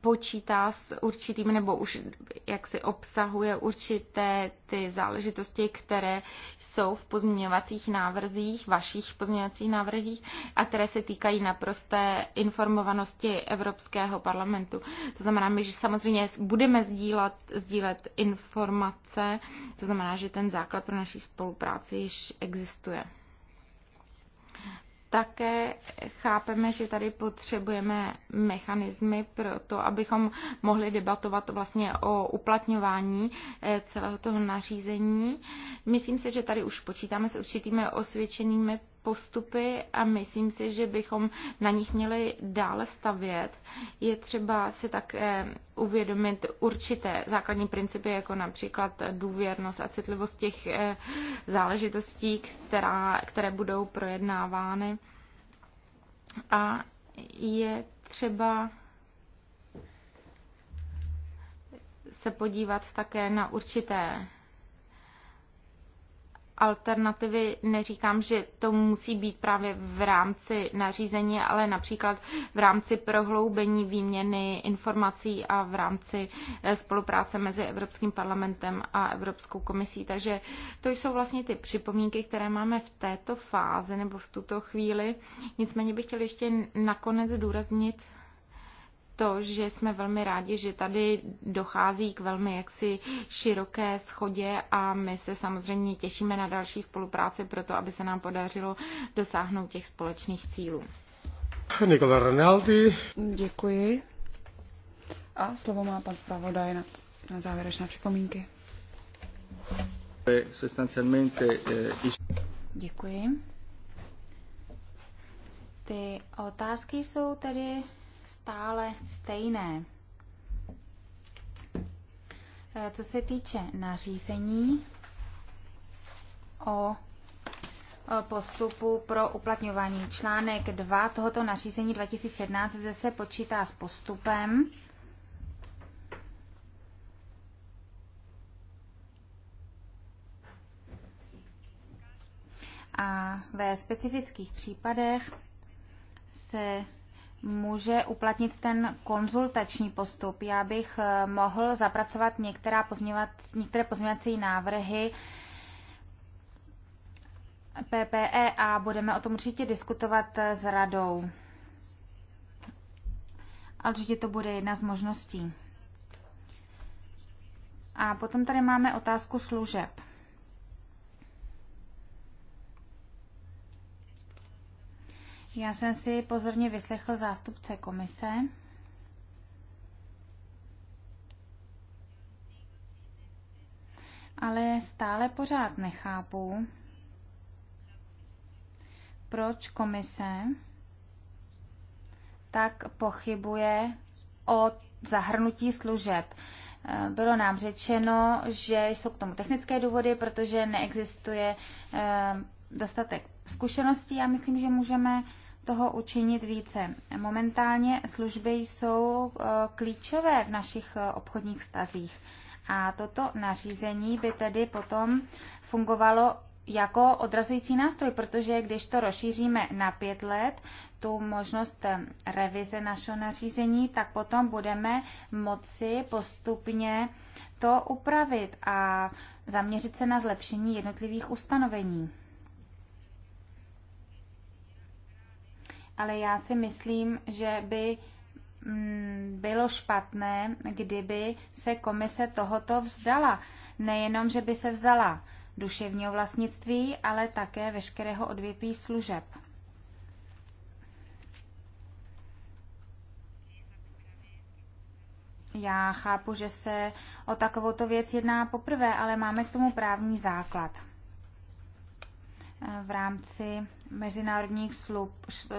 počítá s určitými, nebo už jak si obsahuje určité ty záležitosti, které jsou v pozměňovacích návrzích, vašich pozměňovacích návrzích a které se týkají naprosté informovanosti Evropského parlamentu. To znamená, že samozřejmě budeme sdílet, sdílet informace, to znamená, že ten základ pro naší spolupráci již existuje také chápeme, že tady potřebujeme mechanismy pro to, abychom mohli debatovat vlastně o uplatňování eh, celého toho nařízení. Myslím si, že tady už počítáme s určitými osvědčenými postupy a myslím si, že bychom na nich měli dále stavět. Je třeba si také eh, uvědomit určité základní principy, jako například důvěrnost a citlivost těch eh, záležitostí, která, které budou projednávány. A je třeba se podívat také na určité alternativy neříkám, že to musí být právě v rámci nařízení, ale například v rámci prohloubení výměny informací a v rámci eh, spolupráce mezi Evropským parlamentem a Evropskou komisí. Takže to jsou vlastně ty připomínky, které máme v této fázi nebo v tuto chvíli. Nicméně bych chtěl ještě nakonec zdůraznit to, že jsme velmi rádi, že tady dochází k velmi jaksi široké schodě a my se samozřejmě těšíme na další spolupráci pro to, aby se nám podařilo dosáhnout těch společných cílů. Nikola Rinaldi. Děkuji. A slovo má pan zpravodaj na, na závěrečné připomínky. Eh, Děkuji. Ty otázky jsou tedy stále stejné. E, co se týče nařízení o postupu pro uplatňování. Článek 2 tohoto nařízení 2011 se počítá s postupem. A ve specifických případech se může uplatnit ten konzultační postup. Já bych eh, mohl zapracovat některá pozměvat, některé pozměvací návrhy PPE a budeme o tom určitě diskutovat eh, s radou. Ale určitě to bude jedna z možností. A potom tady máme otázku služeb. Já jsem si pozorně vyslechl zástupce komise. Ale stále pořád nechápu, proč komise tak pochybuje o zahrnutí služeb. Bylo nám řečeno, že jsou k tomu technické důvody, protože neexistuje eh, dostatek zkušeností. Já myslím, že můžeme toho učinit více. Momentálně služby jsou e, klíčové v našich e, obchodních stazích a toto nařízení by tedy potom fungovalo jako odrazující nástroj, protože když to rozšíříme na pět let, tu možnost e, revize našeho nařízení, tak potom budeme moci postupně to upravit a zaměřit se na zlepšení jednotlivých ustanovení. ale já si myslím, že by mm, bylo špatné, kdyby se komise tohoto vzdala. Nejenom, že by se vzdala duševního vlastnictví, ale také veškerého odvětví služeb. Já chápu, že se o takovouto věc jedná poprvé, ale máme k tomu právní základ. V rámci mezinárodních slup, eh,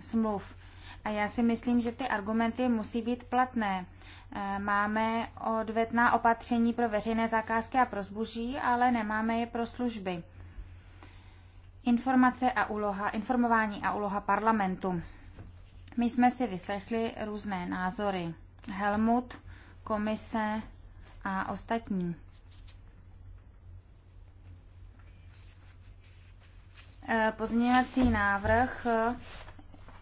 smluv. A já si myslím, že ty argumenty musí být platné. Eh, máme odvetná opatření pro veřejné zakázky a pro zboží, ale nemáme je pro služby. Informace a úloha, informování a úloha parlamentu. My jsme si vyslechli různé názory. Helmut, komise a ostatní. Eh, pozměňovací návrh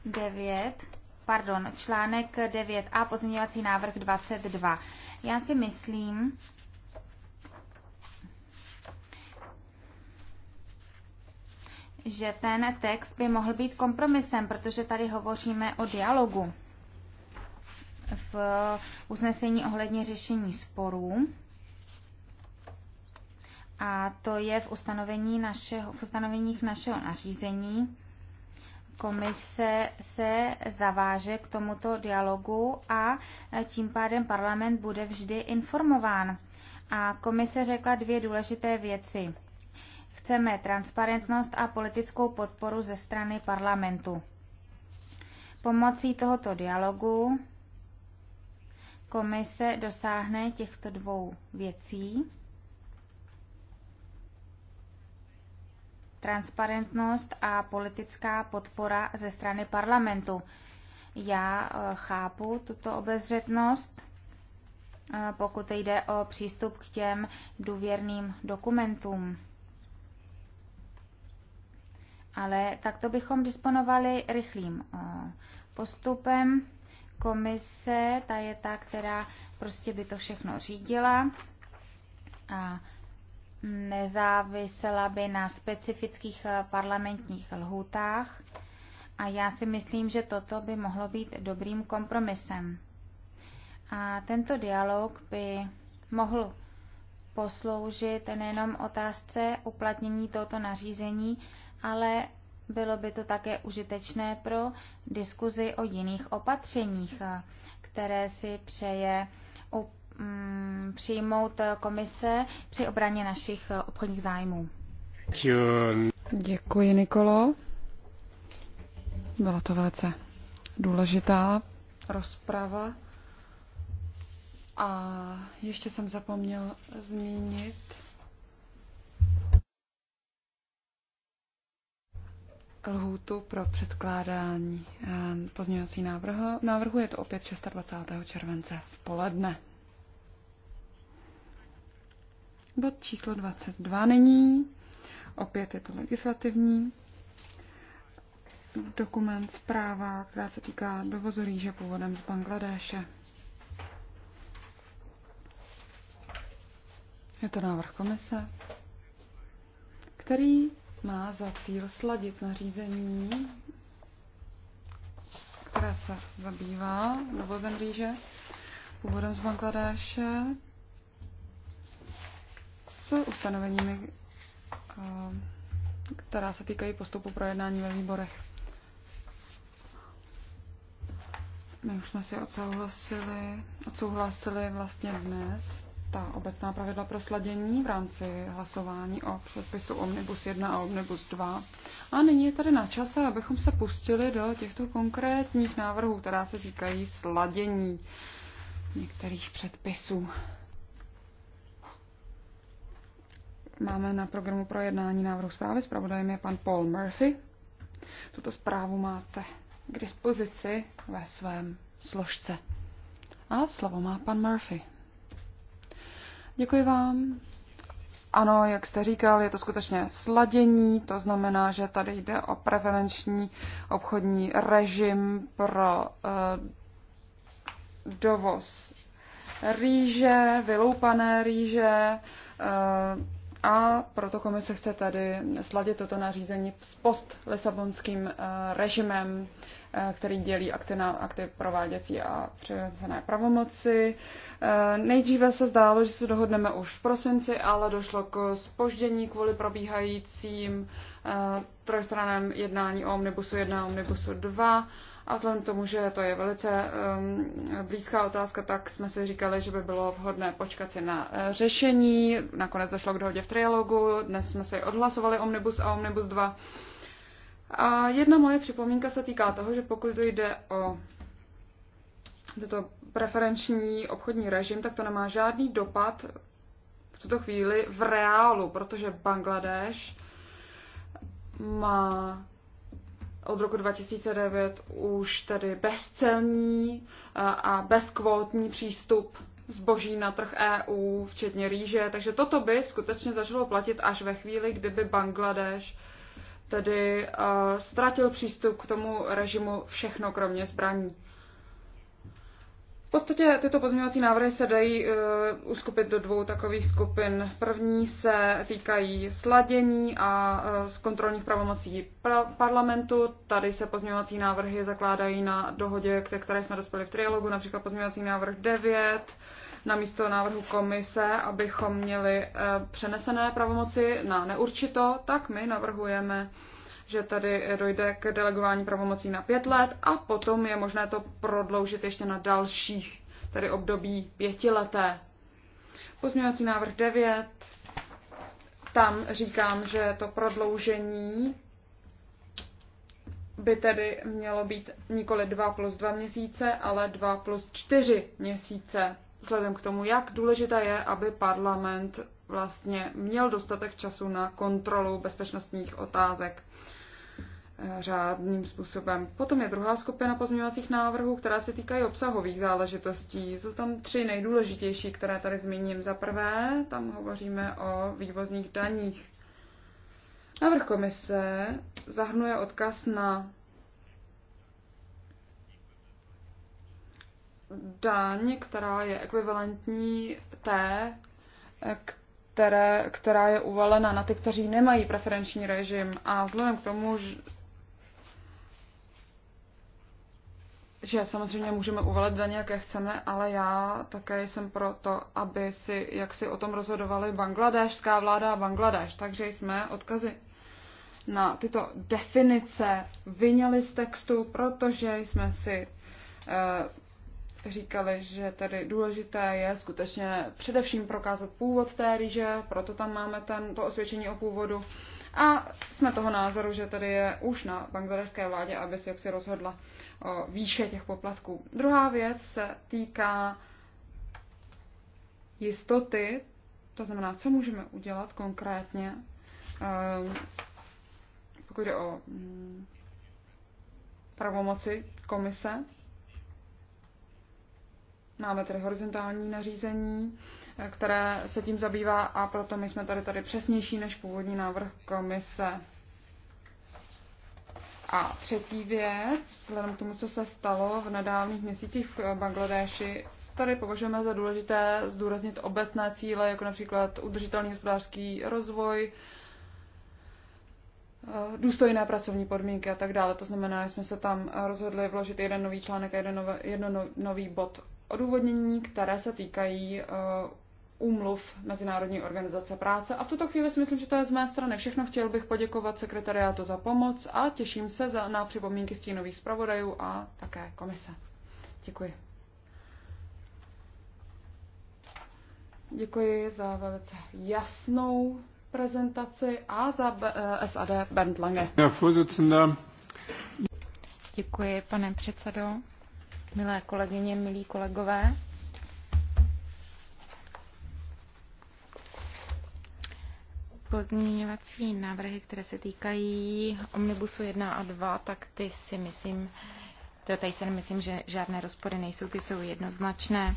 9, eh, pardon, článek 9a, pozměňovací návrh 22. Já si myslím, že ten text by mohl být kompromisem, protože tady hovoříme o dialogu v usnesení ohledně řešení sporů a to je v, ustanovení našeho, v ustanoveních našeho nařízení. Komise se zaváže k tomuto dialogu a tím pádem parlament bude vždy informován. A komise řekla dvě důležité věci. Chceme transparentnost a politickou podporu ze strany parlamentu. Pomocí tohoto dialogu komise dosáhne těchto dvou věcí. transparentnost a politická podpora ze strany parlamentu. Já eh, chápu tuto obezřetnost, eh, pokud jde o přístup k těm důvěrným dokumentům. Ale takto bychom disponovali rychlým eh, postupem. Komise, ta je ta, která prostě by to všechno řídila a nezávisela by na specifických eh, parlamentních lhůtách a já si myslím, že toto by mohlo být dobrým kompromisem. A tento dialog by mohl posloužit nejenom otázce uplatnění tohoto nařízení, ale bylo by to také užitečné pro diskuzi o jiných opatřeních, eh, které si přeje Mm, přijmout komise při obraně našich obchodních zájmů. Děkuji, Nikolo. Byla to velice důležitá rozprava. A ještě jsem zapomněl zmínit, lhůtu pro předkládání eh, pozměňovací návrhu. Návrhu je to opět 26. července v poledne. Bod číslo 22 není. Opět je to legislativní dokument, zpráva, která se týká dovozu rýže původem z Bangladéše. Je to návrh komise, který má za cíl sladit nařízení, které se zabývá dovozem rýže původem z Bangladéše ustanoveními, eh, která se týkají postupu projednání ve výborech. My už jsme si odsouhlasili, odsouhlasili vlastně dnes ta obecná pravidla pro sladění v rámci hlasování o předpisu Omnibus 1 a Omnibus 2. A nyní je tady na čase, abychom se pustili do těchto konkrétních návrhů, která se týkají sladění některých předpisů. Máme na programu pro jednání návrhu zprávy. Spravodajem je pan Paul Murphy. Tuto zprávu máte k dispozici ve svém složce. A slovo má pan Murphy. Děkuji vám. Ano, jak jste říkal, je to skutečně sladění, to znamená, že tady jde o preferenční obchodní režim pro uh, dovoz rýže, vyloupané rýže, uh, a proto komise chce tady sladit toto nařízení s post-lisabonským eh, režimem, eh, který dělí akty na akty prováděcí a přenesené pravomoci. Eh, nejdříve se zdálo, že se dohodneme už v prosinci, ale došlo k spoždění kvůli probíhajícím trojstraném jednání o Omnibusu 1 a Omnibusu 2 a vzhledem k tomu, že to je velice um, blízká otázka, tak jsme si říkali, že by bylo vhodné počkat si na uh, řešení. Nakonec došlo k dohodě v trialogu, dnes jsme si odhlasovali Omnibus a Omnibus 2. A jedna moje připomínka se týká toho, že pokud jde o tento preferenční obchodní režim, tak to nemá žádný dopad v tuto chvíli v reálu, protože Bangladeš má od roku 2009 už tedy bezcelní eh, a bezkvótní přístup zboží na trh EU, včetně rýže. Takže toto by skutečně začalo platit až ve chvíli, kdyby Bangladeš tedy uh, ztratil přístup k tomu režimu všechno kromě zbraní. V podstatě tyto pozměňovací návrhy se dají uh, uskupit do dvou takových skupin. První se týkají sladění a uh, kontrolních pravomocí parlamentu. Tady se pozměňovací návrhy zakládají na dohodě, které jsme dospěli v trialogu, například pozměňovací návrh 9 na místo návrhu komise, abychom měli uh, přenesené pravomoci na neurčito, tak my navrhujeme uh, že tady dojde k delegování pravomocí na pět let a potom je možné to prodloužit ještě na dalších, tedy období pětileté. Pozměňovací návrh 9, tam říkám, že to prodloužení by tedy mělo být nikoli 2 plus 2 měsíce, ale 2 plus 4 měsíce, vzhledem k tomu, jak důležité je, aby parlament vlastně měl dostatek času na kontrolu bezpečnostních otázek řádným způsobem. Potom je druhá skupina pozměňovacích návrhů, která se týkají obsahových záležitostí. Jsou tam tři nejdůležitější, které tady zmíním. Za prvé, tam hovoříme o vývozních daních. Návrh komise zahrnuje odkaz na daň, která je ekvivalentní té, které, která je uvalena na ty, kteří nemají preferenční režim. A vzhledem k tomu, že že samozřejmě můžeme uvalit daně, jaké chceme, ale já také jsem pro to, aby si, jak si o tom rozhodovali bangladéšská vláda a Bangladeš, Takže jsme odkazy na tyto definice vyněli z textu, protože jsme si e, říkali, že tedy důležité je skutečně především prokázat původ té rýže, proto tam máme ten, to osvědčení o původu. A jsme toho názoru, že tady je už na bangladešské vládě, aby si jaksi rozhodla, výše těch poplatků. Druhá věc se týká jistoty, to znamená, co můžeme udělat konkrétně, ehm, pokud jde o mm, pravomoci komise. Máme tedy horizontální nařízení, eh, které se tím zabývá a proto my jsme tady tady přesnější než původní návrh komise. A třetí věc, vzhledem k tomu, co se stalo v nedávných měsících v Bangladeši, tady považujeme za důležité zdůraznit obecné cíle, jako například udržitelný hospodářský rozvoj, eh, důstojné pracovní podmínky a tak dále. To znamená, že jsme se tam rozhodli vložit jeden nový článek a jeden nový, jedno no- nový bod odůvodnění, které se týkají eh, úmluv Mezinárodní organizace práce. A v tuto chvíli si myslím, že to je z mé strany všechno. Chtěl bych poděkovat sekretariátu za pomoc a těším se za, na připomínky stínových zpravodajů a také komise. Děkuji. Děkuji za velice jasnou prezentaci a za B- eh, SAD Bernd Děkuji, pane předsedo, milé kolegyně, milí kolegové. pozměňovací návrhy, které se týkají Omnibusu 1 a 2, tak ty si myslím, to tady si nemyslím, že žádné rozpory nejsou, ty jsou jednoznačné.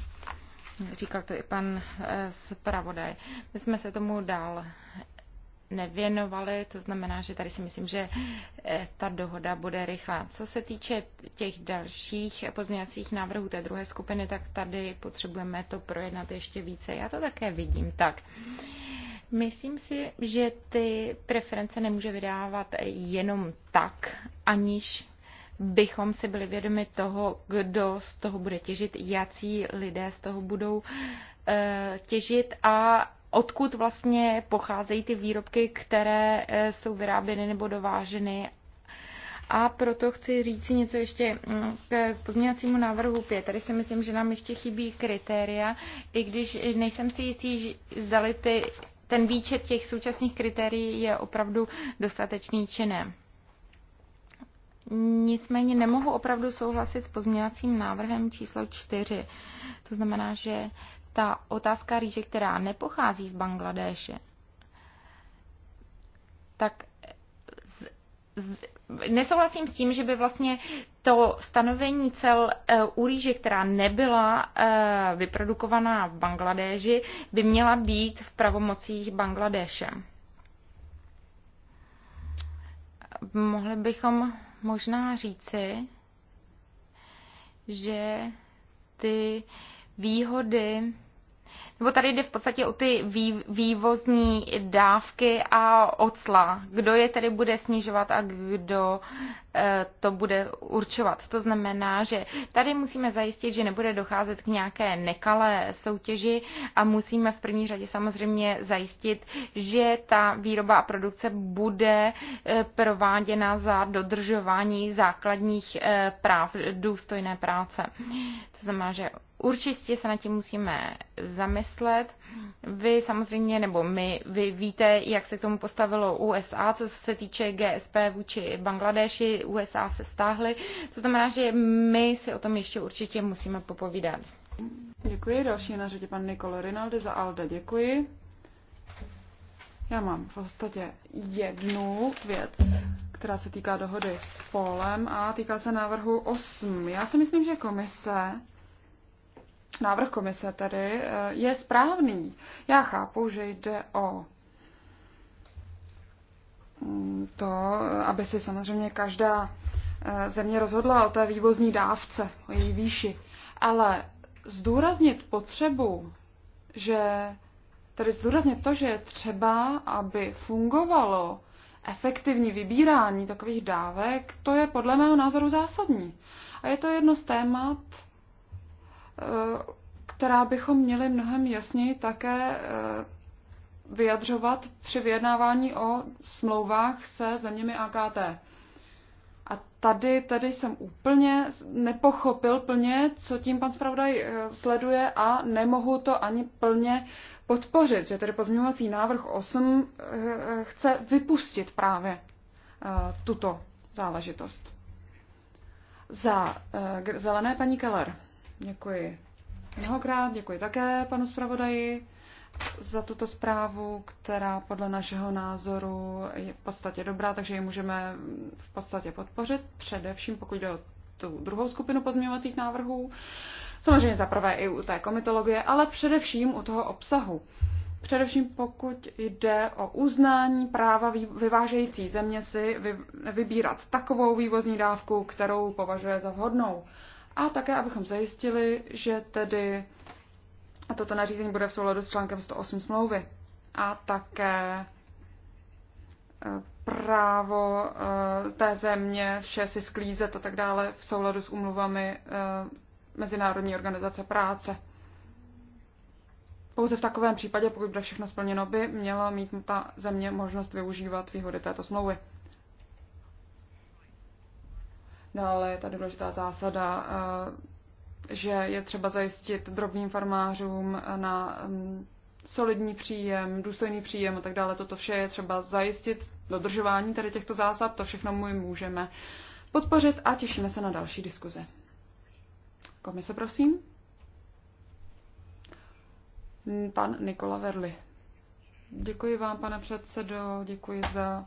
Říkal to i pan eh, zpravodaj. My jsme se tomu dál nevěnovali, to znamená, že tady si myslím, že eh, ta dohoda bude rychlá. Co se týče těch dalších pozměňovacích návrhů té druhé skupiny, tak tady potřebujeme to projednat ještě více. Já to také vidím tak Myslím si, že ty preference nemůže vydávat jenom tak, aniž bychom si byli vědomi toho, kdo z toho bude těžit, jací lidé z toho budou eh, těžit a odkud vlastně pocházejí ty výrobky, které eh, jsou vyráběny nebo dováženy. A proto chci říct si něco ještě mm, k pozměňovacímu návrhu 5. Tady si myslím, že nám ještě chybí kritéria, i když nejsem si jistý, zdali ty ten výčet těch současných kritérií je opravdu dostatečný či ne. Nicméně nemohu opravdu souhlasit s pozměňovacím návrhem číslo 4. To znamená, že ta otázka rýže, která nepochází z Bangladéše, tak nesouhlasím s tím, že by vlastně to stanovení cel eh, u rýže, která nebyla eh, vyprodukovaná v Bangladeži, by měla být v pravomocích Bangladeše. Mohli bychom možná říci, že ty výhody nebo tady jde v podstatě o ty vývozní dávky a ocla. Kdo je tedy bude snižovat a kdo eh, to bude určovat. To znamená, že tady musíme zajistit, že nebude docházet k nějaké nekalé soutěži a musíme v první řadě samozřejmě zajistit, že ta výroba a produkce bude eh, prováděna za dodržování základních eh, práv důstojné práce. To znamená, že Určitě se nad tím musíme zamyslet. Vy samozřejmě, nebo my, vy víte, jak se k tomu postavilo USA, co se týče GSP vůči Bangladeši, USA se stáhly. To znamená, že my si o tom ještě určitě musíme popovídat. Děkuji. Další je na řadě pan Nikolo Rinaldi za Alda. Děkuji. Já mám v podstatě jednu věc, která se týká dohody s Polem a týká se návrhu 8. Já si myslím, že komise návrh komise tady eh, je správný. Já chápu, že jde o mm, to, aby si samozřejmě každá eh, země rozhodla o té vývozní dávce, o její výši. Ale zdůraznit potřebu, že tedy zdůraznit to, že je třeba, aby fungovalo efektivní vybírání takových dávek, to je podle mého názoru zásadní. A je to jedno z témat, Eh, která bychom měli mnohem jasněji také eh, vyjadřovat při vyjednávání o smlouvách se zeměmi AKT. A tady, tady jsem úplně nepochopil plně, co tím pan zpravodaj eh, sleduje a nemohu to ani plně podpořit, že tedy pozměňovací návrh 8 chce vypustit právě tuto záležitost. Za zelené paní Keller. Děkuji mnohokrát, děkuji také panu zpravodaji za tuto zprávu, která podle našeho názoru je v podstatě dobrá, takže ji můžeme v podstatě podpořit, především pokud jde o tu druhou skupinu pozměňovacích návrhů, samozřejmě zaprvé i u té komitologie, ale především u toho obsahu. Především pokud jde o uznání práva vyvážející země si vybírat takovou vývozní dávku, kterou považuje za vhodnou a také, abychom zajistili, že tedy toto nařízení bude v souladu s článkem 108 smlouvy a také eh, právo eh, té země vše si sklízet a tak dále v souladu s umluvami eh, Mezinárodní organizace práce. Pouze v takovém případě, pokud bude všechno splněno, by měla mít ta země možnost využívat výhody této smlouvy. Dále je tady důležitá zásada, eh, že je třeba zajistit drobným farmářům eh, na mm, solidní příjem, důstojný příjem a tak dále. Toto vše je třeba zajistit, dodržování tady těchto zásad, to všechno my můžeme podpořit a těšíme se na další diskuze. Komise, prosím. Pan Nikola Verli. Děkuji vám, pane předsedo, děkuji za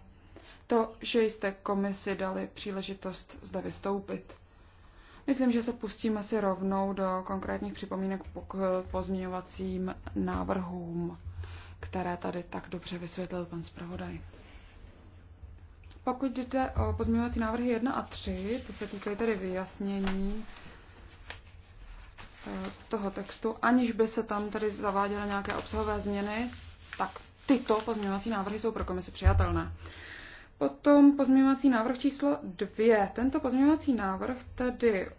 to, že jste komisi dali příležitost zde vystoupit. Myslím, že se pustíme si rovnou do konkrétních připomínek k pozměňovacím návrhům, které tady tak dobře vysvětlil pan zpravodaj. Pokud jde o pozměňovací návrhy 1 a 3, to se týkají tedy vyjasnění eh, toho textu, aniž by se tam tady zaváděly nějaké obsahové změny, tak tyto pozměňovací návrhy jsou pro komisi přijatelné. Potom pozměňovací návrh číslo dvě Tento pozměňovací návrh tedy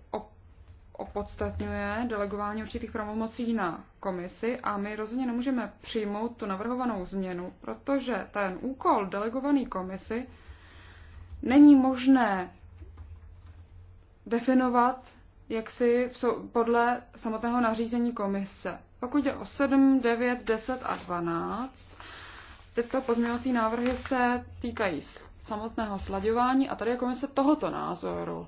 opodstatňuje delegování určitých pravomocí na komisi a my rozhodně nemůžeme přijmout tu navrhovanou změnu, protože ten úkol delegovaný komisi není možné definovat jaksi podle samotného nařízení komise. Pokud je o 7, 9, 10 a 12, tyto pozměňovací návrhy se týkají samotného slaďování a tady je komise tohoto názoru.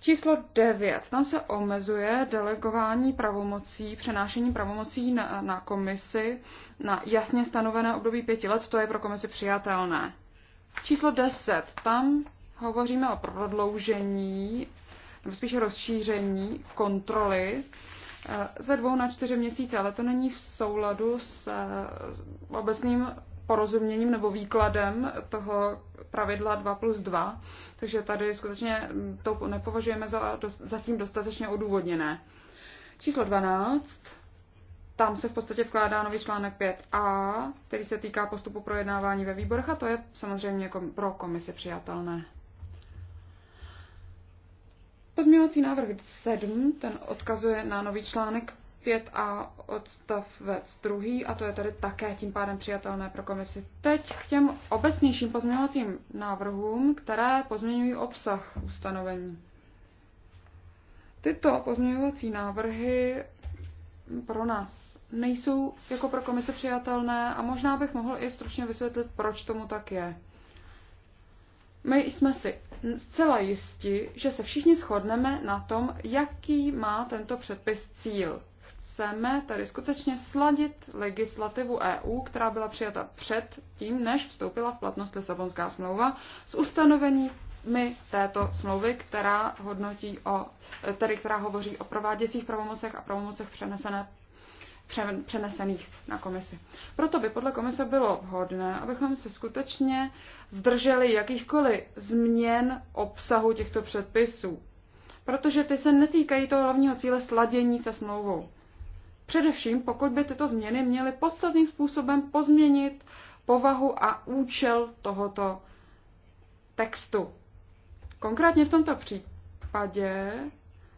Číslo 9. Tam se omezuje delegování pravomocí, přenášení pravomocí na, na komisi na jasně stanovené období pěti let. To je pro komisi přijatelné. Číslo 10. Tam hovoříme o prodloužení, nebo spíše rozšíření kontroly eh, ze dvou na čtyři měsíce, ale to není v souladu s eh, obecným porozuměním nebo výkladem toho pravidla 2 plus 2, takže tady skutečně to nepovažujeme za dost, zatím dostatečně odůvodněné. Číslo 12. Tam se v podstatě vkládá nový článek 5a, který se týká postupu projednávání ve výborech a to je samozřejmě pro komisi přijatelné. Pozměňovací návrh 7, ten odkazuje na nový článek 5a odstavec 2 a to je tady také tím pádem přijatelné pro komisi. Teď k těm obecnějším pozměňovacím návrhům, které pozměňují obsah ustanovení. Tyto pozměňovací návrhy pro nás nejsou jako pro komise přijatelné a možná bych mohl i stručně vysvětlit, proč tomu tak je. My jsme si zcela jisti, že se všichni shodneme na tom, jaký má tento předpis cíl chceme tady skutečně sladit legislativu EU, která byla přijata před tím, než vstoupila v platnost Lisabonská smlouva, s ustanoveními této smlouvy, která, hodnotí o, tedy, která hovoří o prováděcích pravomocech a pravomocech přenesené přenesených na komisi. Proto by podle komise bylo vhodné, abychom se skutečně zdrželi jakýchkoliv změn obsahu těchto předpisů, protože ty se netýkají toho hlavního cíle sladění se smlouvou. Především, pokud by tyto změny měly podstatným způsobem pozměnit povahu a účel tohoto textu. Konkrétně v tomto případě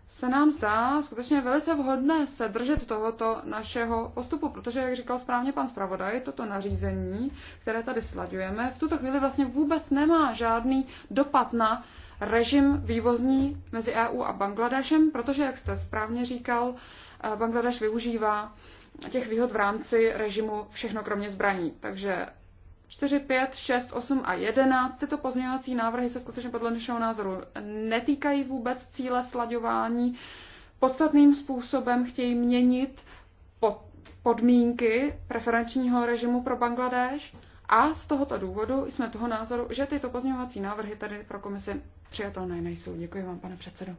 se nám zdá skutečně velice vhodné se držet tohoto našeho postupu, protože, jak říkal správně pan zpravodaj, toto nařízení, které tady slaďujeme, v tuto chvíli vlastně vůbec nemá žádný dopad na režim vývozní mezi EU a Bangladešem, protože, jak jste správně říkal, Eh, Bangladeš využívá těch výhod v rámci režimu všechno kromě zbraní. Takže 4, 5, 6, 8 a 11. Tyto pozměňovací návrhy se skutečně podle našeho názoru netýkají vůbec cíle slaďování. Podstatným způsobem chtějí měnit podmínky preferenčního režimu pro Bangladeš a z tohoto důvodu jsme toho názoru, že tyto pozměňovací návrhy tady pro komisi přijatelné nejsou. Děkuji vám, pane předsedo.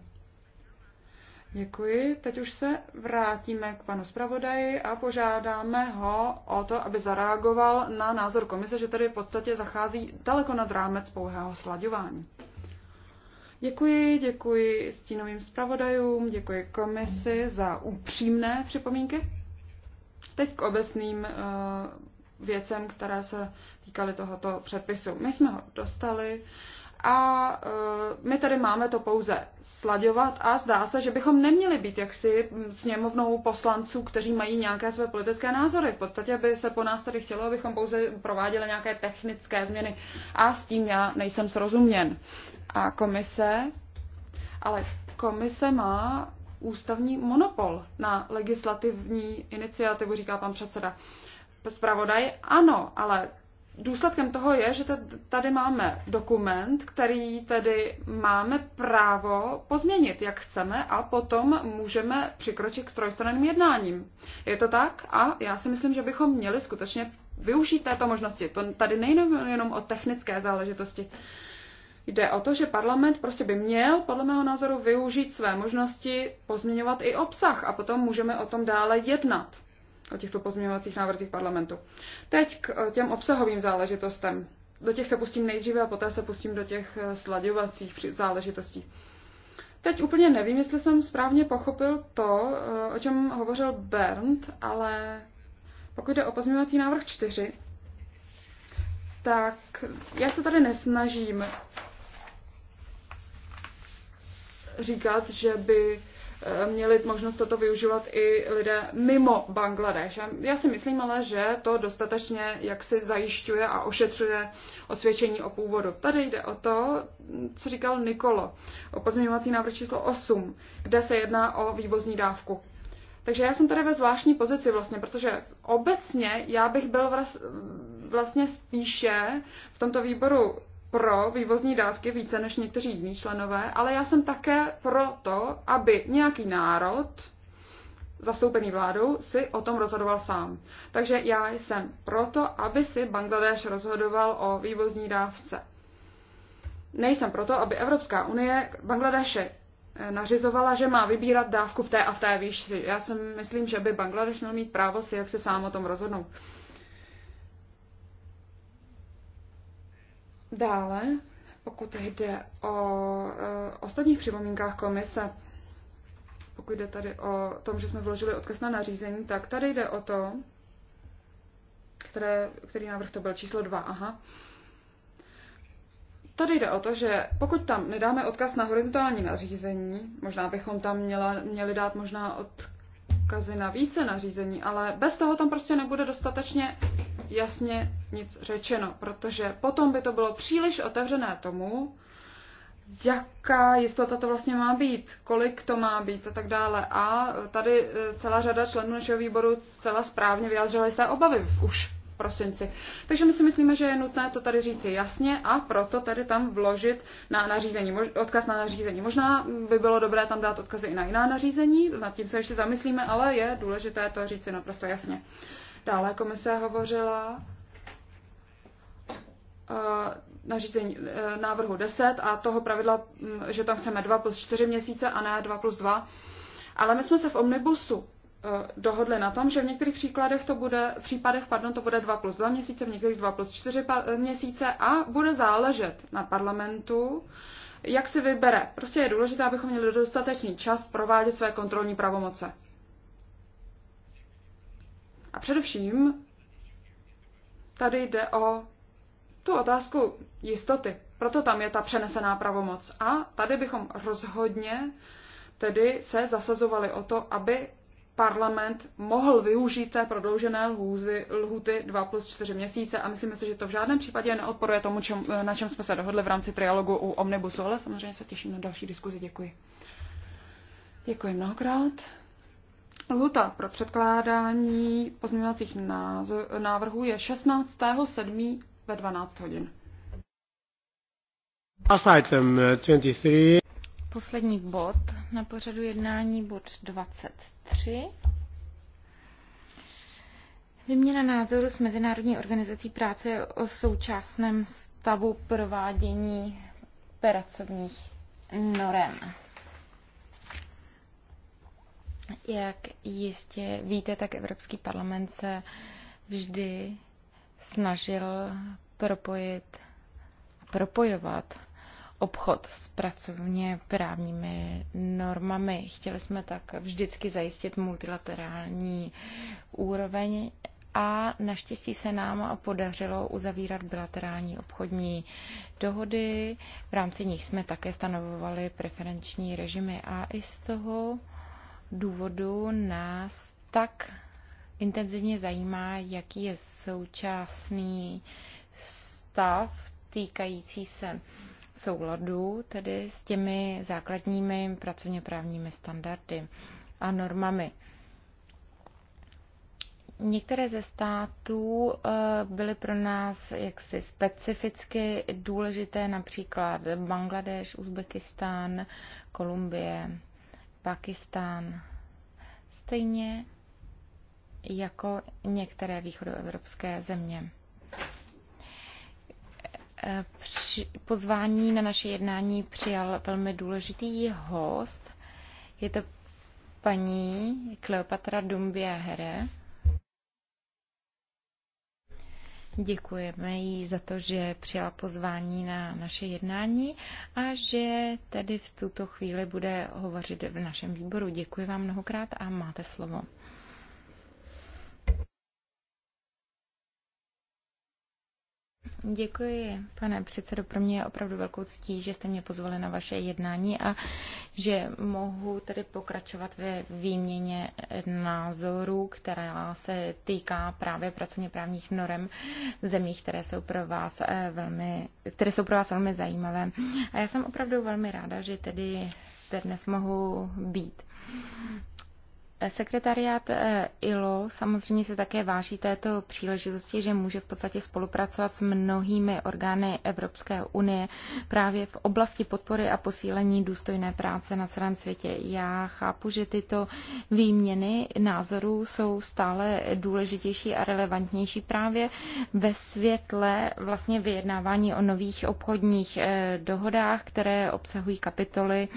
Děkuji. Teď už se vrátíme k panu zpravodaji a požádáme ho o to, aby zareagoval na názor komise, že tady v podstatě zachází daleko nad rámec pouhého slaďování. Děkuji, děkuji stínovým zpravodajům, děkuji komisi za upřímné připomínky. Teď k obecným eh, věcem, které se týkaly tohoto předpisu. My jsme ho dostali a e, my tady máme to pouze slaďovat a zdá se, že bychom neměli být jaksi sněmovnou poslanců, kteří mají nějaké své politické názory. V podstatě by se po nás tady chtělo, abychom pouze prováděli nějaké technické změny a s tím já nejsem srozuměn. A komise, ale komise má ústavní monopol na legislativní iniciativu, říká pan předseda. Zpravodaj ano, ale důsledkem toho je, že tady máme dokument, který tedy máme právo pozměnit, jak chceme, a potom můžeme přikročit k trojstranným jednáním. Je to tak? A já si myslím, že bychom měli skutečně využít této možnosti. To tady nejde jenom o technické záležitosti. Jde o to, že parlament prostě by měl, podle mého názoru, využít své možnosti pozměňovat i obsah a potom můžeme o tom dále jednat o těchto pozměňovacích návrzích parlamentu. Teď k eh, těm obsahovým záležitostem. Do těch se pustím nejdříve a poté se pustím do těch eh, slaďovacích záležitostí. Teď úplně nevím, jestli jsem správně pochopil to, eh, o čem hovořil Bernd, ale pokud jde o pozměňovací návrh 4, tak já se tady nesnažím říkat, že by měli možnost toto využívat i lidé mimo Bangladeš. Já si myslím ale, že to dostatečně jak si zajišťuje a ošetřuje osvědčení o původu. Tady jde o to, co říkal Nikolo, o pozměňovací návrh číslo 8, kde se jedná o vývozní dávku. Takže já jsem tady ve zvláštní pozici vlastně, protože obecně já bych byl vlastně spíše v tomto výboru pro vývozní dávky více než někteří jiní členové, ale já jsem také pro to, aby nějaký národ zastoupený vládou si o tom rozhodoval sám. Takže já jsem proto, aby si Bangladeš rozhodoval o vývozní dávce. Nejsem proto, aby Evropská unie Bangladeše eh, nařizovala, že má vybírat dávku v té a v té výši. Já si myslím, že by Bangladeš měl mít právo si jak se sám o tom rozhodnout. Dále, pokud jde o eh, ostatních připomínkách komise, pokud jde tady o tom, že jsme vložili odkaz na nařízení, tak tady jde o to, které, který návrh to byl, číslo 2, aha. Tady jde o to, že pokud tam nedáme odkaz na horizontální nařízení, možná bychom tam měla, měli dát možná odkazy na více nařízení, ale bez toho tam prostě nebude dostatečně jasně nic řečeno, protože potom by to bylo příliš otevřené tomu, jaká jistota to vlastně má být, kolik to má být a tak dále. A tady e, celá řada členů našeho výboru zcela správně vyjádřila jisté obavy už v prosinci. Takže my si myslíme, že je nutné to tady říci jasně a proto tady tam vložit na nařízení, odkaz na nařízení. Možná by bylo dobré tam dát odkazy i na jiná nařízení, nad tím se ještě zamyslíme, ale je důležité to říci naprosto jasně. Dále komise hovořila eh, na řízení eh, návrhu 10 a toho pravidla, mm, že tam chceme 2 plus 4 měsíce a ne 2 plus 2. Ale my jsme se v Omnibusu eh, dohodli na tom, že v některých příkladech to bude, v případech pardon, to bude 2 plus 2 měsíce, v některých 2 plus 4 měsíce a bude záležet na parlamentu, jak si vybere. Prostě je důležité, abychom měli dostatečný čas provádět své kontrolní pravomoce. A především tady jde o tu otázku jistoty. Proto tam je ta přenesená pravomoc. A tady bychom rozhodně tedy se zasazovali o to, aby parlament mohl využít té prodloužené lhůzy, lhuty 2 plus 4 měsíce a myslíme si, že to v žádném případě neodporuje tomu, čem, na čem jsme se dohodli v rámci trialogu u Omnibusu, ale samozřejmě se těším na další diskuzi. Děkuji. Děkuji mnohokrát. Lhuta pro předkládání pozměňovacích návrhů je 16.7. ve 12 hodin. Eh, Poslední bod na pořadu jednání, bod 23. Vyměna názoru s Mezinárodní organizací práce o současném stavu provádění pracovních norem. Jak jistě víte, tak Evropský parlament se vždy snažil propojit a propojovat obchod s pracovně právními normami. Chtěli jsme tak vždycky zajistit multilaterální úroveň a naštěstí se nám podařilo uzavírat bilaterální obchodní dohody. V rámci nich jsme také stanovovali preferenční režimy a i z toho důvodu nás tak intenzivně zajímá, jaký je současný stav týkající se souladu, tedy s těmi základními pracovně právními standardy a normami. Některé ze států eh, byly pro nás jaksi specificky důležité, například Bangladeš, Uzbekistán, Kolumbie, Pakistán. Stejně jako některé východoevropské země. Eh, při pozvání na naše jednání přijal velmi důležitý host. Je to paní Kleopatra Dumbia Here, Děkujeme jí za to, že přijala pozvání na naše jednání a že tedy v tuto chvíli bude hovořit v našem výboru. Děkuji vám mnohokrát a máte slovo. Děkuji, pane předsedo. Pro mě je opravdu velkou ctí, že jste mě pozvali na vaše jednání a že mohu tedy pokračovat ve výměně názorů, která se týká právě pracovně právních norem zemí, které jsou pro vás eh, velmi, které jsou pro vás velmi zajímavé. A já jsem opravdu velmi ráda, že tedy zde dnes mohu být. Sekretariát eh, ILO samozřejmě se také váží této příležitosti, že může v podstatě spolupracovat s mnohými orgány Evropské unie právě v oblasti podpory a posílení důstojné práce na celém světě. Já chápu, že tyto výměny názorů jsou stále důležitější a relevantnější právě ve světle vlastně vyjednávání o nových obchodních eh, dohodách, které obsahují kapitoly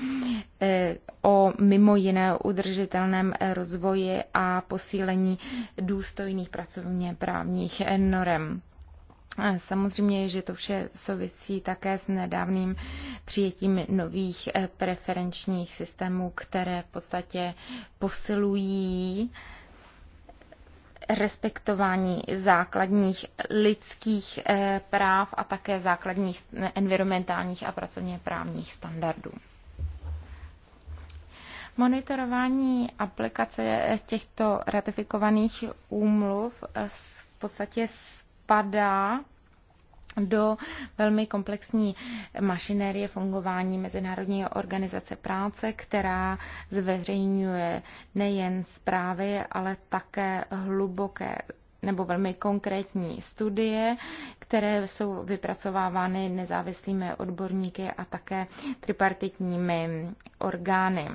eh, o mimo jiné udržitelném rozvoji a posílení důstojných pracovně právních norem. Samozřejmě, že to vše souvisí také s nedávným přijetím nových eh, preferenčních systémů, které v podstatě posilují eh, respektování základních lidských eh, práv a také základních environmentálních a pracovně právních standardů. Monitorování aplikace těchto ratifikovaných úmluv eh, v podstatě spadá do velmi komplexní mašinérie fungování Mezinárodní organizace práce, která zveřejňuje nejen zprávy, ale také hluboké nebo velmi konkrétní studie, které jsou vypracovávány nezávislými odborníky a také tripartitními orgány.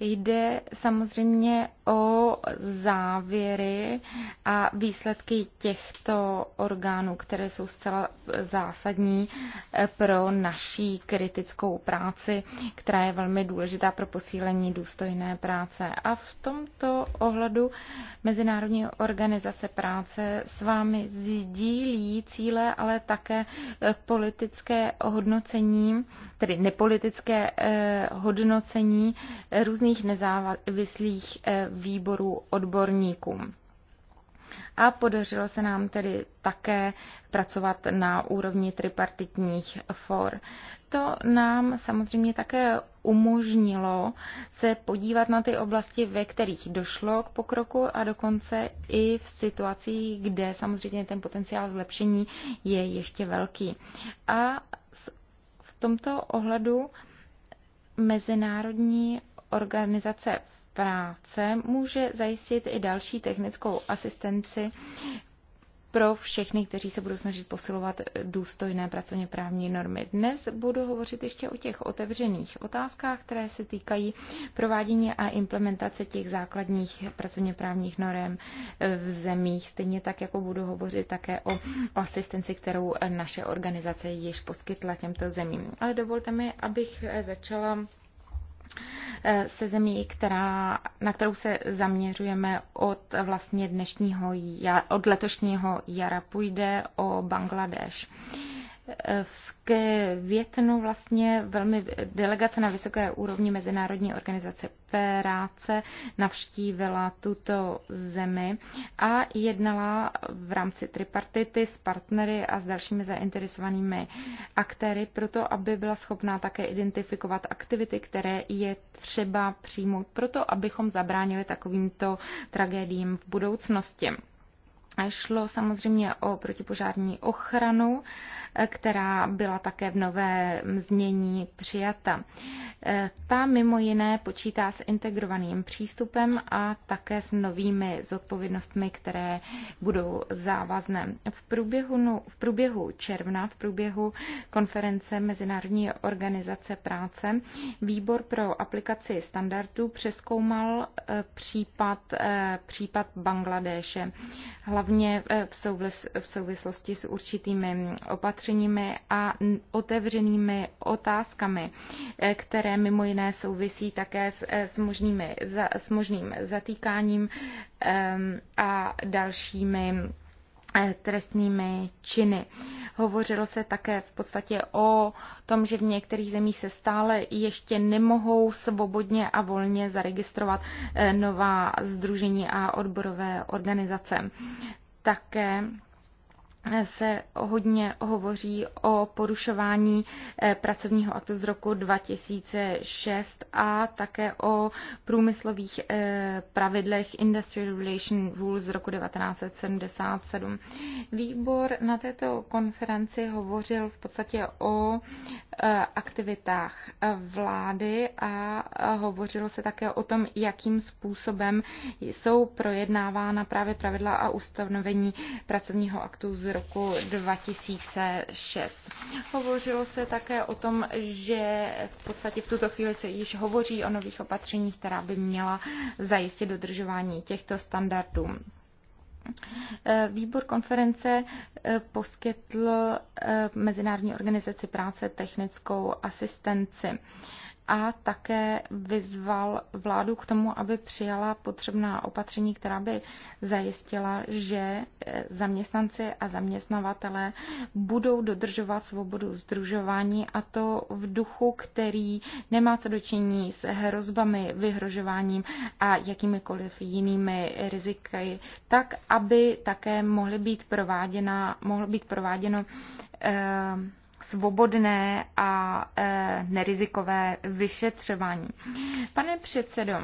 Jde samozřejmě o závěry a výsledky těchto orgánů, které jsou zcela zásadní eh, pro naší kritickou práci, která je velmi důležitá pro posílení důstojné práce. A v tomto ohledu Mezinárodní organizace práce s vámi sdílí cíle, ale také eh, politické hodnocení, tedy nepolitické eh, hodnocení různých různých nezávislých eh, výborů odborníků. A podařilo se nám tedy také pracovat na úrovni tripartitních for. To nám samozřejmě také umožnilo se podívat na ty oblasti, ve kterých došlo k pokroku a dokonce i v situacích, kde samozřejmě ten potenciál zlepšení je ještě velký. A v tomto ohledu mezinárodní organizace práce může zajistit i další technickou asistenci pro všechny, kteří se budou snažit posilovat důstojné pracovně právní normy. Dnes budu hovořit ještě o těch otevřených otázkách, které se týkají provádění a implementace těch základních pracovně právních norm v zemích, stejně tak, jako budu hovořit také o asistenci, kterou naše organizace již poskytla těmto zemím. Ale dovolte mi, abych začala Eh, se zemí, která, na kterou se zaměřujeme od vlastně dnešního, od letošního jara. Půjde o Bangladeš v květnu vlastně velmi delegace na vysoké úrovni Mezinárodní organizace práce navštívila tuto zemi a jednala v rámci tripartity s partnery a s dalšími zainteresovanými aktéry, proto aby byla schopná také identifikovat aktivity, které je třeba přijmout, proto abychom zabránili takovýmto tragédiím v budoucnosti. Šlo samozřejmě o protipožární ochranu, eh, která byla také v nové změní přijata. Eh, ta mimo jiné počítá s integrovaným přístupem a také s novými zodpovědnostmi, které budou závazné. V průběhu, no, v průběhu června, v průběhu konference Mezinárodní organizace práce, výbor pro aplikaci standardů přeskoumal eh, případ, případ Bangladéše. Hlavně hlavně eh, v souvislosti s určitými mm, opatřeními a otevřenými otázkami, eh, které mimo jiné souvisí také s, eh, s, možnými, s možným zatýkáním ehm, a dalšími trestnými činy. Hovořilo se také v podstatě o tom, že v některých zemích se stále ještě nemohou svobodně a volně zaregistrovat eh, nová združení a odborové organizace. Také se hodně hovoří o porušování eh, pracovního aktu z roku 2006 a také o průmyslových eh, pravidlech Industrial Relation Rules z roku 1977. Výbor na této konferenci hovořil v podstatě o eh, aktivitách vlády a hovořilo se také o tom, jakým způsobem jsou projednávána právě pravidla a ustanovení pracovního aktu z roku 2006. Hovořilo se také o tom, že v podstatě v tuto chvíli se již hovoří o nových opatřeních, která by měla zajistit dodržování těchto standardů. Výbor konference eh, poskytl eh, Mezinárodní organizaci práce technickou asistenci a také vyzval vládu k tomu, aby přijala potřebná opatření, která by zajistila, že eh, zaměstnanci a zaměstnavatele budou dodržovat svobodu združování a to v duchu, který nemá co dočinění s hrozbami, vyhrožováním a jakýmikoliv jinými riziky, tak, aby také mohly být prováděna, mohlo být prováděno eh, svobodné a e, nerizikové vyšetřování. Pane předsedo,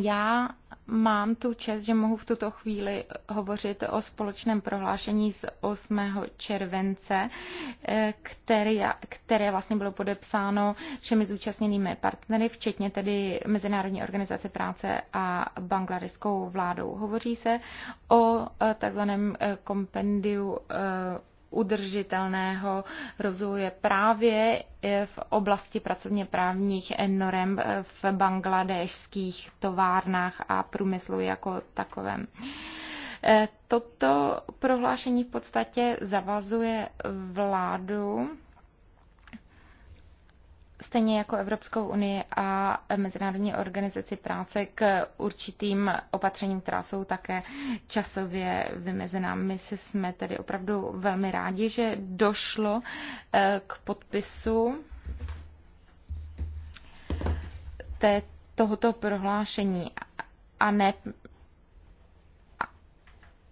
já mám tu čest, že mohu v tuto chvíli hovořit o společném prohlášení z 8. července, e, které, které vlastně bylo podepsáno všemi zúčastněnými partnery, včetně tedy Mezinárodní organizace práce a bangladeskou vládou. Hovoří se o e, takzvaném kompendiu udržitelného rozvoje právě v oblasti pracovně právních norem v bangladešských továrnách a průmyslu jako takovém. E, toto prohlášení v podstatě zavazuje vládu stejně jako Evropskou unii a Mezinárodní organizaci práce k určitým opatřením, která jsou také časově vymezená. My se jsme tedy opravdu velmi rádi, že došlo eh, k podpisu té, tohoto prohlášení a ne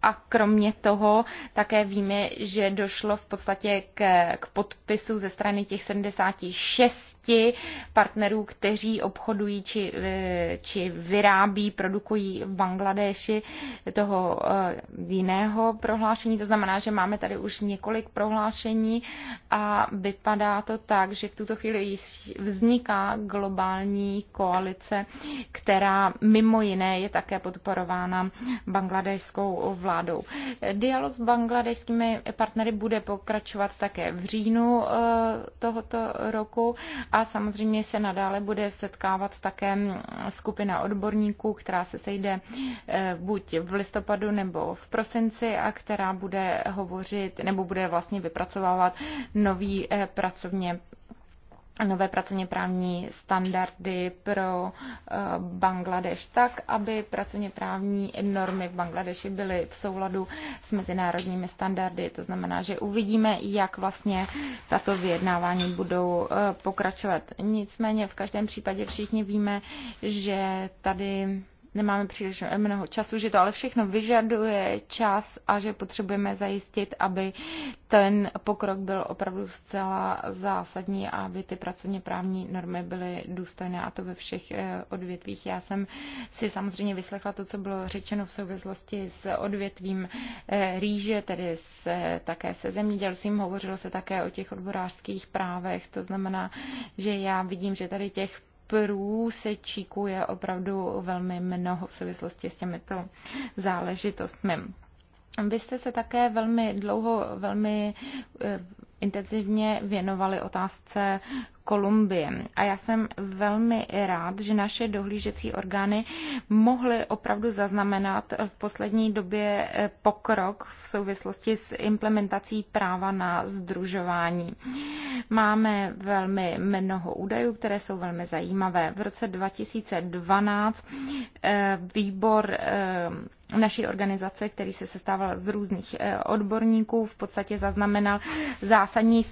a kromě toho také víme, že došlo v podstatě k, k podpisu ze strany těch 76 části partnerů, kteří obchodují či, eh, či vyrábí, produkují v Bangladeši toho eh, jiného prohlášení. To znamená, že máme tady už několik prohlášení a vypadá to tak, že v tuto chvíli vzniká globální koalice, která mimo jiné je také podporována bangladejskou vládou. Dialog s bangladejskými partnery bude pokračovat také v říjnu eh, tohoto roku a samozřejmě se nadále bude setkávat také skupina odborníků, která se sejde eh, buď v listopadu nebo v prosinci a která bude hovořit nebo bude vlastně vypracovávat nový eh, pracovně nové pracovně právní standardy pro eh, Bangladeš tak, aby pracovně právní normy v Bangladeši byly v souladu s mezinárodními standardy. To znamená, že uvidíme, jak vlastně tato vyjednávání budou eh, pokračovat. Nicméně v každém případě všichni víme, že tady nemáme příliš mnoho času, že to ale všechno vyžaduje čas a že potřebujeme zajistit, aby ten pokrok byl opravdu zcela zásadní a aby ty pracovně právní normy byly důstojné a to ve všech eh, odvětvích. Já jsem si samozřejmě vyslechla to, co bylo řečeno v souvislosti s odvětvím eh, rýže, tedy s, eh, také se zemědělcím. Hovořilo se také o těch odborářských právech, to znamená, že já vidím, že tady těch průsečíků je opravdu velmi mnoho v souvislosti s těmito záležitostmi. Vy jste se také velmi dlouho, velmi eh, intenzivně věnovali otázce Kolumbie. A já jsem velmi rád, že naše dohlížecí orgány mohly opravdu zaznamenat v poslední době eh, pokrok v souvislosti s implementací práva na združování. Máme velmi mnoho údajů, které jsou velmi zajímavé. V roce 2012 eh, výbor naší organizace, který se sestával z různých eh, odborníků, v podstatě zaznamenal zásadní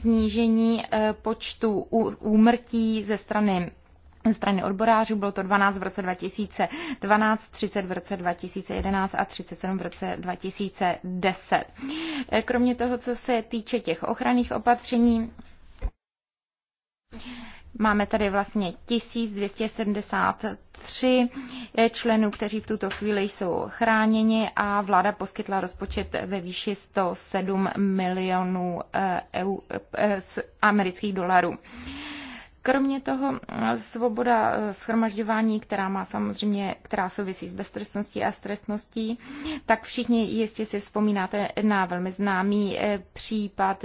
snížení eh, počtu úmrtí ze strany strany odborářů, bylo to 12 v roce 2012, 30 v roce 2011 a 37 v roce 2010. Eh, kromě toho, co se týče těch ochranných opatření, Máme tady vlastně 1273 členů, kteří v tuto chvíli jsou chráněni a vláda poskytla rozpočet ve výši 107 milionů eh, EU, eh, amerických dolarů. Kromě toho eh, svoboda schromažďování, která má samozřejmě, která souvisí s beztrestností a stresností, tak všichni jistě si vzpomínáte na velmi známý případ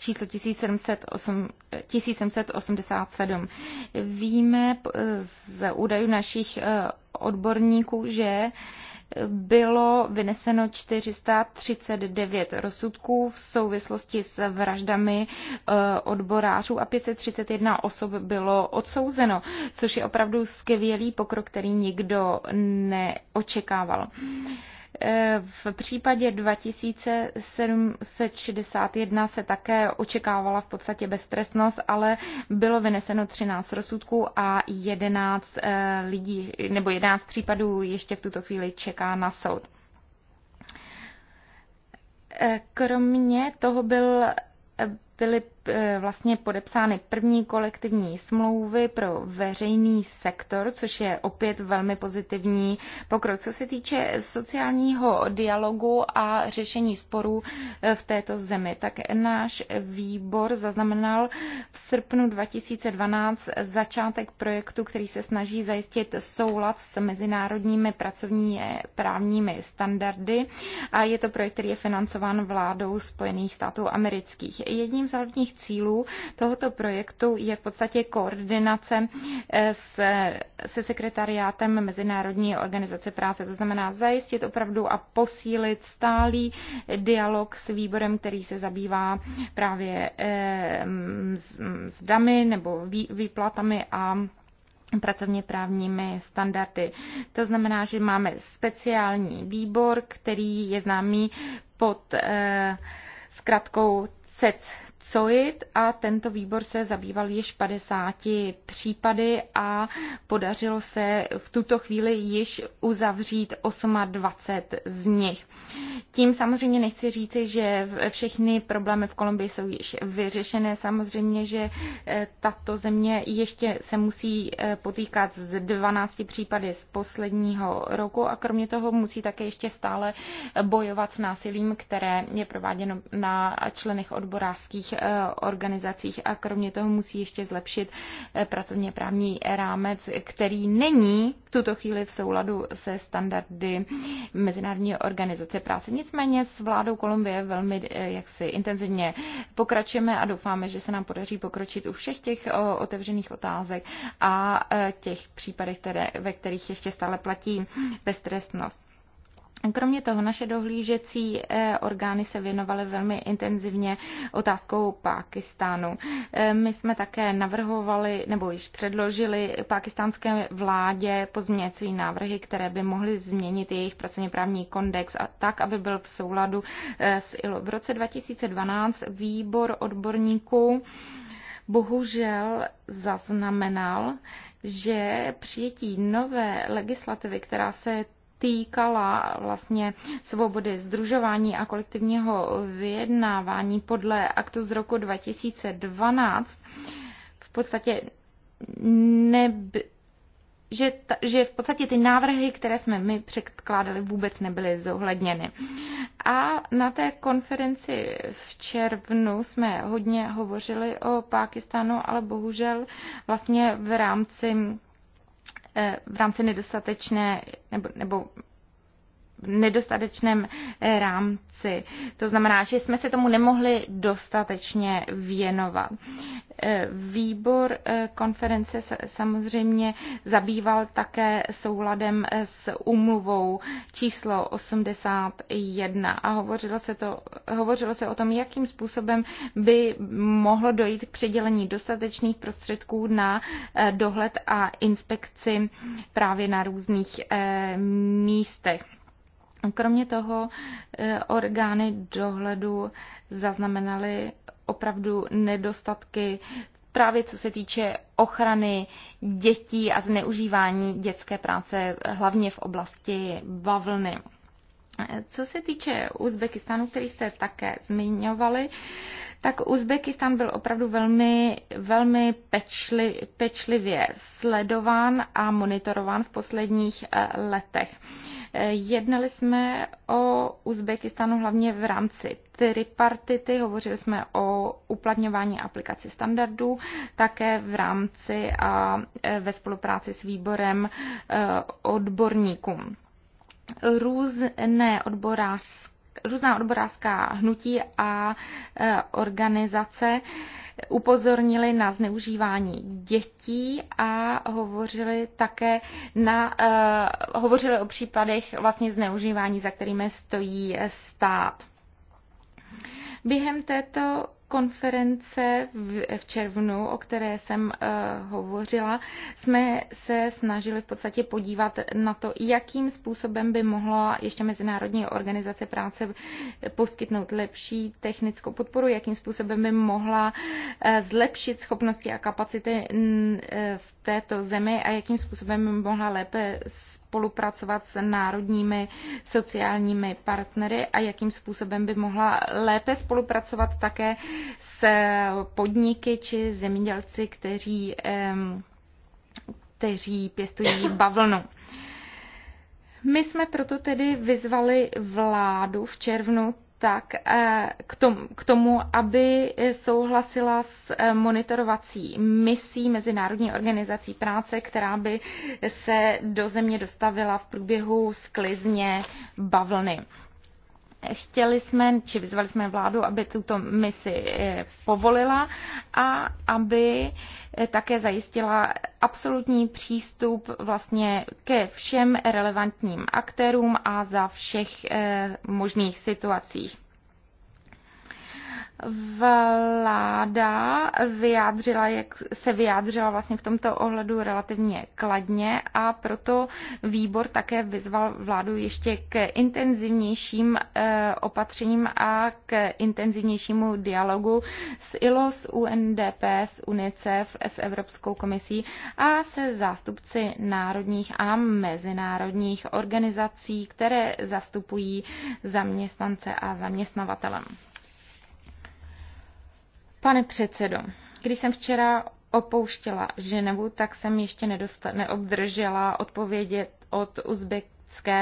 číslo 1787. Víme z údajů našich eh, odborníků, že bylo vyneseno 439 rozsudků v souvislosti s vraždami eh, odborářů a 531 osob bylo odsouzeno, což je opravdu skvělý pokrok, který nikdo neočekával. Eh, v případě 2761 se také očekávala v podstatě beztrestnost, ale bylo vyneseno 13 rozsudků a 11 eh, lidí, nebo 11 případů ještě v tuto chvíli čeká na soud. Eh, kromě toho byl, byly Eh, vlastně podepsány první kolektivní smlouvy pro veřejný sektor, což je opět velmi pozitivní pokrok. Co se týče sociálního dialogu a řešení sporů eh, v této zemi, tak náš výbor zaznamenal v srpnu 2012 začátek projektu, který se snaží zajistit soulad s mezinárodními pracovní eh, právními standardy a je to projekt, který je financován vládou Spojených států amerických. Jedním z hlavních cílů tohoto projektu je v podstatě koordinace eh, s, se sekretariátem Mezinárodní organizace práce. To znamená zajistit opravdu a posílit stálý dialog s výborem, který se zabývá právě eh, s damy nebo výplatami a pracovně právními standardy. To znamená, že máme speciální výbor, který je známý pod eh, zkratkou e COIT a tento výbor se zabýval již 50 případy a podařilo se v tuto chvíli již uzavřít 28 z nich. Tím samozřejmě nechci říci, že všechny problémy v Kolumbii jsou již vyřešené. Samozřejmě, že eh, tato země ještě se musí eh, potýkat z 12 případy z posledního roku a kromě toho musí také ještě stále bojovat s násilím, které je prováděno na členech odborářských Eh, organizacích a kromě toho musí ještě zlepšit eh, pracovně právní rámec, který není v tuto chvíli v souladu se standardy Mezinárodní organizace práce. Nicméně s vládou Kolumbie velmi eh, jaksi intenzivně pokračujeme a doufáme, že se nám podaří pokročit u všech těch otevřených otázek a těch případech, které, ve kterých ještě stále platí beztrestnost. Kromě toho naše dohlížecí eh, orgány se věnovaly velmi intenzivně otázkou Pákistánu. Eh, my jsme také navrhovali nebo již předložili pakistánské vládě pozměňovací návrhy, které by mohly změnit jejich pracovně právní kondex a tak, aby byl v souladu eh, s ILO. V roce 2012 výbor odborníků bohužel zaznamenal, že přijetí nové legislativy, která se týkala vlastně svobody združování a kolektivního vyjednávání podle aktu z roku 2012, v podstatě neb, že, ta, že v podstatě ty návrhy, které jsme my předkládali, vůbec nebyly zohledněny. A na té konferenci v červnu jsme hodně hovořili o Pákistánu, ale bohužel vlastně v rámci Eh, v rámci nedostatečné nebo, nebo nedostatečném eh, rámci. To znamená, že jsme se tomu nemohli dostatečně věnovat. Eh, výbor eh, konference samozřejmě zabýval také souladem s umluvou číslo 81 a hovořilo se, to, hovořilo se o tom, jakým způsobem by mohlo dojít k předělení dostatečných prostředků na dohled a inspekci právě na různých místech. Kromě toho eh, orgány dohledu zaznamenaly opravdu nedostatky právě co se týče ochrany dětí a zneužívání dětské práce, hlavně v oblasti bavlny. Eh, co se týče Uzbekistánu, který jste také zmiňovali, tak Uzbekistán byl opravdu velmi, velmi pečli, pečlivě sledován a monitorován v posledních eh, letech. Jednali jsme o Uzbekistánu hlavně v rámci tripartity, hovořili jsme o uplatňování aplikace standardů, také v rámci a ve spolupráci s výborem eh, odborníků. Různé odborářské různá odborářská hnutí a e, organizace upozornili na zneužívání dětí a hovořili také na, uh, hovořili o případech vlastně zneužívání, za kterými stojí stát. Během této konference v červnu, o které jsem eh, hovořila, jsme se snažili v podstatě podívat na to, jakým způsobem by mohla ještě Mezinárodní organizace práce poskytnout lepší technickou podporu, jakým způsobem by mohla eh, zlepšit schopnosti a kapacity eh, v této zemi a jakým způsobem by mohla lépe spolupracovat s národními sociálními partnery a jakým způsobem by mohla lépe spolupracovat také s podniky či zemědělci, kteří, kteří pěstují bavlnu. My jsme proto tedy vyzvali vládu v červnu tak eh, k tomu, k tomu, aby souhlasila s eh, monitorovací misí Mezinárodní organizací práce, která by se do země dostavila v průběhu sklizně bavlny chtěli jsme, či vyzvali jsme vládu, aby tuto misi eh, povolila a aby eh, také zajistila absolutní přístup vlastně ke všem relevantním aktérům a za všech eh, možných situacích vláda vyjádřila, jak se vyjádřila vlastně v tomto ohledu relativně kladně a proto výbor také vyzval vládu ještě k intenzivnějším eh, opatřením a k intenzivnějšímu dialogu s ILO, s UNDP, s UNICEF, s Evropskou komisí a se zástupci národních a mezinárodních organizací, které zastupují zaměstnance a zaměstnavatele. Pane předsedo, když jsem včera opouštěla Ženevu, tak jsem ještě nedostala neobdržela odpovědi od Uzbek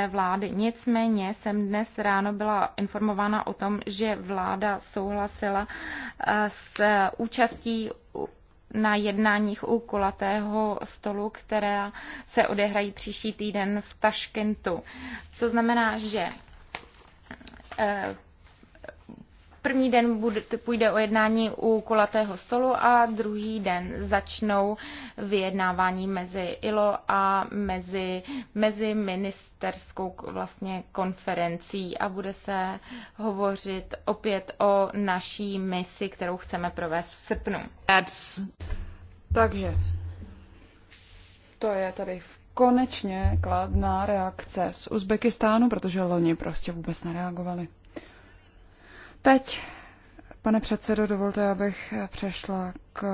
vlády. Nicméně jsem dnes ráno byla informována o tom, že vláda souhlasila eh, s účastí na jednáních u kulatého stolu, které se odehrají příští týden v Taškentu. To znamená, že eh, První den bude, půjde o jednání u kulatého stolu a druhý den začnou vyjednávání mezi ILO a mezi, mezi ministerskou vlastně konferencí a bude se hovořit opět o naší misi, kterou chceme provést v srpnu. Takže to je tady konečně kladná reakce z Uzbekistánu, protože loni prostě vůbec nereagovali. Teď, pane předsedo, dovolte, abych přešla k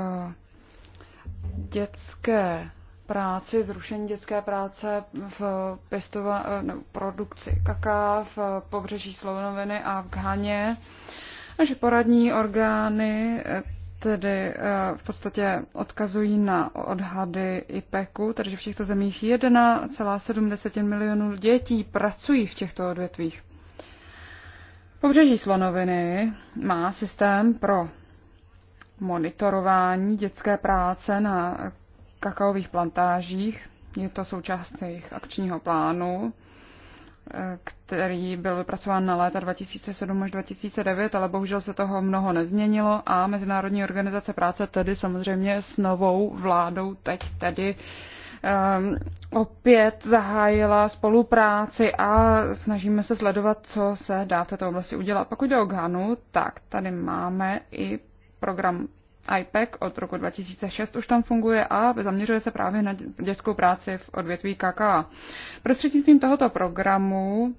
dětské práci, zrušení dětské práce v pěstova, eh, ne, no, produkci kaká v pobřeží Slovenoviny a v Ghaně. Naše poradní orgány eh, tedy eh, v podstatě odkazují na odhady IPEKu, takže v těchto zemích 1,7 milionů dětí pracují v těchto odvětvích. Pobřeží slonoviny má systém pro monitorování dětské práce na kakaových plantážích. Je to součást jejich akčního plánu, který byl vypracován na léta 2007 až 2009, ale bohužel se toho mnoho nezměnilo a Mezinárodní organizace práce tedy samozřejmě s novou vládou teď tedy uh, Ehm, opět zahájila spolupráci a snažíme se sledovat, co se dá v této oblasti udělat. Pokud jde o Ghanu, tak tady máme i program IPEC od roku 2006 už tam funguje a zaměřuje se právě na dětskou práci v odvětví KK. Prostřednictvím tohoto programu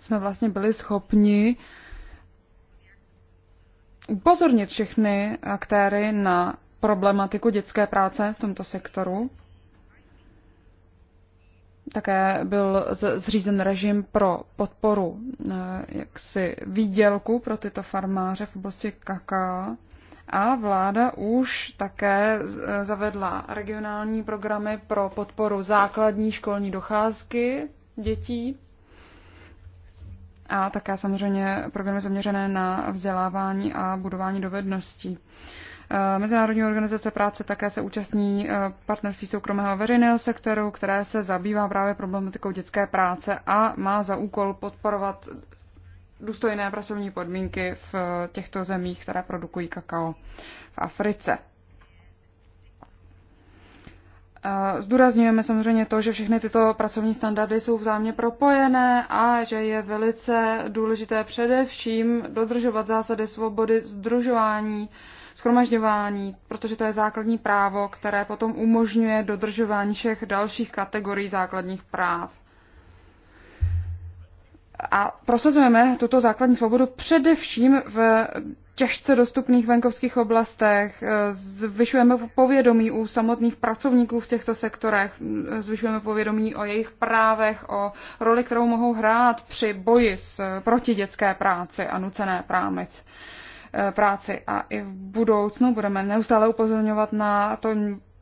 jsme vlastně byli schopni upozornit všechny aktéry na problematiku dětské práce v tomto sektoru také byl zřízen režim pro podporu eh, jaksi výdělku pro tyto farmáře v oblasti kaká. A vláda už také eh, zavedla regionální programy pro podporu základní školní docházky dětí a také samozřejmě programy zaměřené na vzdělávání a budování dovedností. Mezinárodní organizace práce také se účastní eh, partnerství soukromého veřejného sektoru, které se zabývá právě problematikou dětské práce a má za úkol podporovat důstojné pracovní podmínky v eh, těchto zemích, které produkují kakao v Africe. Eh, zdůrazňujeme samozřejmě to, že všechny tyto pracovní standardy jsou vzájemně propojené a že je velice důležité především dodržovat zásady svobody združování schromažďování, protože to je základní právo, které potom umožňuje dodržování všech dalších kategorií základních práv. A prosazujeme tuto základní svobodu především v těžce dostupných venkovských oblastech, zvyšujeme povědomí u samotných pracovníků v těchto sektorech, zvyšujeme povědomí o jejich právech, o roli, kterou mohou hrát při boji s, proti dětské práci a nucené práci. Eh, práci. A i v budoucnu budeme neustále upozorňovat na to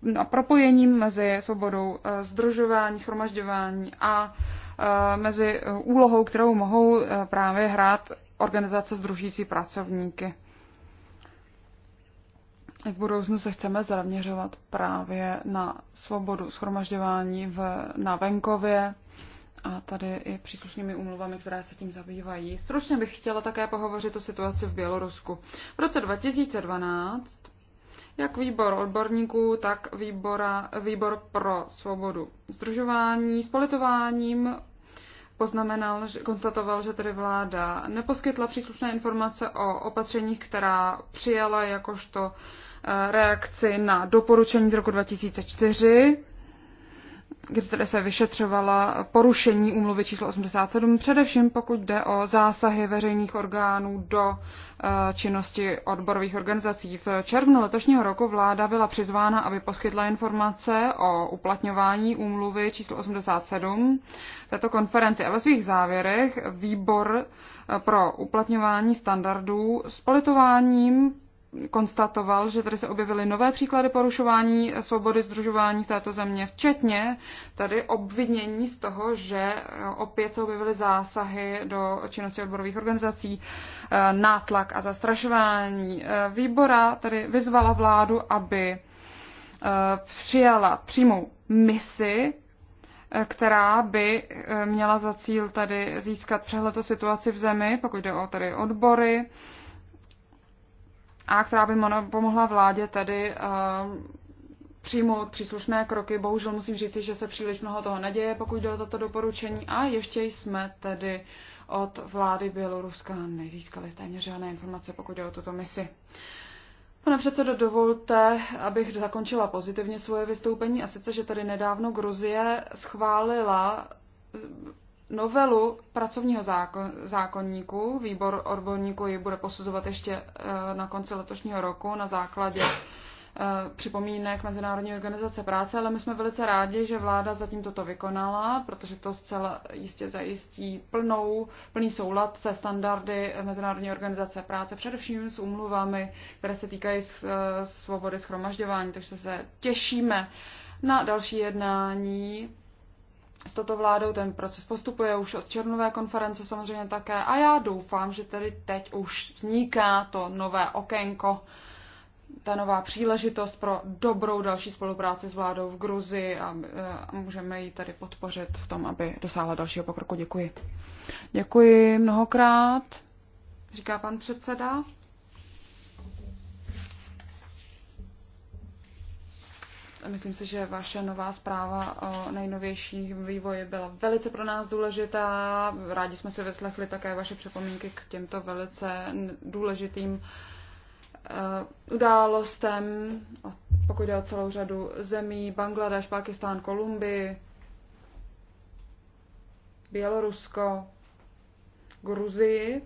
na propojení mezi svobodou eh, združování, schromažďování a eh, mezi úlohou, kterou mohou právě hrát organizace združící pracovníky. v budoucnu se chceme zaměřovat právě na svobodu schromažďování v, na venkově, a tady i příslušnými umluvami, které se tím zabývají. Stručně bych chtěla také pohovořit o situaci v Bělorusku. V roce 2012 jak výbor odborníků, tak výbora, výbor pro svobodu združování s politováním poznamenal, že, konstatoval, že tedy vláda neposkytla příslušné informace o opatřeních, která přijala jakožto eh, reakci na doporučení z roku 2004 kde se vyšetřovala porušení úmluvy číslo 87, především pokud jde o zásahy veřejných orgánů do eh, činnosti odborových organizací. V červnu letošního roku vláda byla přizvána, aby poskytla informace o uplatňování úmluvy číslo 87 této konferenci a ve svých závěrech výbor eh, pro uplatňování standardů s politováním konstatoval, že tady se objevily nové příklady porušování svobody združování v této země, včetně tady obvinění z toho, že opět se objevily zásahy do činnosti odborových organizací, eh, nátlak a zastrašování. Eh, Výbora tady vyzvala vládu, aby eh, přijala přímou misi která by měla za cíl tady získat přehled o situaci v zemi, pokud jde o tady odbory, a která by pomohla vládě tedy eh, přijmout příslušné kroky. Bohužel musím říct, že se příliš mnoho toho neděje, pokud jde o toto doporučení a ještě jsme tedy od vlády Běloruska nezískali téměř žádné informace, pokud jde o tuto misi. Pane předsedo, dovolte, abych zakončila pozitivně svoje vystoupení a sice, že tady nedávno Gruzie schválila novelu pracovního zákon, zákonníku. Výbor odborníků ji bude posuzovat ještě eh, na konci letošního roku na základě eh, připomínek Mezinárodní organizace práce, ale my jsme velice rádi, že vláda zatím toto vykonala, protože to zcela jistě zajistí plnou, plný soulad se standardy Mezinárodní organizace práce, především s úmluvami, které se týkají eh, svobody schromažďování, takže se těšíme na další jednání s toto vládou ten proces postupuje už od černové konference samozřejmě také a já doufám, že tedy teď už vzniká to nové okénko, ta nová příležitost pro dobrou další spolupráci s vládou v Gruzi a, eh, a můžeme ji tady podpořit v tom, aby dosáhla dalšího pokroku. Děkuji. Děkuji mnohokrát, říká pan předseda. Myslím si, že vaše nová zpráva o nejnovějších vývoji byla velice pro nás důležitá. Rádi jsme si vyslechli také vaše připomínky k těmto velice důležitým eh, událostem, pokud jde o celou řadu zemí, Bangladeš, Pakistán, Kolumbii, Bělorusko, Gruzii,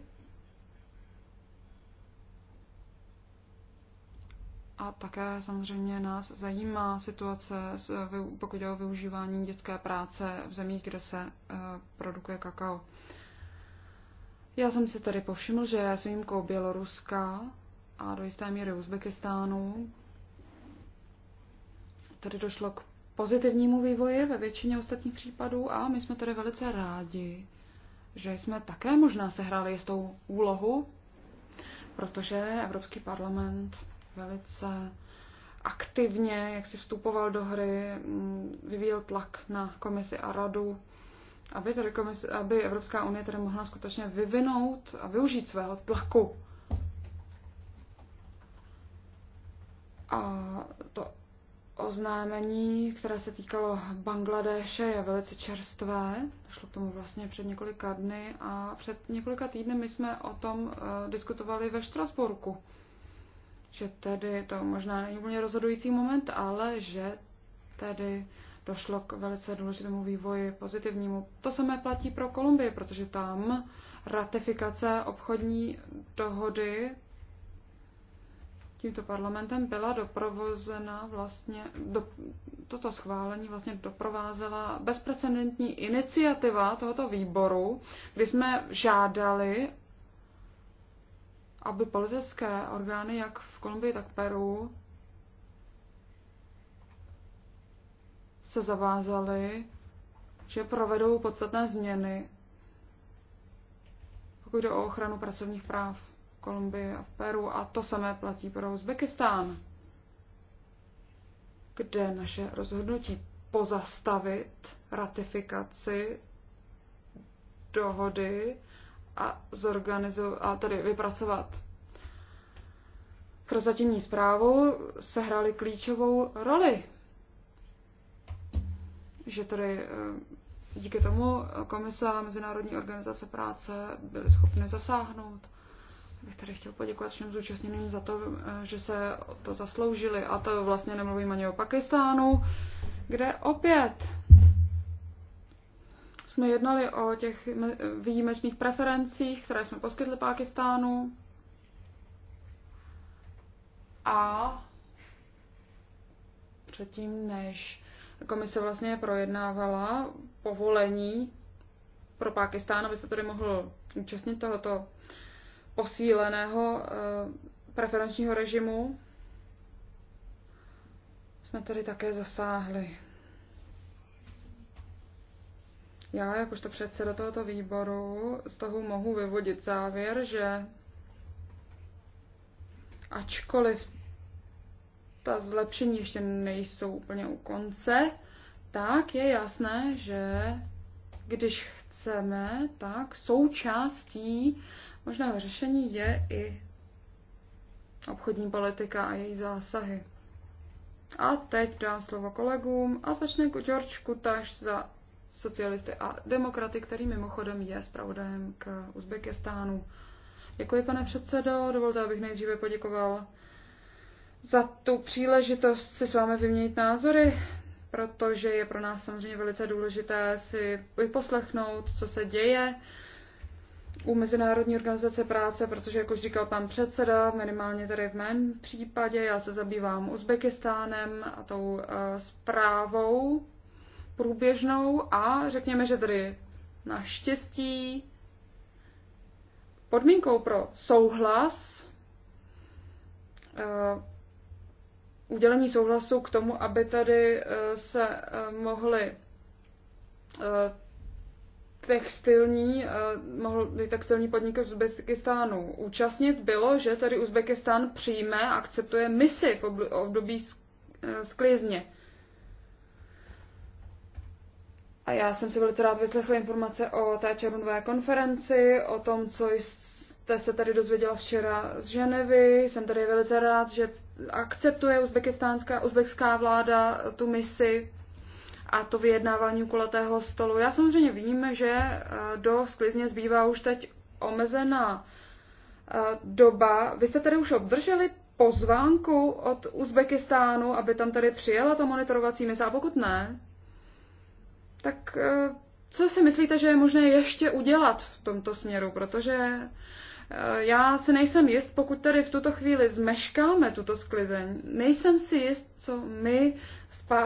A také samozřejmě nás zajímá situace, pokud jde o využívání dětské práce v zemích, kde se eh, produkuje kakao. Já jsem si tedy povšiml, že s výjimkou Běloruska a do jisté míry Uzbekistánu tedy došlo k pozitivnímu vývoji ve většině ostatních případů a my jsme tedy velice rádi, že jsme také možná sehráli jistou úlohu, protože Evropský parlament velice aktivně, jak si vstupoval do hry, mm, vyvíjel tlak na komisi a radu, aby, tedy komisi, aby Evropská unie tedy mohla skutečně vyvinout a využít svého tlaku. A to oznámení, které se týkalo Bangladéše, je velice čerstvé. Došlo k tomu vlastně před několika dny a před několika týdny my jsme o tom eh, diskutovali ve Štrasburku že tedy to možná není úplně rozhodující moment, ale že tedy došlo k velice důležitému vývoji pozitivnímu. To samé platí pro Kolumbii, protože tam ratifikace obchodní dohody tímto parlamentem byla doprovozena vlastně, do, toto schválení vlastně doprovázela bezprecedentní iniciativa tohoto výboru, kdy jsme žádali aby politické orgány, jak v Kolumbii, tak v Peru, se zavázaly, že provedou podstatné změny, pokud jde o ochranu pracovních práv v Kolumbii a v Peru. A to samé platí pro Uzbekistán, kde naše rozhodnutí pozastavit ratifikaci dohody a, zorganizovat a tedy vypracovat prozatímní zprávu, sehrály klíčovou roli. Že tedy eh, díky tomu komise a Mezinárodní organizace práce byly schopny zasáhnout. Bych tady chtěl poděkovat všem zúčastněným za to, eh, že se to zasloužili. A to vlastně nemluvím ani o Pakistánu, kde opět jsme jednali o těch výjimečných preferencích, které jsme poskytli Pákistánu. A předtím, než komise vlastně projednávala povolení pro Pákistán, aby se tady mohl účastnit tohoto posíleného eh, preferenčního režimu, jsme tady také zasáhli já jakožto předseda tohoto výboru z toho mohu vyvodit závěr, že ačkoliv ta zlepšení ještě nejsou úplně u konce, tak je jasné, že když chceme, tak součástí možného řešení je i obchodní politika a její zásahy. A teď dám slovo kolegům a začne George Kutaš za socialisty a demokraty, který mimochodem je zpravodajem k Uzbekistánu. Děkuji, pane předsedo. Dovolte, abych nejdříve poděkoval za tu příležitost si s vámi vyměnit názory, protože je pro nás samozřejmě velice důležité si vyposlechnout, co se děje u Mezinárodní organizace práce, protože, jak už říkal pan předseda, minimálně tady v mém případě, já se zabývám Uzbekistánem a tou uh, zprávou průběžnou a řekněme, že tedy naštěstí podmínkou pro souhlas eh, udělení souhlasu k tomu, aby tady eh, se eh, mohly textilní, mohly textilní podniky v Uzbekistánu účastnit, bylo, že tady Uzbekistán přijme a akceptuje misi v období sklizně. A já jsem si velice rád vyslechla informace o té červnové konferenci, o tom, co jste se tady dozvěděla včera z Ženevy. Jsem tady velice rád, že akceptuje uzbekistánská, uzbekská vláda tu misi a to vyjednávání kulatého stolu. Já samozřejmě vím, že eh, do sklizně zbývá už teď omezená eh, doba. Vy jste tady už obdrželi pozvánku od Uzbekistánu, aby tam tady přijela ta monitorovací mise, a pokud ne, tak eh, co si myslíte, že je možné ještě udělat v tomto směru? Protože eh, já si nejsem jist, pokud tady v tuto chvíli zmeškáme tuto sklizeň, nejsem si jist, co my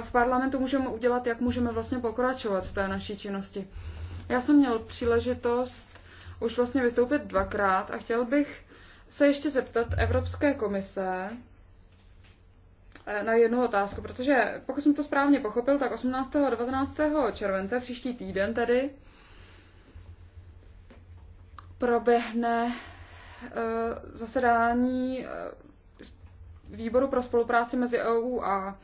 v parlamentu můžeme udělat, jak můžeme vlastně pokračovat v té naší činnosti. Já jsem měl příležitost už vlastně vystoupit dvakrát a chtěl bych se ještě zeptat Evropské komise, Eh, na jednu otázku, protože pokud jsem to správně pochopil, tak 18. a 19. července, příští týden tedy, proběhne eh, zasedání eh, výboru pro spolupráci mezi EU a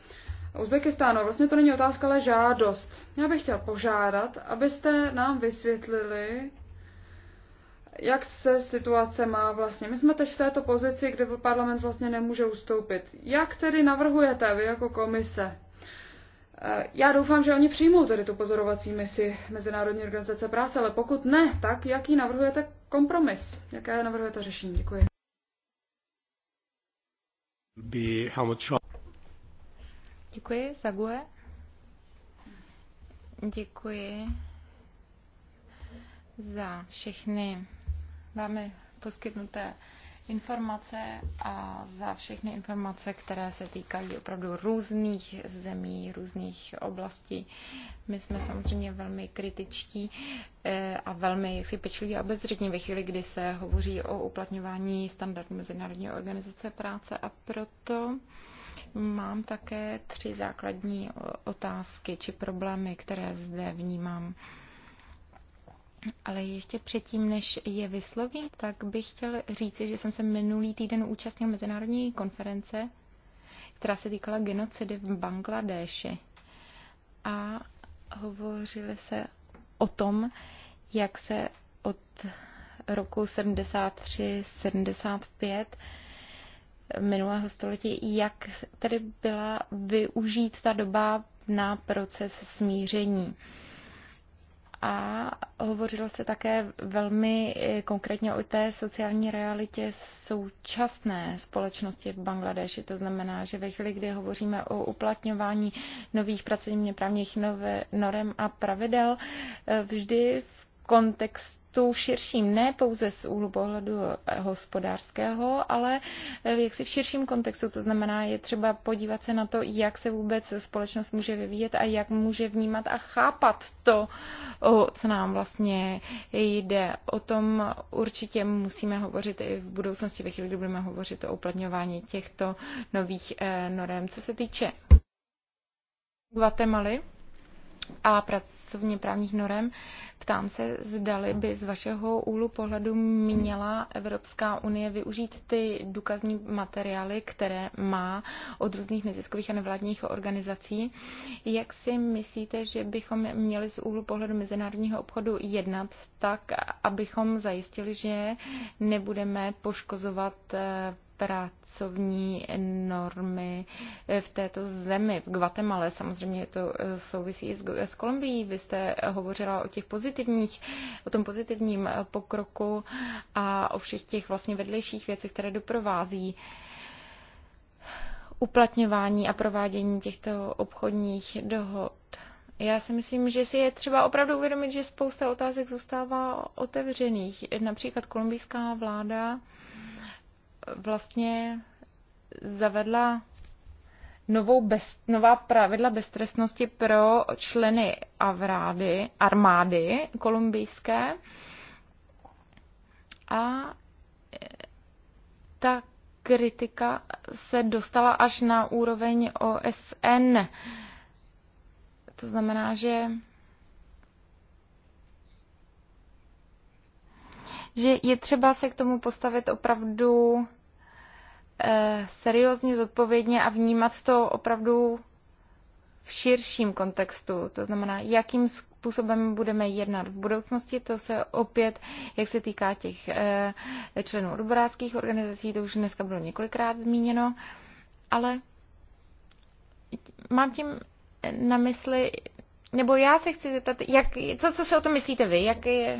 Uzbekistánu. Vlastně to není otázka, ale žádost. Já bych chtěl požádat, abyste nám vysvětlili, jak se situace má vlastně. My jsme teď v této pozici, kde parlament vlastně nemůže ustoupit. Jak tedy navrhujete vy jako komise? Eh, já doufám, že oni přijmou tedy tu pozorovací misi Mezinárodní organizace práce, ale pokud ne, tak jaký navrhujete kompromis? Jaké navrhujete řešení? Děkuji. Děkuji, Zague. Děkuji za všechny vámi poskytnuté informace a za všechny informace, které se týkají opravdu různých zemí, různých oblastí. My jsme samozřejmě velmi kritičtí eh, a velmi jaksi pečliví a bezřední ve chvíli, kdy se hovoří o uplatňování standardů Mezinárodní organizace práce a proto mám také tři základní otázky či problémy, které zde vnímám. Ale ještě předtím, než je vysloví, tak bych chtěl říci, že jsem se minulý týden účastnil mezinárodní konference, která se týkala genocidy v Bangladeši. A hovořili se o tom, jak se od roku 73-75 minulého století, jak tedy byla využít ta doba na proces smíření a hovořilo se také velmi eh, konkrétně o té sociální realitě současné společnosti v Bangladeši. To znamená, že ve chvíli, kdy hovoříme o uplatňování nových pracovně právních norem a pravidel, eh, vždy v kontextu širším, ne pouze z úhlu pohledu hospodářského, ale eh, jaksi v širším kontextu. To znamená, je třeba podívat se na to, jak se vůbec společnost může vyvíjet a jak může vnímat a chápat to, o co nám vlastně jde. O tom určitě musíme hovořit i v budoucnosti, ve chvíli, kdy budeme hovořit o uplatňování těchto nových eh, norem. Co se týče Guatemaly, a pracovně právních norem. Ptám se, zdali by z vašeho úhlu pohledu měla Evropská unie využít ty důkazní materiály, které má od různých neziskových a nevládních organizací. Jak si myslíte, že bychom měli z úhlu pohledu mezinárodního obchodu jednat tak, abychom zajistili, že nebudeme poškozovat eh, pracovní normy v této zemi, v Guatemala. Samozřejmě to eh, souvisí s, s Kolumbií. Vy jste hovořila o těch pozitivních, o tom pozitivním eh, pokroku a o všech těch vlastně vedlejších věcech, které doprovází uplatňování a provádění těchto obchodních dohod. Já si myslím, že si je třeba opravdu uvědomit, že spousta otázek zůstává otevřených. Například kolumbijská vláda vlastně zavedla novou bez, nová pravidla beztrestnosti pro členy avrády, armády kolumbijské a e, ta kritika se dostala až na úroveň OSN. To znamená, že že je třeba se k tomu postavit opravdu eh, seriózně, zodpovědně a vnímat to opravdu v širším kontextu. To znamená, jakým způsobem budeme jednat v budoucnosti, to se opět, jak se týká těch eh, členů odborářských organizací, to už dneska bylo několikrát zmíněno, ale mám tím na mysli, nebo já se chci zeptat, jak, co, co se o tom myslíte vy, jak je,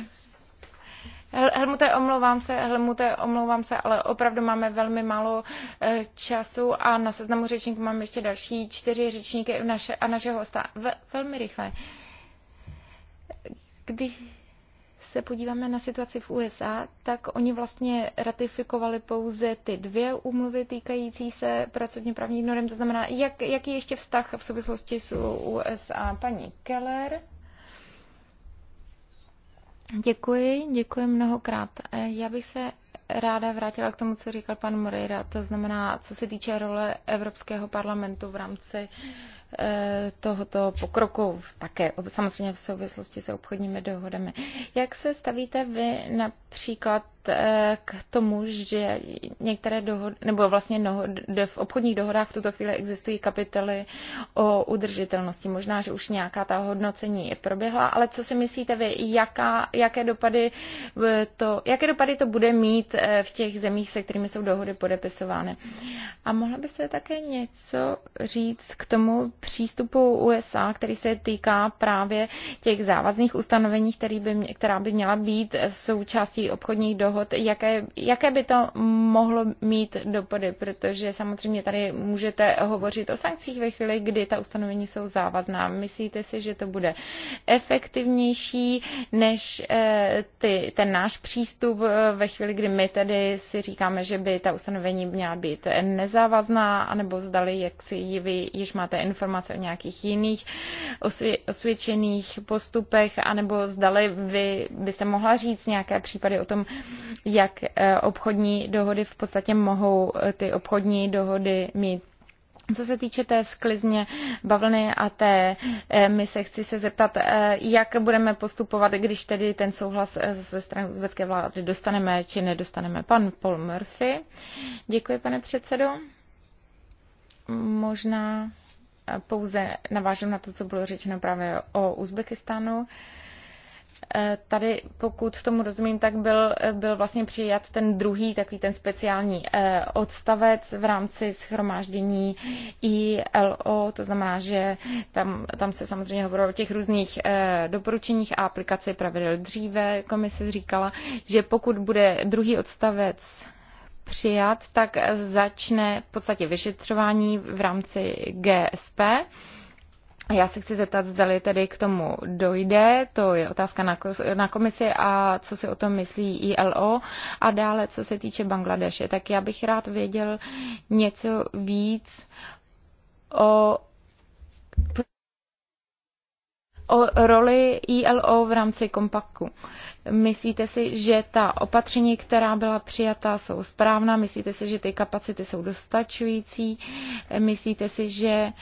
Helmute, omlouvám se, Helmute, omlouvám se, ale opravdu máme velmi málo eh, času a na seznamu řečníků mám ještě další čtyři řečníky naše, a našeho hosta. velmi rychle. Když se podíváme na situaci v USA, tak oni vlastně ratifikovali pouze ty dvě úmluvy týkající se pracovně právních norm. To znamená, jak, jaký ještě vztah v souvislosti s USA? Paní Keller. Děkuji, děkuji mnohokrát. E, já bych se ráda vrátila k tomu, co říkal pan Moreira, to znamená, co se týče role Evropského parlamentu v rámci e, tohoto pokroku, také samozřejmě v souvislosti se obchodními dohodami. Jak se stavíte vy například Eh, k tomu, že některé dohody, nebo vlastně v obchodních dohodách v tuto chvíli existují kapitoly o udržitelnosti. Možná, že už nějaká ta hodnocení proběhla, ale co si myslíte vy, jaká, jaké, dopady eh, to, jaké dopady to bude mít eh, v těch zemích, se kterými jsou dohody podepisovány? A mohla byste také něco říct k tomu přístupu USA, který se týká právě těch závazných ustanovení, který by, která by měla být součástí obchodních dohod dohod, jaké, jaké by to mohlo mít dopady, protože samozřejmě tady můžete hovořit o sankcích ve chvíli, kdy ta ustanovení jsou závazná. Myslíte si, že to bude efektivnější než eh, ty, ten náš přístup eh, ve chvíli, kdy my tedy si říkáme, že by ta ustanovení měla být nezávazná, anebo zdali, jak si ji vy již máte informace o nějakých jiných osvě, osvědčených postupech, anebo zdali vy byste mohla říct nějaké případy o tom, jak eh, obchodní dohody v podstatě mohou eh, ty obchodní dohody mít co se týče té sklizně bavlny a té eh, my se chci se zeptat, jak budeme postupovat, když tedy ten souhlas ze strany uzbecké vlády dostaneme či nedostaneme. Pan Paul Murphy. Děkuji, pane předsedo. Možná pouze navážu na to, co bylo řečeno právě o Uzbekistánu. Uh, Eh, tady, pokud tomu rozumím, tak byl, eh, byl vlastně přijat ten druhý, takový ten speciální eh, odstavec v rámci schromáždění ILO, to znamená, že tam, tam se samozřejmě hovorilo o těch různých doporučeních a aplikaci pravidel dříve. Komise říkala, že pokud bude druhý odstavec přijat, tak začne v podstatě vyšetřování v rámci GSP já se chci zeptat, zdali tedy k tomu dojde, to je otázka na komisi a co si o tom myslí ILO a dále, co se týče Bangladeše. Tak já bych rád věděl něco víc o o roli ILO v rámci kompaktu. Myslíte si, že ta opatření, která byla přijata, jsou správná? Myslíte si, že ty kapacity jsou dostačující? Myslíte si, že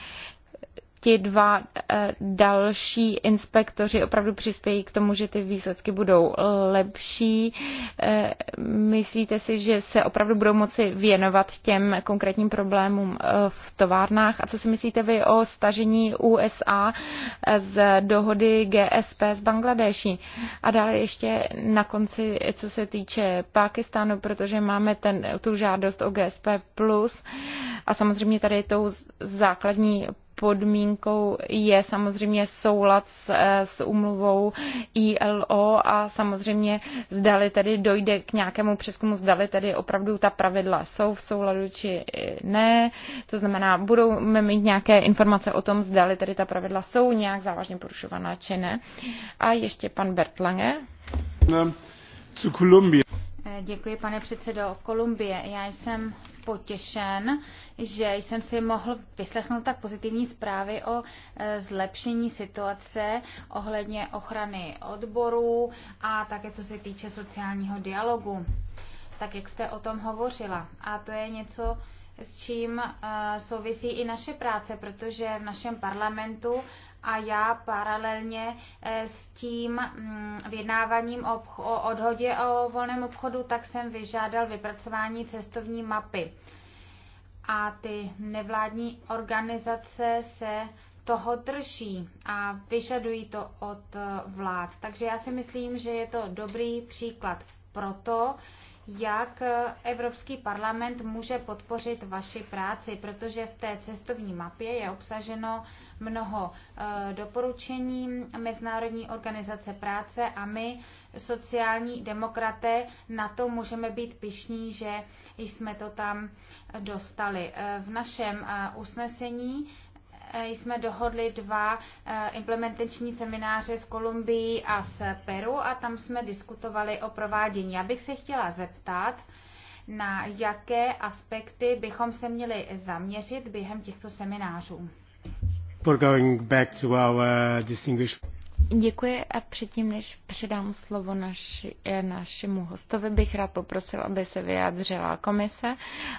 ti dva eh, další inspektoři opravdu přispějí k tomu, že ty výsledky budou lepší. Eh, myslíte si, že se opravdu budou moci věnovat těm konkrétním problémům eh, v továrnách? A co si myslíte vy o stažení USA z dohody GSP z Bangladeši? A dále ještě na konci, co se týče Pakistánu, protože máme ten, tu žádost o GSP+, a samozřejmě tady je tou základní podmínkou je samozřejmě soulad s, eh, s umluvou ILO a samozřejmě zdali tedy dojde k nějakému přeskumu, zdali tedy opravdu ta pravidla jsou v souladu či eh, ne. To znamená, budou mít nějaké informace o tom, zdali tedy ta pravidla jsou nějak závažně porušovaná či ne. A ještě pan Bertlange. Eh, děkuji, pane předsedo. Kolumbie. Já jsem potěšen, že jsem si mohl vyslechnout tak pozitivní zprávy o e, zlepšení situace ohledně ochrany odborů a také co se týče sociálního dialogu, tak jak jste o tom hovořila. A to je něco, s čím e, souvisí i naše práce, protože v našem parlamentu a já paralelně eh, s tím mm, vyjednáváním o odhodě o volném obchodu, tak jsem vyžádal vypracování cestovní mapy. A ty nevládní organizace se toho drží a vyžadují to od eh, vlád. Takže já si myslím, že je to dobrý příklad proto, jak Evropský parlament může podpořit vaši práci, protože v té cestovní mapě je obsaženo mnoho eh, doporučení Mezinárodní organizace práce a my, sociální demokraté, na to můžeme být pišní, že jsme to tam dostali. Eh, v našem eh, usnesení Eh, jsme dohodli dva eh, implementační semináře z Kolumbii a z Peru a tam jsme diskutovali o provádění. Já bych se chtěla zeptat, na jaké aspekty bychom se měli zaměřit během těchto seminářů. Děkuji a předtím, než předám slovo naši, eh, našemu hostovi, bych rád poprosil, aby se vyjádřila komise,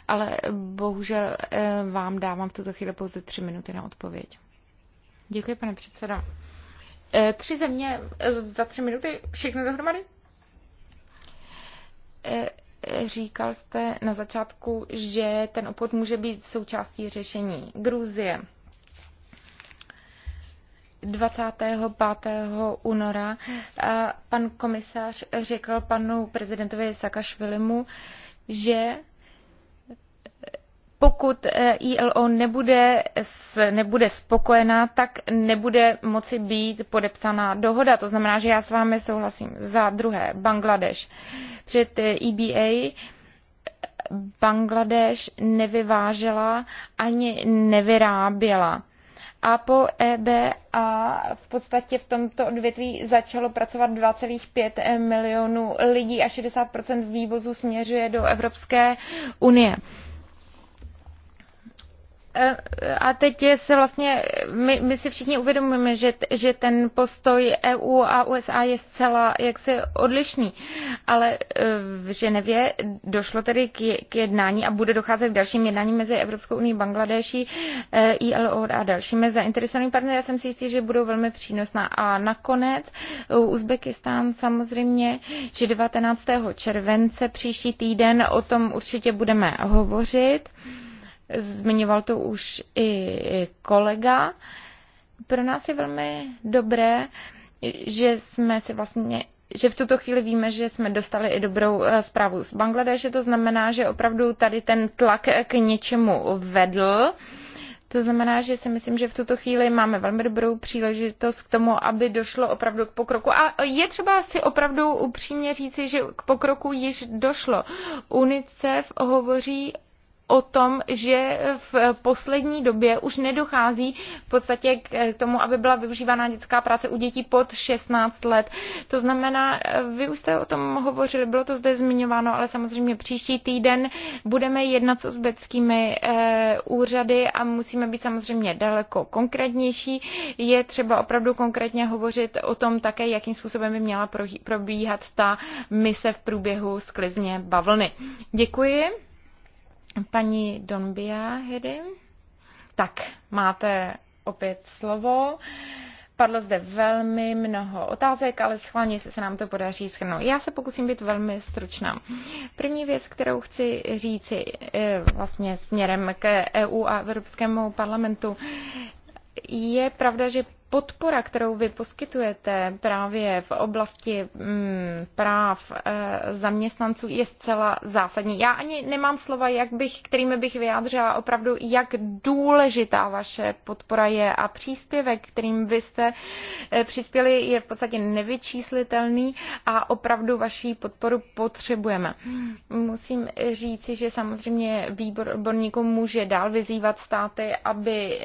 ale bohužel eh, vám dávám v tuto chvíli pouze tři minuty na odpověď. Děkuji, pane předseda. Eh, tři země za tři minuty, všechno dohromady? Říkal jste na začátku, že ten obchod může být součástí řešení. Gruzie, 25. února pan komisař řekl panu prezidentovi Sakašvilimu, že pokud ILO nebude, nebude spokojená, tak nebude moci být podepsaná dohoda. To znamená, že já s vámi souhlasím. Za druhé, Bangladeš. Před EBA Bangladeš nevyvážela ani nevyráběla a po e a v podstatě v tomto odvětví začalo pracovat 2,5 milionů lidí a 60 vývozu směřuje do Evropské unie a teď se vlastně, my, my si všichni uvědomujeme, že, že ten postoj EU a USA je zcela jaksi odlišný, ale eh, v Ženevě došlo tedy k, k jednání a bude docházet k dalším jednáním mezi Evropskou unii, Bangladeší, eh, ILO a dalšími zainteresovanými partnery. Já jsem si jistý, že budou velmi přínosná. A nakonec eh, Uzbekistán samozřejmě, že 19. července příští týden o tom určitě budeme hovořit zmiňoval to už i kolega. Pro nás je velmi dobré, že jsme si vlastně že v tuto chvíli víme, že jsme dostali i dobrou eh, zprávu z Bangladeše, to znamená, že opravdu tady ten tlak k něčemu vedl. To znamená, že si myslím, že v tuto chvíli máme velmi dobrou příležitost k tomu, aby došlo opravdu k pokroku. A je třeba si opravdu upřímně říci, že k pokroku již došlo. UNICEF hovoří o tom, že v poslední době už nedochází v podstatě k eh, tomu, aby byla využívána dětská práce u dětí pod 16 let. To znamená, eh, vy už jste o tom hovořili, bylo to zde zmiňováno, ale samozřejmě příští týden budeme jednat s uzbeckými eh, úřady a musíme být samozřejmě daleko konkrétnější. Je třeba opravdu konkrétně hovořit o tom také, jakým způsobem by měla probíhat ta mise v průběhu sklizně bavlny. Děkuji. Paní Donbia Hedy. Tak, máte opět slovo. Padlo zde velmi mnoho otázek, ale schválně se nám to podaří schrnout. Já se pokusím být velmi stručná. První věc, kterou chci říci e, vlastně směrem k EU a Evropskému parlamentu, je pravda, že podpora, kterou vy poskytujete právě v oblasti mm, práv eh, zaměstnanců, je zcela zásadní. Já ani nemám slova, jak bych, kterými bych vyjádřila opravdu, jak důležitá vaše podpora je a příspěvek, kterým vy jste eh, přispěli, je v podstatě nevyčíslitelný a opravdu vaší podporu potřebujeme. Musím říci, že samozřejmě výbor odborníků může dál vyzývat státy, aby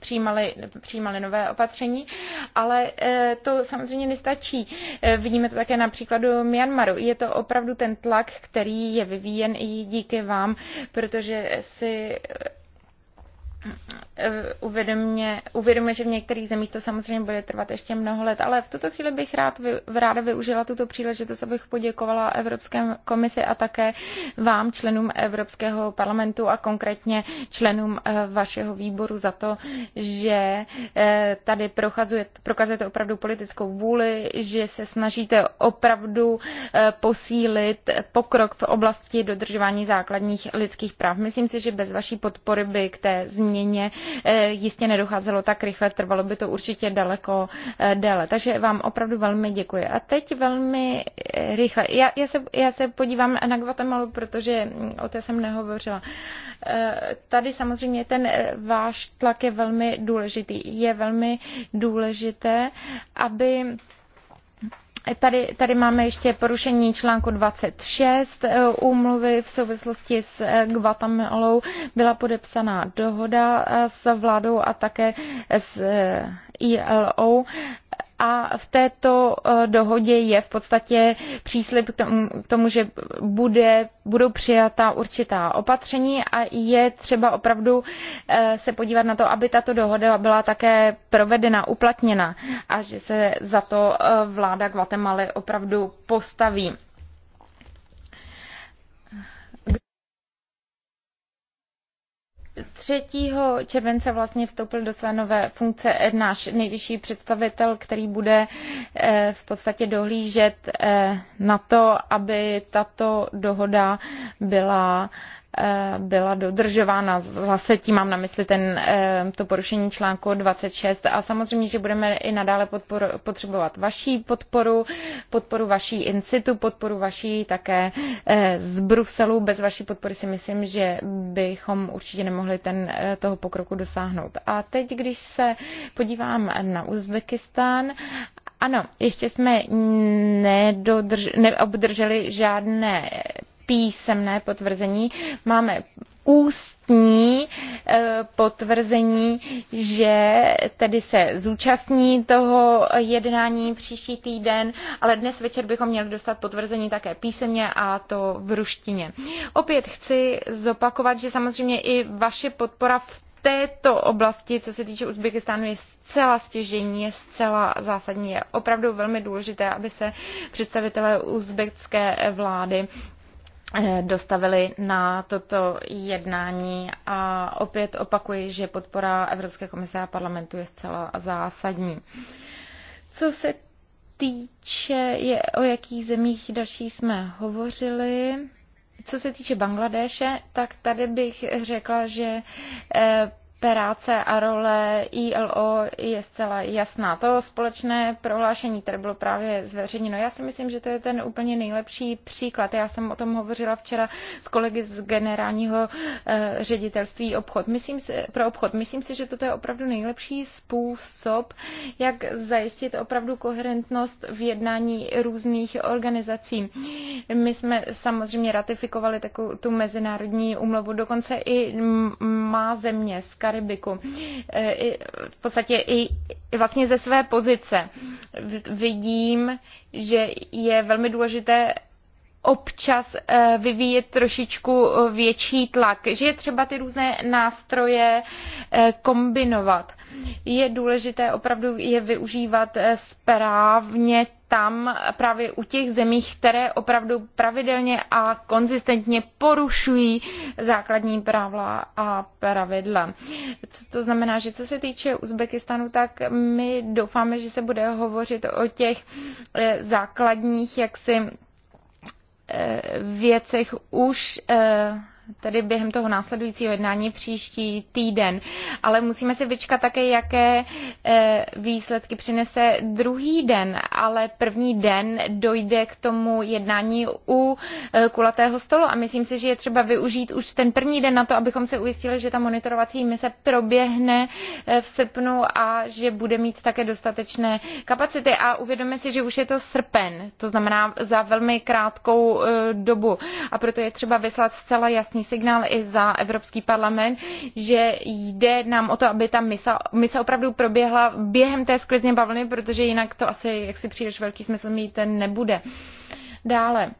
přijímali, přijímali nové opatření opatření, ale eh, to samozřejmě nestačí. Eh, vidíme to také na příkladu Myanmaru. Je to opravdu ten tlak, který je vyvíjen i díky vám, protože si Eh, uvědomě, uvědomě, že v některých zemích to samozřejmě bude trvat ještě mnoho let, ale v tuto chvíli bych rád, ráda využila tuto příležitost, abych poděkovala Evropské komisi a také vám, členům Evropského parlamentu a konkrétně členům eh, vašeho výboru za to, že eh, tady prokazujete opravdu politickou vůli, že se snažíte opravdu posílit pokrok v oblasti dodržování základních lidských práv. Myslím si, že bez vaší podpory by k té změně změně eh, jistě nedocházelo tak rychle, trvalo by to určitě daleko eh, déle. Takže vám opravdu velmi děkuji. A teď velmi eh, rychle. Já, já, se, já se podívám na Guatemala, protože mm, o té jsem nehovořila. Tady samozřejmě ten váš tlak je velmi důležitý. Je velmi důležité, aby Tady, tady máme ještě porušení článku 26 eh, úmluvy v souvislosti s eh, Guatemalou. Byla podepsaná dohoda eh, s vládou a také s ILO a v této eh, dohodě je v podstatě příslip k tomu, k tomu že bude, budou přijata určitá opatření a je třeba opravdu eh, se podívat na to, aby tato dohoda byla také provedena, uplatněna a že se za to eh, vláda Guatemaly opravdu postaví. 3. července vlastně vstoupil do své nové funkce náš nejvyšší představitel, který bude eh, v podstatě dohlížet eh, na to, aby tato dohoda byla Eh, byla dodržována. Zase tím mám na mysli ten, eh, to porušení článku 26 a samozřejmě, že budeme i nadále podporu, potřebovat vaší podporu, podporu vaší institu, podporu vaší také eh, z Bruselu. Bez vaší podpory si myslím, že bychom určitě nemohli ten, toho pokroku dosáhnout. A teď, když se podívám na Uzbekistán, ano, ještě jsme nedodrž, neobdrželi žádné písemné potvrzení, máme ústní eh, potvrzení, že tedy se zúčastní toho jednání příští týden, ale dnes večer bychom měli dostat potvrzení také písemně a to v ruštině. Opět chci zopakovat, že samozřejmě i vaše podpora v této oblasti, co se týče Uzbekistánu, je zcela stěžení, je zcela zásadní. Je opravdu velmi důležité, aby se představitelé uzbecké vlády Eh, dostavili na toto jednání a opět opakuji, že podpora Evropské komise a parlamentu je zcela zásadní. Co se týče, je, o jakých zemích další jsme hovořili, co se týče Bangladeše, tak tady bych řekla, že eh, práce a role ILO je zcela jasná. To společné prohlášení, které bylo právě zveřejněno, já si myslím, že to je ten úplně nejlepší příklad. Já jsem o tom hovořila včera s kolegy z generálního eh, ředitelství obchod. Myslím si, pro obchod. Myslím si, že toto je opravdu nejlepší způsob, jak zajistit opravdu koherentnost v jednání různých organizací. My jsme samozřejmě ratifikovali takovou tu mezinárodní umluvu, dokonce i má země, Karibiku. E, v podstatě i vlastně ze své pozice vidím, že je velmi důležité občas e, vyvíjet trošičku e, větší tlak, že je třeba ty různé nástroje kombinovat. Je důležité opravdu je využívat správně tam právě u těch zemích, které opravdu pravidelně a konzistentně porušují základní práva a pravidla. To znamená, že co se týče Uzbekistanu, tak my doufáme, že se bude hovořit o těch eh, základních jaksi eh, věcech už eh, tedy během toho následujícího jednání příští týden. Ale musíme si vyčkat také, jaké eh, výsledky přinese druhý den, ale první den dojde k tomu jednání u eh, kulatého stolu a myslím si, že je třeba využít už ten první den na to, abychom se ujistili, že ta monitorovací mise proběhne eh, v srpnu a že bude mít také dostatečné kapacity a uvědomíme si, že už je to srpen, to znamená za velmi krátkou dobu a proto je třeba vyslat zcela jasný jasný signál i za Evropský parlament, že jde nám o to, aby ta misa, misa opravdu proběhla během té sklizně bavlny, protože jinak to asi jaksi příliš velký smysl mít nebude. Dále,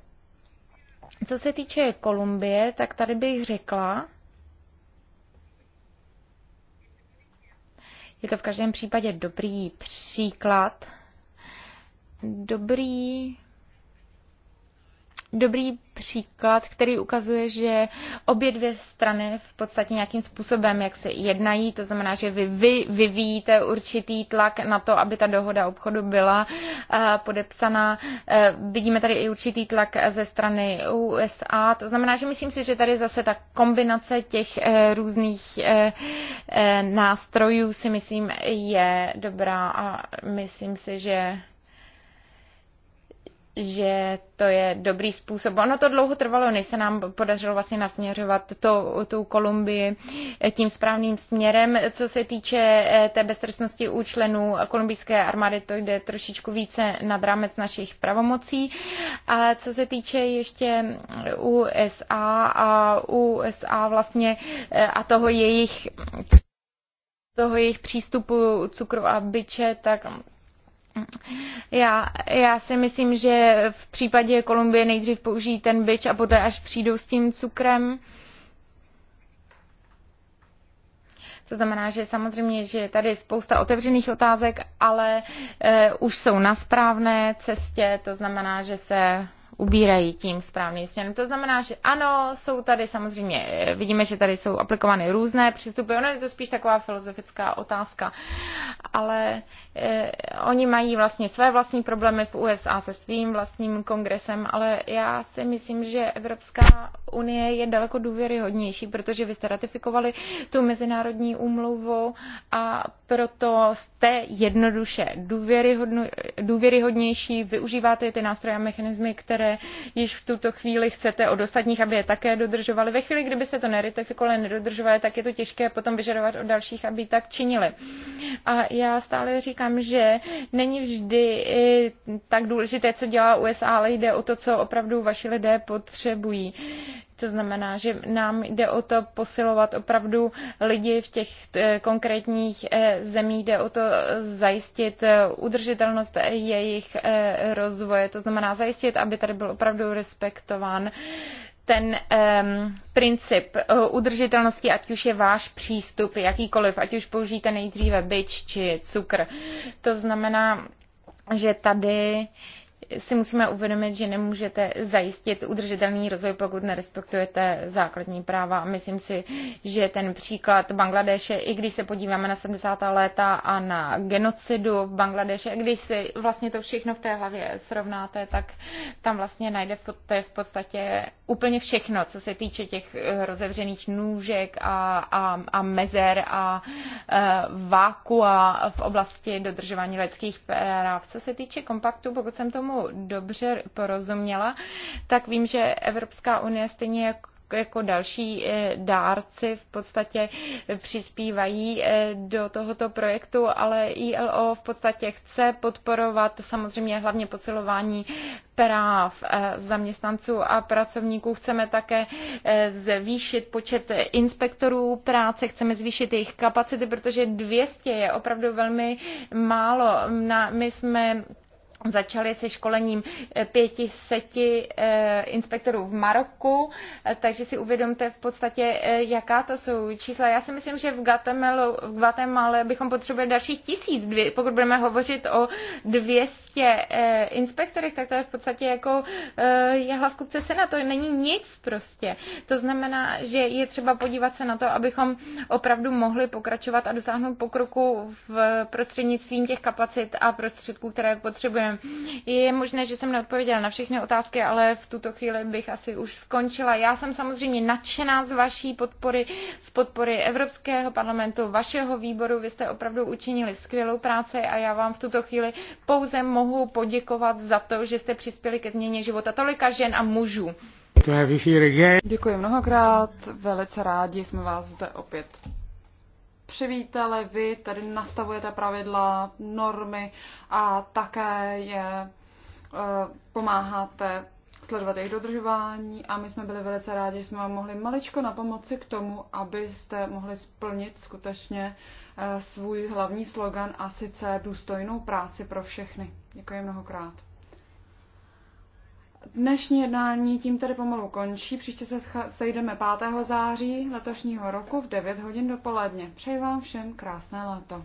co se týče Kolumbie, tak tady bych řekla, je to v každém případě dobrý příklad, dobrý dobrý příklad, který ukazuje, že obě dvě strany v podstatě nějakým způsobem, jak se jednají, to znamená, že vy, vy vyvíjíte určitý tlak na to, aby ta dohoda obchodu byla eh, podepsaná. Eh, vidíme tady i určitý tlak ze strany USA, to znamená, že myslím si, že tady zase ta kombinace těch eh, různých nástrojů si myslím je dobrá a myslím si, že že to je dobrý způsob. Ono to dlouho trvalo, než se nám podařilo vlastně nasměřovat to, tu Kolumbii tím správným směrem. Co se týče eh, té beztrestnosti u členů kolumbijské armády, to jde trošičku více nad rámec našich pravomocí. A co se týče ještě USA a USA vlastně eh, a toho jejich toho jejich přístupu cukru a byče, tak já, já si myslím, že v případě Kolumbie nejdřív použijí ten byč a poté až přijdou s tím cukrem. To znamená, že samozřejmě, že je tady spousta otevřených otázek, ale e, už jsou na správné cestě, to znamená, že se ubírají tím správným směrem. To znamená, že ano, jsou tady samozřejmě, eh, vidíme, že tady jsou aplikovány různé přístupy, ono je to spíš taková filozofická otázka, ale eh, oni mají vlastně své vlastní problémy v USA se svým vlastním kongresem, ale já si myslím, že Evropská unie je daleko důvěryhodnější, protože vy jste ratifikovali tu mezinárodní úmluvu a proto jste jednoduše důvěryhodnější, využíváte ty nástroje a mechanizmy, které které již v tuto chvíli chcete od ostatních, aby je také dodržovali. Ve chvíli, kdyby se to neratifikovali, nedodržovali, tak je to těžké potom vyžadovat od dalších, aby tak činili. A já stále říkám, že není vždy eh, tak důležité, co dělá USA, ale jde o to, co opravdu vaši lidé potřebují. To znamená, že nám jde o to posilovat opravdu lidi v těch eh, konkrétních eh, zemích, jde o to zajistit eh, udržitelnost jejich rozvoje, to znamená zajistit, aby tady byl opravdu respektován ten um, princip uh, udržitelnosti, ať už je váš přístup jakýkoliv, ať už použijete nejdříve byč či cukr. To znamená, že tady uh, si musíme uvědomit, že nemůžete zajistit udržitelný rozvoj, pokud nerespektujete základní práva. myslím si, že ten příklad Bangladeše, i když se podíváme na 70. léta a na genocidu v Bangladeše, když si vlastně to všechno v té hlavě srovnáte, tak tam vlastně najde v podstatě úplně všechno, co se týče těch eh, rozevřených nůžek a, a, a mezer a a eh, vákua v oblasti dodržování lidských práv. Co se týče kompaktu, pokud jsem tomu dobře porozuměla, tak vím, že Evropská unie stejně jako jako další eh, dárci v podstatě přispívají eh, do tohoto projektu, ale ILO v podstatě chce podporovat samozřejmě hlavně posilování práv eh, zaměstnanců a pracovníků. Chceme také zvýšit počet inspektorů práce, chceme zvýšit jejich kapacity, protože 200 je opravdu velmi málo. My jsme Začali se školením 500 eh, eh, inspektorů v Maroku, eh, takže si uvědomte v podstatě, jaká to jsou čísla. Já si myslím, že v Guatemala, v Guatemala bychom potřebovali dalších tisíc, dvě, pokud budeme hovořit o 200 inspektorech, tak to je v podstatě jako jehla v kupce sena, to není nic prostě. To znamená, že je třeba podívat se na to, abychom opravdu mohli pokračovat a dosáhnout pokroku v prostřednictvím těch kapacit a prostředků, které potřebujeme je možné, že jsem neodpověděla na všechny otázky, ale v tuto chvíli bych asi už skončila. Já jsem samozřejmě nadšená z vaší podpory, z podpory Evropského parlamentu, vašeho výboru. Vy jste opravdu učinili skvělou práci a já vám v tuto chvíli pouze mohu poděkovat za to, že jste přispěli ke změně života tolika žen a mužů. Děkuji mnohokrát, velice rádi jsme vás zde opět přivítali, vy tady nastavujete pravidla, normy a také je eh, pomáháte sledovat jejich dodržování a my jsme byli velice rádi, že jsme vám mohli maličko na pomoci k tomu, abyste mohli splnit skutečně eh, svůj hlavní slogan a sice důstojnou práci pro všechny. Děkuji mnohokrát. Dnešní jednání tím tedy pomalu končí. Příště se sejdeme 5. září letošního roku v 9 hodin dopoledne. Přeji vám všem krásné léto.